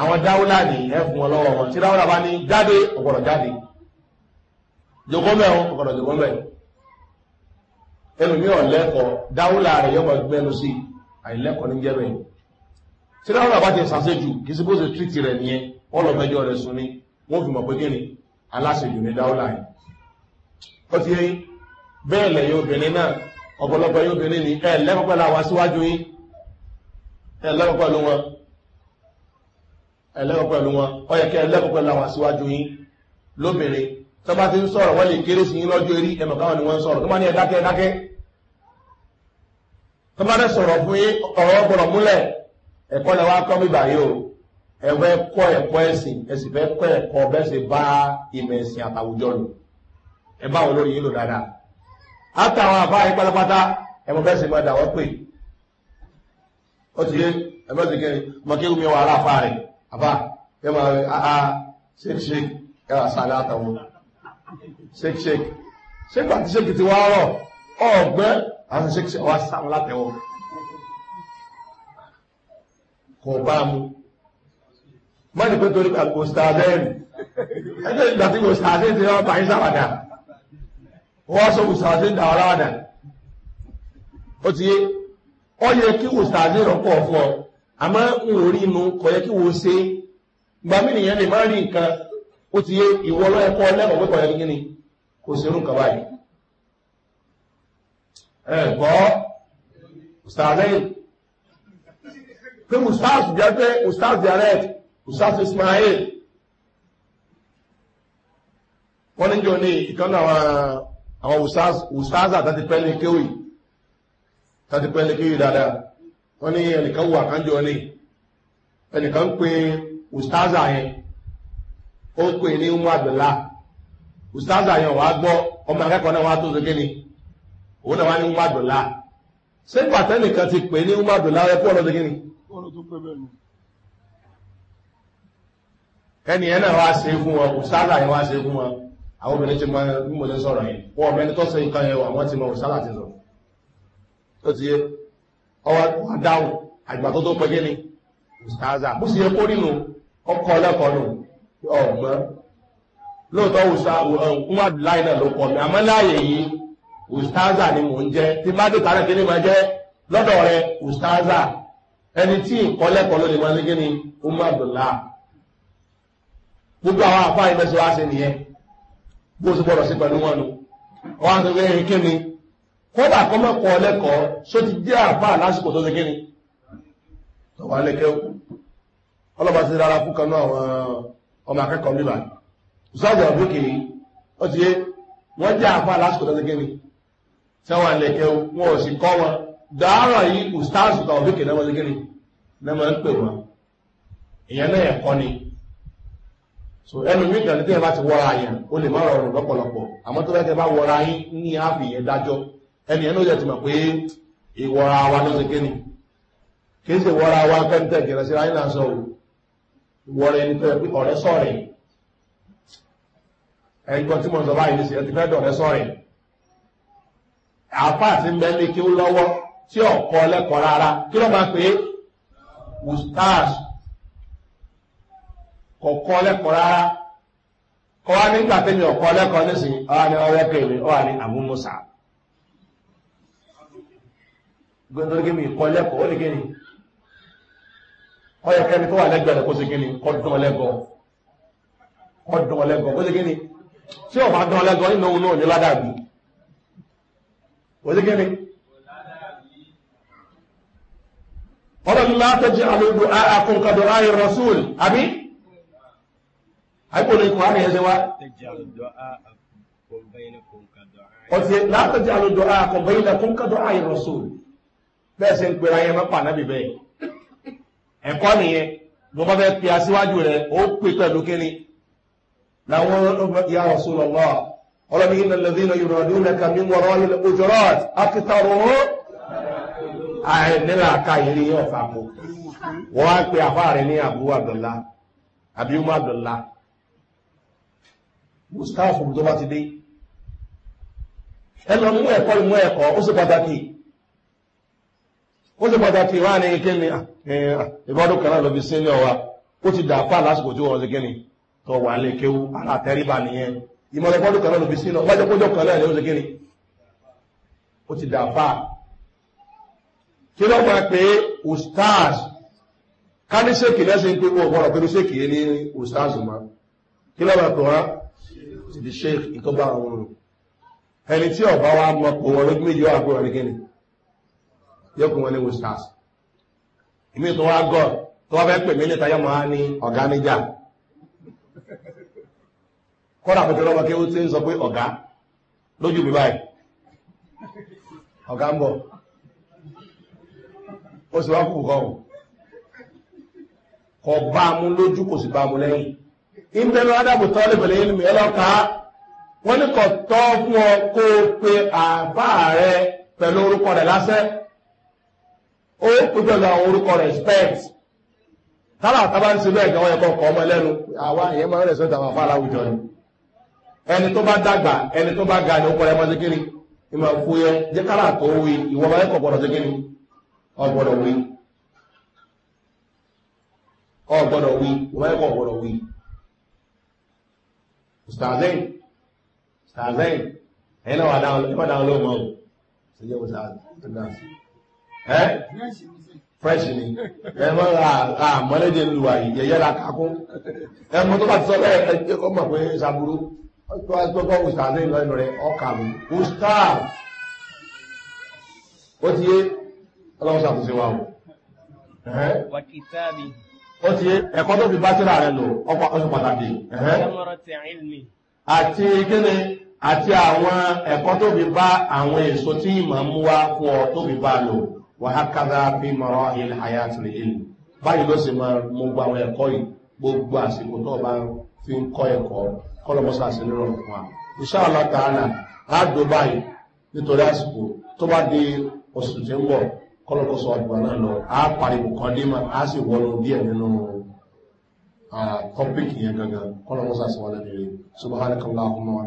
Speaker 1: àwọn dáwọ́lá ni ẹ fún wọn lọ́wọ́ wọn tí dáwọ́lá bá ní jáde ọ̀gbọ̀dọ̀ jáde jòkó mẹ́ o ọ̀kọ̀dọ̀ jòkó mẹ́ ẹlùmí ọ̀lẹ́kọ̀ọ́ dáúlà rẹ̀ yọ́mọ̀ gbẹ́nu sí àìlẹ́kọ̀ọ́ ní jẹ́bẹ̀ tí dáúlà bá ti sàṣẹ́ jù kì í sí bó ṣe tírìtì rẹ̀ nìyẹn wọ́n lọ mẹ́jọ rẹ̀ sùn ní wọ́n fi mọ̀ pé kíni aláṣejù ní dáúlà yìí ó ti yẹn bẹ́ẹ̀ lẹ́yìn obìnrin náà ọ̀pọ̀lọpọ̀ yóò bẹ̀rẹ̀ ní ẹ lẹ́kọ̀ọ́ pẹ̀lú àwọn síwájú yí ẹ lẹ́kọ̀ọ́ pẹ̀lú wọn ẹ lẹ́kọ̀ọ́ pẹ̀lú wọn ọ yẹ kí ẹ lẹ́kọ̀ọ́ síwájú yí lóbìnrin tó bá ti ń sọ̀rọ̀ wọ́n lè kéré sí yín lọ́jọ́ erí ẹmọ̀ káwọn ni wọ́n sọ̀rọ̀ tó bá ní ẹ̀dákẹ́ ẹ̀dákẹ́ tó bá dẹ̀ sọ̀rọ̀ fún yín ọ̀rọ̀ gbọ́dọ̀ múlẹ̀ ẹ̀kọ́ lẹ wá kọ́ mi bàyí o ẹ fẹ́ kọ́ ẹ̀kọ́ ẹ̀sìn ẹ sì fẹ́ kọ́ ẹ̀kọ́ bẹ́ẹ̀ sì bá ìmọ̀ ẹ̀sìn àtàwùjọ lò ẹ bá wọn lórí yín lò dáadáa àtàwọn àbá yín pátápátá ẹ mọ bẹ́ẹ̀ sì máa dà wọ́n pè ó ti yé ẹ bẹ́ẹ̀ sì kẹ́ni mọ kí omi wà á rà fáà rẹ̀ àbá ẹ máa ṣe ṣe ẹ wà sáré àtàwọn ṣéṣéṣe ṣégbà tí ṣéṣe ti wá rọ̀ ọ̀gbẹ́ àti ṣéṣe wá sáwọn látẹ̀wọ̀ kò bá mú mọ́ni pé torí pé kò stàdẹ́rì ẹgbẹ́ ìgbà tí kò stàdẹ́rì ti wọ́n báyìí sáwàdà wọ́n sọ kò stàdẹ́rì dà ọ́rọ́ àdà ó ti yé ọ yẹ kí wò stàdẹ́rì rọ́pọ̀ fún ọ àmọ́ n ò rí inú kọ̀ yẹ kí wò ṣe gbàmí lè má rí nǹkan ó ti yé ìwọ lọ́yẹ̀kọ́ lẹ́kọ̀ọ́ pé kọ̀ yẹ kí ni kò sí orúkọ báyìí ẹ̀gbọ́ ustazin pé ustaz jẹ́ pé ustaz jared ustaz ismail wọ́n níjọ ní ìkan àwọn ustaz àtàtí pẹ́lẹ̀ kéwì tàbí pẹ́lẹ̀ kéwì dáadáa wọ́n ní ẹnìkan wà kánjọ ní ẹnìkan ń ustaz àyẹn ó pè ní umar abdullahi Ustaza àyàn wàá gbọ́ ọmọ akẹ́kọ̀ọ́ náà wàá tó ṣe kíni òun náà wàá ní umadola ṣé pàtẹ́nì kan ti pè ní umadola ẹ kó ọlọ́dẹ kíni. ẹnì yẹn náà wàá ṣe é fún wọn ustaz àyàn wàá ṣe é fún wọn àwọn obìnrin ti mọ bí mo ṣe sọ̀rọ̀ yìí wọn ọmọ ẹni tó ṣe nǹkan yẹn wọn ti mọ ustaz àti sọ̀rọ̀ tó ti yé ọwọ́ àdáhùn àgbà tó tó pẹ́ kíni ustaz bó ṣe yẹ kó nínú ọkọ̀ ọlẹ́kọ̀ọ́ nù ọ̀gbọ́n lóòótọ́ wùsàwùmọ́dù eh, láì náà ló kọ́ mi àmọ́ láàyè yìí wùsàzà ni mò ń jẹ́ tí má dé tààrà kíní máa jẹ́ lọ́dọ̀ rẹ wùsàzà ẹni tí ìkọ́lẹ́kọ̀ọ́ ló lè ni umadula gbogbo àwọn àpá ìmẹ́sẹ̀ wá sí nìyẹn bó ti gbọ́dọ̀ sí pẹ̀lú wọn nu wọn á sọ pé eh, kódà lẹ́kọ̀ọ́ só ti àpá lásìkò tó tọ́wọ́ alẹ́kẹ́ zọ́ọ̀dì ọdún kìíní ó ti yé wọ́n jẹ́ àpá lásìkò tó gẹ́gẹ́ mi tí wọ́n lè kẹ́ wọn ò sì kọ́ wọn dàárọ̀ yìí ustaz tó ọdún na wọ́n gẹ́gẹ́ mi náà máa ń pè wọn ìyẹn náà ẹ̀kọ́ ni so ẹnu mi kàn tí ẹ bá ti wọra yẹn ó lè má rọrùn lọ́pọ̀lọpọ̀ àmọ́ tó bá bá wọra yín ní yẹn dájọ́ ẹni ẹnu ti mọ̀ pé ìwọra wa ló ti wa ráyìn náà sọ ẹgbọ́n tí mo sọ báyìí nísìnyí ti fẹ́ dọ̀rẹ́ sọ̀rìn àáfàá ti ń bẹ́ lé kí ó lọ́wọ́ tí ọ̀kọ́ lẹ́kọ̀ọ́ rárá kí ló máa pè é ustaz kọ̀kọ́ lẹ́kọ̀ọ́ rárá kọ́ wá nígbà tẹ́mi ọ̀kọ́ lẹ́kọ̀ọ́ nísìnyí ọ̀hà ni ọ̀rẹ́ pè mí ọ̀hà ni àmúmúsà gbẹ́ndọ́rẹ́ kí mi kọ́ lẹ́kọ̀ọ́ ó ní kí ni ọ̀yẹ̀kẹ́ni tó wà lẹ́gbẹ̀ẹ́ rẹ̀ kó ṣe kí ni kọ́ dùn tí ọ̀bá gan lẹ́gọ́ nínú òun náà ní ládàbí òsì kíni ọlọ́ni látọ́jú àlejò àkùnkàdọ̀ ayé rasul àbí àìkò lè kọ́ àmì ẹ̀ṣẹ̀ wa ọ̀sì látọ́jú àlejò àkùnkàdọ̀ ayé rasul bẹ́ẹ̀ sí ń pèrè ayé mẹ́pà náà bíbẹ́ ẹ̀kọ́ nìyẹn bọ́bá fẹ́ pè aṣíwájú rẹ̀ ó pè pẹ̀lú kíni làwọn ya rasulallah ọlọ́ni iná lẹ́dínà ìrọ̀dúnlẹ̀ kàmí wọ̀rọ̀ ilẹ̀ ojúrọ̀t akitaro nílà ká ìrí ọ̀fà mú wọ́n á pe àfá rẹ̀ ní àbúrò àdọ̀lá àbíọ́mọ́ àdọ̀lá gustaf tó bá ti dé ẹ lọ mú ẹ̀kọ́ ìmú ẹ̀kọ́ ó sì pàtàkì ó sì pàtàkì wá ní kíni ah, eh, ah, ìbọ́dún kan náà lọ fi sílẹ̀ wa ó ti dà pa lásìkò tí wọ́n ti kíni tó wà ní kéwú ara àtẹríba nìyẹn ìmọ̀ràn ìpọ́dún kan náà lòbí sínú wájú kójọ́ kan náà ni ó ṣe kíni ó ti dà fà kí ló máa pé ustaz ká ní ṣèkì lẹ́sìn pé wọ́n gbọ́dọ̀ pé ṣèkì ní ustaz mọ́ kí ló máa pè wọ́n ti di sheikh ìtọ́ bá àwọn ọ̀run ẹni tí ọba wa mọ̀ pé wọ́n lójú méjì wà pé wọ́n ní kíni yọkùn wọn ní ustaz ìmí tó wá gọ̀ tó wá fẹ́ pè mí níta yọmọ kọ́dà pẹ̀tẹ̀ lọ́mọ ó tí ń sọ pé ọ̀gá lójú mi báyìí ọ̀gá ń bọ̀ ó sì wá kù kọ́ ọ̀hún kọ bá mú lójú kò sì bá mú lẹ́yìn ìbẹ̀rù fún ọ kó o pe àbá rẹ pẹ̀lú orúkọ ó pẹ̀lú àwọn orúkọ tábà ń ọmọ ẹlẹ́nu àwa ìyẹn máa ń rẹ̀ ni ẹni tó bá dàgbà ẹni tó bá ga ni ó kọ́ ẹmọ ìmọ̀ fún yẹ jẹ́ kára tó wí ìwọ bá yẹn kọ̀ gbọ́dọ̀ sékiri wí ọ̀gbọ́dọ̀ wí ìwọ bá yẹn wí. ustazin náà wà dáhùn dáhùn ló ṣe
Speaker 3: fresh ni la tó bá
Speaker 1: ti kọ́ mọ̀ pé ṣàbúrú. tó wá tó gbọ́ mùsàlẹ́ lọ́nu rẹ̀ ọkà mi mustaf ó ti yé ọlọ́run ṣàtúnṣe wa o ó ti yé ẹ̀kọ́ tó fi bá síra rẹ̀ lò ọkọ̀ ọ̀ṣun pàtàkì àti kíni àti àwọn ẹ̀kọ́ tó fi bá àwọn èso tí ìmọ̀ mú wá fún ọ tó fi bá lò wàhákàdá fi mọ̀rọ̀ ilẹ̀ àyàtìlẹ̀ ìlú báyìí ló sì máa mú gbogbo àwọn ẹ̀kọ́ yìí gbogbo àsìkò tó bá fi kọlọmọsá sí lọ́rọ̀ fún wa iṣẹ́ alátàánà láàdó báyìí nítorí àsìkò tó bá di oṣù tí ń bọ̀ kọlọmọsọ àgbà náà lọ a pariwo kan dé mà a sì wọnú díẹ̀ nínú tọ́pìkì yẹn gangan kọlọmọsá sí wọn lẹ́nu rẹ̀ subahana kọlá ọmọ wa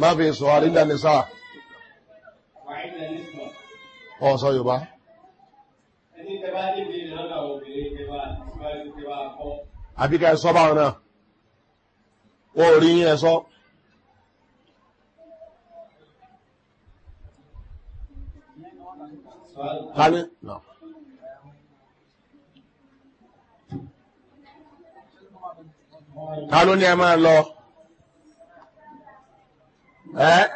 Speaker 1: má fi sọ àrídà ní sáà ọ̀sọ̀ yorùbá àbíkà ẹ̀sọ́ báwọn náà ó rí yín ẹ̀sọ́ tani náà. ta ló ní ẹ máa lọ ẹ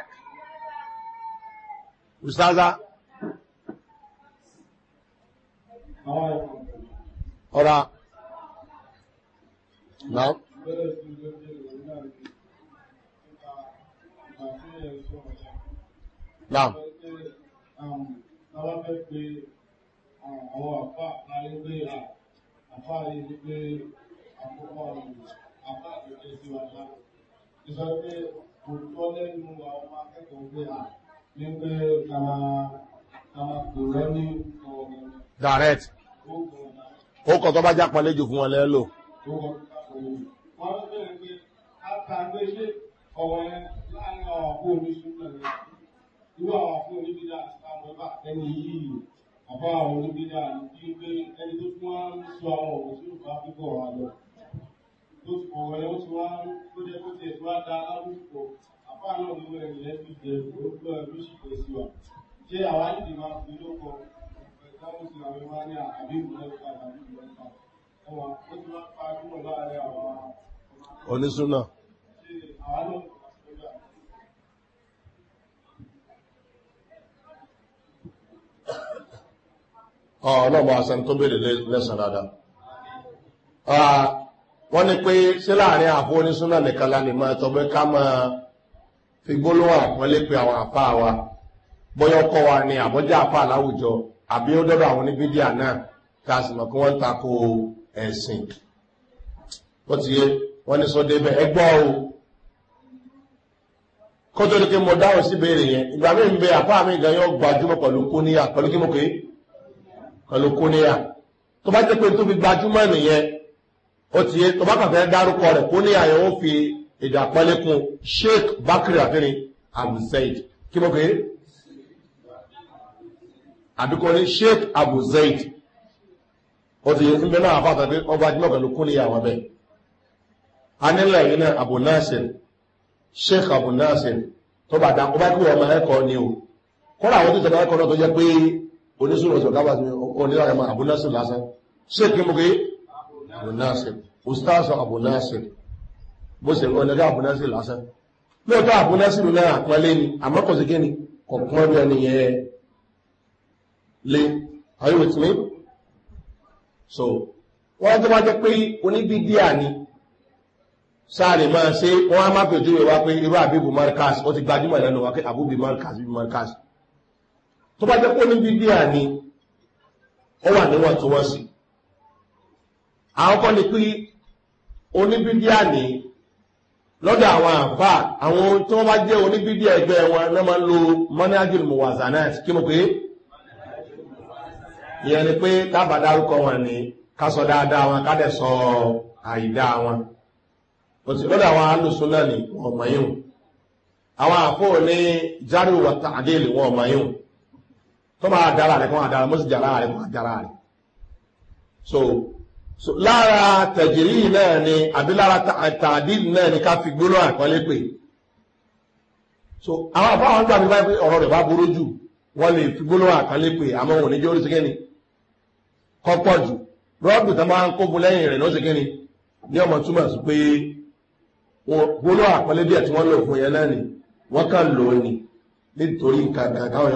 Speaker 1: ustaza ọ̀rá náà.
Speaker 3: Náà. Àwọn fẹ́ pé àwọn àfáà ayé pé àkókò àwọn ìṣẹ́ àbá àjọjẹ sí wa náà ìsọ pé kò tọ́ lẹ́nu àwọn akẹ́kọ̀ọ́ pé à ní pé kàmá kàmá kò rẹ́ ní ọ̀rọ̀
Speaker 1: direct ó kọ̀ tó bá jápa léjò fún wọn lẹ́lò.
Speaker 3: wọ́n bẹ̀rẹ̀ pé a ta méjì ọwọ́ yẹn láàrin àwọn àpò omi súnmọ́ rẹ̀ irú àwọn àpò omi bídà àwọn ọba ẹni yìí àbá àwọn omi bídà ní pé ẹni tó fún wa ń sọ àwọn òṣèlú bá pípọ̀ wà lọ ó ti kọ̀wé ó ti wá ó jẹ́ kó tiẹ̀ tó wá da alábùkù apá náà ló rẹ̀ yẹn ti jẹ òwúrọ̀ ẹ̀ ló sì pèsè wa ṣé àwa nìdí máa fi lóko ìtàkùn sí àwọn ìwà ní àbí ìmúlẹ̀ká àbí ìmúlẹ̀ká ẹwà ó ti wá pa kúrò láàárín àwọn onísúnà. ṣé àwa náà
Speaker 1: ah, ọlọ́mọ àṣẹ tó béèrè lẹ́sàn dáadáa ah, wọ́n ní pé ṣé láàrin àfó onísúnà nìkan lánìí máa tọ́ pé ká máa fi gbólóhùn àpọ́nlé pé àwọn àfa wa bóyá ọkọ wa ni àbọ́jà láwùjọ àbí ó dọ́dọ̀ àwọn oníbídíà náà ká sì mọ̀ kí wọ́n tako ẹ̀sìn ó ti yé wọ́n ní sọ débẹ̀ ní ó ti yé tó bá kàn fẹ́ dárúkọ rẹ̀ kó ní àyẹ̀wò fi èdè àpọ́nlé kun sheikh bakri àfẹ́ni abuzaid kí mo pè é àbíkọ ní sheikh abuzaid ó ti yé ń bẹ náà àfàtà pé ọba jimá pẹ̀lú kún ní àwọn bẹ́ẹ̀ anílẹ̀ yìí náà abu nasir sheikh abu nasir tó bá dá ọba kúrò ọmọ ẹ̀kọ́ ni o kọ́lá àwọn tó jẹ́ ẹ̀kọ́ náà tó jẹ́ pé onísùnwòsàn kábàtì onílàkàmà abu nasir lásán sheikh kí mo pè abu nasir ustazu abu nasir bó ṣe rọ lẹ́dá abu nasir lásán lóòótọ́ abu nasir náà àpẹẹlẹ ni àmọ́ kò sí kíni kò pọ́n bí yẹn lé are you with me so wọ́n tó bá jẹ́ pé oníbídíà ni sáàrì máa ṣe wọ́n á má pèjú rẹ̀ wá pé irú àbíbù marcus ó ti gbajúmọ̀ ìlànà wá pé àbúbì marcus bíbù marcus tó bá jẹ́ pé oníbídíà ni ó wà níwọ̀ntúnwọ̀nsì àwọn kọ́ ni pé oníbídíà ní lọ́dọ̀ àwọn àbá àwọn tí wọ́n bá jẹ́ oníbídíà ẹgbẹ́ wọn náà máa ń lo mọ́nájìl mọ̀wàzánát kí mo pé ìyẹn ni pé tábà dárúkọ wọn ni ká sọ dáadáa wọn ká dẹ̀ sọ àìdá wọn lọ́dọ̀ àwọn alùsùn náà ni wọ́n mọ̀ yìí àwọn àfọ́ ní járù wọ́tà àdéèlì wọ́n mọ̀ yìí tó máa dára rẹ̀ kó máa dára mọ́sí jára rẹ̀ kó máa jára rẹ̀ so so lára tẹ̀jìrì náà ni àbí lára tààdì náà ni ká fi gbóná àkọlé pè so àwọn àfáwọn gbà mí báyìí pé ọ̀rọ̀ rẹ̀ bá burú jù wọ́n lè fi gbóná àkọlé pè àmọ́ òní jẹ́ oríṣi kẹ́ni kọ́pọ̀ jù rọ́ọ̀dù tó máa ń kóbu lẹ́yìn rẹ̀ lọ́sẹ̀ kẹ́ni ní ọmọ túmọ̀ sí pé gbóná àkọlé díẹ̀ tí wọ́n lò fún yẹn náà ni wọ́n kàn lò ó ni nítorí nǹkan kan wọ́n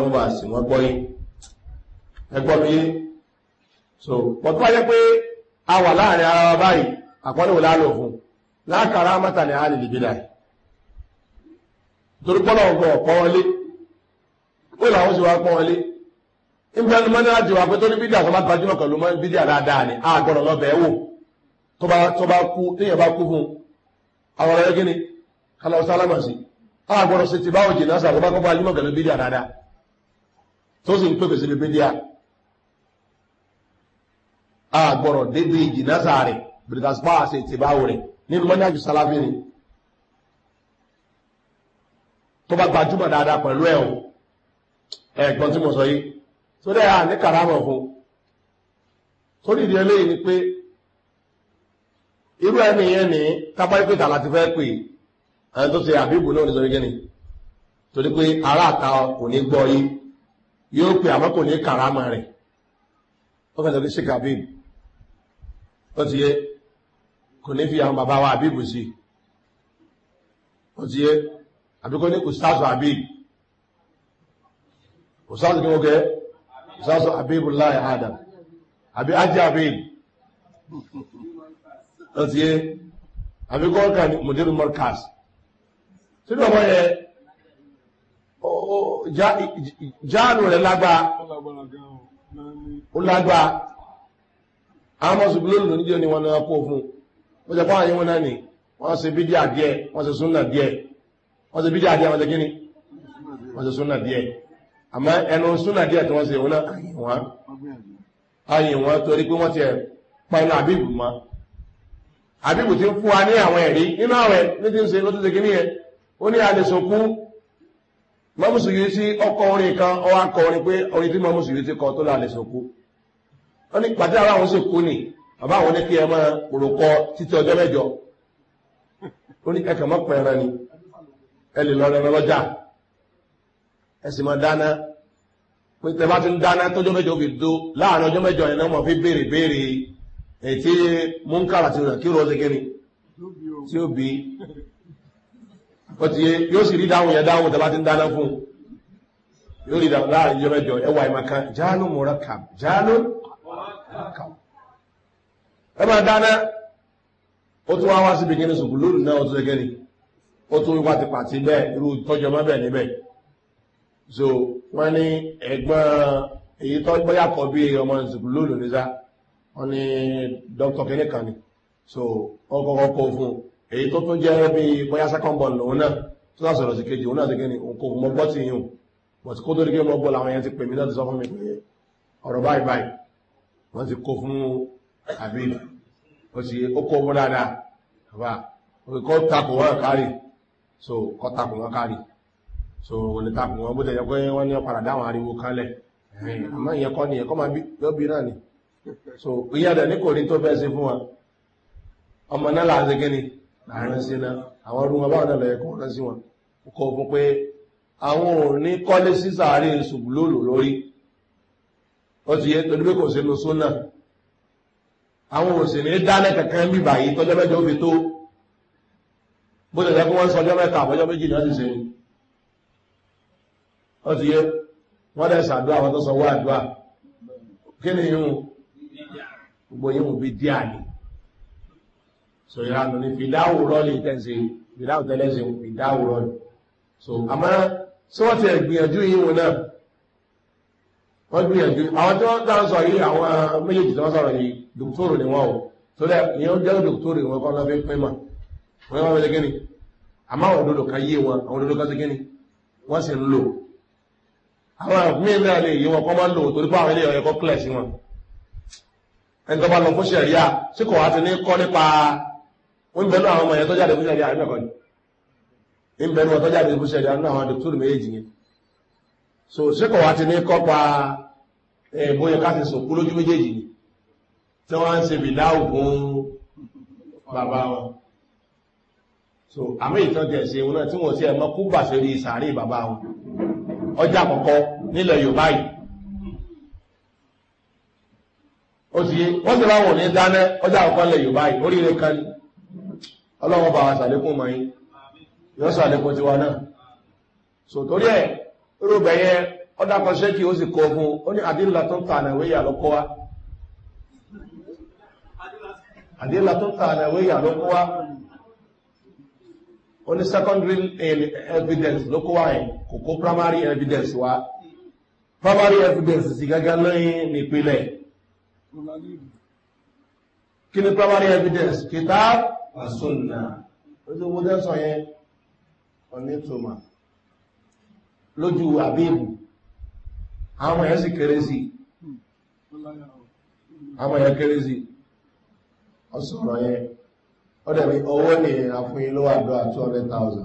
Speaker 1: so pọ̀tùpá yẹ pé awa wà láàrin ara wa báyìí àpọ́nìwò lálò fún láàkàrà mọ́ta ní àlè lìbílà torí pọ́nà ọgbọ̀n làwọn sì wá tó ní bídíà tó bá gbajúmọ̀ pẹ̀lú mọ́ bídíà dáadáa ni a gbọ́dọ̀ lọ bẹ̀ẹ́ wò tó bá kú téèyàn bá kú fún àwọn ọ̀rẹ́ gíní kálọ̀ sálámà sí a gbọ́dọ̀ sí ti jìnnà sàrò bá kọ́ gbajúmọ̀ pẹ̀lú àgbọ̀rọ̀ débi ìjìnásà rẹ̀ ase àṣẹ ìtìbáwò rẹ̀ nínú mọ́nyájú sálábí ni tó bá gbajúmọ̀ dáadáa pẹ̀lú ẹ̀ o ẹ̀gbọ́n tí mo sọ yìí tó dẹ́ à ní kàrámọ̀ fún tó nìdí eléyìí ni pé irú ẹni yẹn ní tábárí pé tààlà ti fẹ́ pè ẹni tó ṣe àbíbù náà nítorí gẹ́ni torí pé aráàta kò ní gbọ́ yìí yóò pè àmọ́ kò ní kàrámọ̀ rẹ̀ ó fẹ́ sọ pé ṣe kàbíbù ó ti yé kò ní fi àwọn bàbá wa àbíbù sí ó ti yé àbíkọ́ ní ustaz àbíb ustaz kí wọ́n gẹ́ ustaz àbíbù láì adam àbí ajé àbíb ó ti yé àbíkọ́ ọ̀kà ní mùdírù mọ́rkàs sínú ọmọ yẹ jáàlù rẹ̀ lágbàá ó lágbàá àwọn mọ̀sùlùmí lónìí níjẹ́ ni wọ́n náà kó fún ó jẹ́ fáwọn náà ni wọ́n se bídí àdíẹ̀ wọ́n se súnà díẹ̀ wọ́n se bídí àdíẹ̀ wọ́n se kíní wọ́n se súnà díẹ̀ ẹnu súnà díẹ̀ tí wọ́n se òun náà àyìnwọ́n torí pé wọ́n ti pẹ̀lú àbíbù àbíbù ti fún wa ní àwọn ẹ̀rí nínú àwẹ̀ ní ti ń se lótú segin ó ní mọ́mùsùlùmí sí akọ orin pé orin tí wọ́n ní pàdé ara àwọn sèkú ní bàbá àwọn ní kí ẹ máa títí ọjọ́ mẹ́jọ ó ní ẹkà mọ́ pẹ̀rẹ̀ ni ẹ lè lọ́jà ẹ sì dáná pé ti ń dáná tọ́jọ́ mẹ́jọ fi do láàrin ọjọ́ mẹ́jọ mọ̀ fi ètí múnkàrà ti rẹ̀ kí tí ó bí ó ti yé yóò sì rí dáhùn yẹn dáhùn ti ń dáná fún yóò rí dáhùn ẹ máa dáná ó tún wá wá síbi kí ní sùkúl lónìí náà ó tún gẹ́gẹ́ ni ó tún wá ti pàtí bẹ́ẹ̀ irú tọ́jọ mọ́ bẹ́ẹ̀ níbẹ̀ so wọ́n ní ẹ̀gbọ́n èyí tó gbọ́yà bí ọmọ sùkúl lónìí ní wọ́n ní dr kínníkan ni so wọ́n kọ́kọ́ kó fún un èyí tó tún jẹ́ bí bọ́yá sẹ́kọ̀ǹbọ̀n lòun náà tó sá sọ̀rọ̀ sí kejì òun náà ti gẹ́ni òun kò mọ́gbọ́ ti yùn bọ̀tí kó tó wọ́n ti kó fún àbíd ó ti ó kó dáadáa àbá òkè kọ́ wọ́n kárì so kọ́ takò wọ́n kárì so wọ́n lè takò wọ́n bó tẹ̀yẹ pé wọ́n ní ọ̀padà dáwọn ariwo kálẹ̀ àmọ́ ìyẹn kọ́ ni ìyẹn kọ́ máa bí lọ́bí náà ni so ìyá rẹ̀ ní kò rí tó fẹ́ sí fún wọn ọmọ náà láti gẹ́ni láàrin sí náà àwọn ọdún wọn báwọn náà lọ ẹ̀kọ́ wọn sí wọn kò fún pé àwọn ò ní kọ́lé sí sàárè ṣùgbọ́n lórí wọ́n ti yẹ torí pé kò sínú súnà àwọn òsìní dáná kankan bí báyìí tọ́jọ́ mẹ́jọ fi tó bó ṣe lẹ́kọ́ wọ́n sọjọ́ mẹ́ta àbọ́jọ́ méjì náà ti ṣe ni wọ́n ti yẹ wọ́n dẹ̀ ṣàdúrà wọ́n tó sọ wọ́n àdúrà kí ni yíhun gbogbo yíhun bí díà ni so ìlànà ni fìdáwò rọ́ọ̀lì tẹ̀sí fìdáwò tẹ̀lẹ́sì fìdáwò rọ́ọ̀lì so àmọ́ sọ́wọ́tẹ̀ gbìyànjú yíhun náà wọ́n gbìyànjú àwọn tí wọ́n dáhùn sọ yìí àwọn eh, méjèèjì tí wọ́n sọ̀rọ̀ yìí dòkítòrò ni wọ́n o tó dẹ́ ìyẹn ó jẹ́ dòkítòrò wọn kọ́ lọ́fẹ́ pín mà wọ́n wá wẹ́lẹ́ gẹ́ni àmọ́ àwọn òdodo kan yé wọn àwọn òdodo kan ti gẹ́ni wọ́n sì ń lò àwọn míín náà lè yé wọn kọ́ máa ń lò torí pé àwọn ilé ọ̀yẹ́ kọ́ kílẹ̀ sí wọn ẹni tó bá lọ fún sẹ̀ríà tí kò wá ti ní kọ́ nípa oúnjẹ náà àwọn ọmọ yẹn tó jáde fún sẹ̀ríà àbí ẹ̀kọ́ ni ìbẹ̀rù ọ̀tọ́jáde fún sẹ̀ríà náà àwọn dòkítòrò méjèèjì yẹn so ṣé kò wá ti ní kọ́ pa bóyẹ ká ti sòkú lójú méjèèjì ni tí wọ́n ń se bìlá ògùn bàbá wọn so àmì ìtàn tẹ̀ ṣe wọn tí wọ́n sí ẹ̀mọ́ kú bà sí rí ìsàárè bàbá wọn ọjà àkọ́kọ́ nílẹ̀ yorùbá yìí ó ti yé wọ́n sì láwọn ní dáná ọjà àkọ́kọ́ nílẹ̀ yorùbá yìí oríire kan ní ọlọ́wọ́ bá wa sàlékún mọ́ yín yọ́ sàlékún tiwa náà so ọdá kan ṣẹ́kì ó sì kọ ogun ó ní àdínlá tó ń ta ànàwéyà lọ́kọ́ wá
Speaker 3: àdínlá tó ń ta ànàwéyà lọ́kọ́
Speaker 1: wá ó ní secondary evidence lọ́kọ́ wá ẹ̀ kò kó primary evidence wá primary evidence sì gẹ́gẹ́ lẹ́yìn nípínlẹ̀ kí ni primary evidence kìtà àsùnà ó ti wọ́n dẹ́sọ̀ yẹn onítùmá lójú àbíbù ama ya zikerezi ya kerezi ọ̀sọ̀rọ̀ yẹn ó dẹ̀bi owó ní àfún ilé wà dọ́ àtú ọ̀rẹ́ tàùsà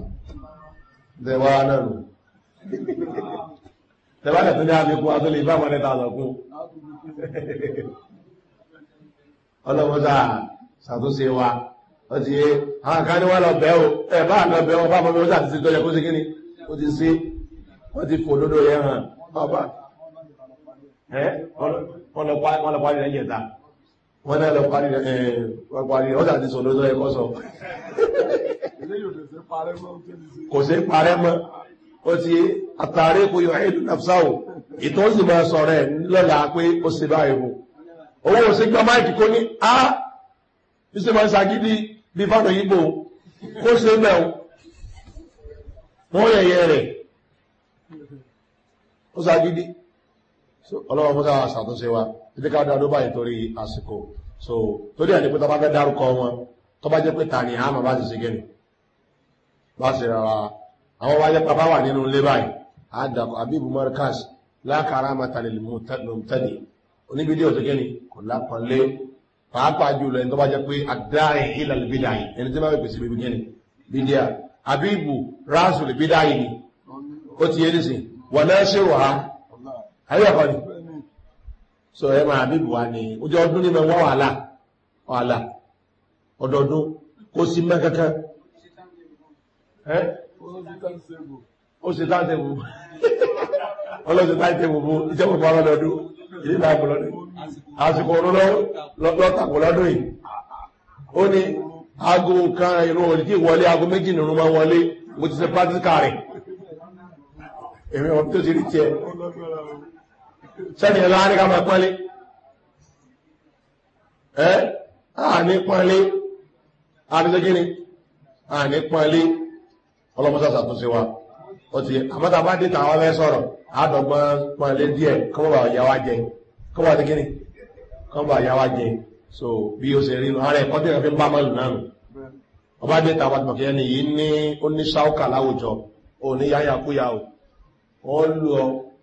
Speaker 1: tẹwà náà nù tẹwà náà tó ní àbíkú àtúlé ìbá mọ́lẹ́ tàùsà kú ọlọ́mọ́sà ṣàtúnṣe wa ó ti yé àwọn kan ní wọ́n lọ o bá o bá yẹ kó kí ni ti ṣe ti wọ́n lọ parí wọ́n náà lọ ọ́dà ti sọ
Speaker 3: kò sí parẹ́
Speaker 1: mọ́ ti àtàrí kò yọ nàfsáwò ìtọ́ sì máa lọ́la pé ó sì bá ìwò owó ò sí máìkì kó ní á bí sí máa bí fánà kó sí rẹ̀ ó ọlọ́wọ́ fún sáà ṣàtúnṣe wa títí ká dá lóbá ìtorí àsìkò so torí ẹni pé tọ́ bá fẹ́ dárúkọ wọn tọ́ bá jẹ́ pé ta ni àmà bá ti ṣe gẹ́nu bá ṣe rárá àwọn wáyé pàpá wà nínú ilé báyìí àdàkọ abibu markaz lákàrá matalilmutadi oníbídí ọ̀sẹ̀ gẹ́ni kò lápọ̀lé pàápàá jùlọ ẹni tó bá jẹ́ pé àdáyé ìlàlẹ̀ bídáyì ẹni tí wọ́n bá bíbí gẹ́ni bídíà abibu rasul bídáyì ni ó ti yé nísìn wọ̀lẹ́ ṣèrò ha ayé ẹ̀kọ́ ni so ẹ máa wa ni ojú ọdún wọ́n ọdọọdún kò sí mẹ́ kankan bú iṣẹ́ ọlọ́dọọdún ìdí lọ́dún àsìkò lọ́tàkù lọ́dún yìí ó ní aago kan irun tí wọlé aago méjì nìrún máa wọlé mo ti ṣe rẹ̀ èmi tó ti rí tiẹ̀
Speaker 3: sẹ́ni ẹ̀lá ní ká máa
Speaker 1: pọ́nlé ẹ́ àní pọ́nlé ni? àní pọ́nlé ọlọ́mọsásà tó sí wa ó ti àmọ́ta bá dé tàwọn fẹ́ sọ̀rọ̀ àádọ́gbọ́n pọ́nlé díẹ̀ kọ́bà yàwá jẹ kọ́bà tí kíní kọ́bà yàwá jẹ so bí ó ṣe rí nu ara ẹ̀kọ́ tí wọ́n fi ń bá mọ́lù náà nù ọba dé tàwọn àtìmọ̀kẹ́ ẹni yìí ní ó ní sáúkà láwùjọ òní yáyà kúyà ó ń lù ọ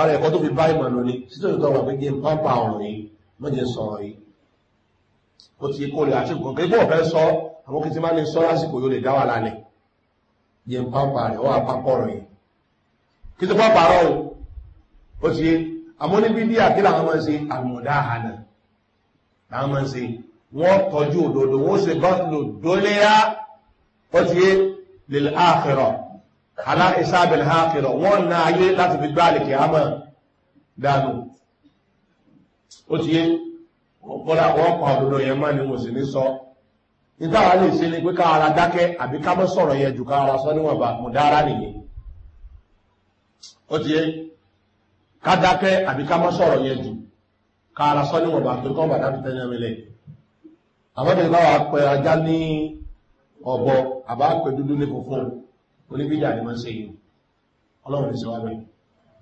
Speaker 1: ara ẹ̀kọ́ tó fi bá ìmọ̀ lóní títọ́ ìtọ́ wà gbẹ́gbẹ́ pọ́pà ọ̀rọ̀ yìí mọ́jẹ́ sọ̀rọ̀ yìí ó ti kó lè àṣìkò gẹ́gbẹ́ ọ̀fẹ́ sọ àwọn kìtì máa ní sọ lásìkò yóò lè dá wà lálẹ̀ yẹ pọ́pà rẹ̀ wà pápọ̀ ọ̀rọ̀ yìí kìtì pọ́pà rọ̀ o ó ti ha àkìrọ̀ wọ́n na ayé láti fi gbáàlì kì á dánú ó ti yé ọ̀pọ̀lá wọ́n pa ọ̀dọ̀dọ̀ yẹn mọ́ ni mo sì ní sọ nítawà lè ṣe ni pé ká ara dákẹ́ àbí ká mọ́ sọ̀rọ̀ yẹn jù ká ara sọ níwọ̀n mọ̀ dára nìyẹn ó ti yé ká dákẹ́ àbí ká mọ́ sọ̀rọ̀ yẹn jù ká ara sọ tó kọ́ bàtà fi mi lẹ̀ oníbídà ni wọ́n ń sẹ́yìn ọlọ́run ní sọ́wọ́ bẹ́ẹ̀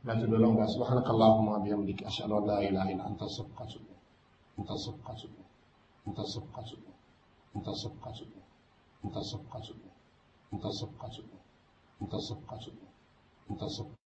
Speaker 1: láti lọ lọ́wọ́ bá subhanakallahumma wa bihamdika ashhadu an la ilaha illa anta astaghfiruka wa atubu ilayk انتصب قتله انتصب قتله انتصب قتله انتصب قتله
Speaker 3: انتصب قتله انتصب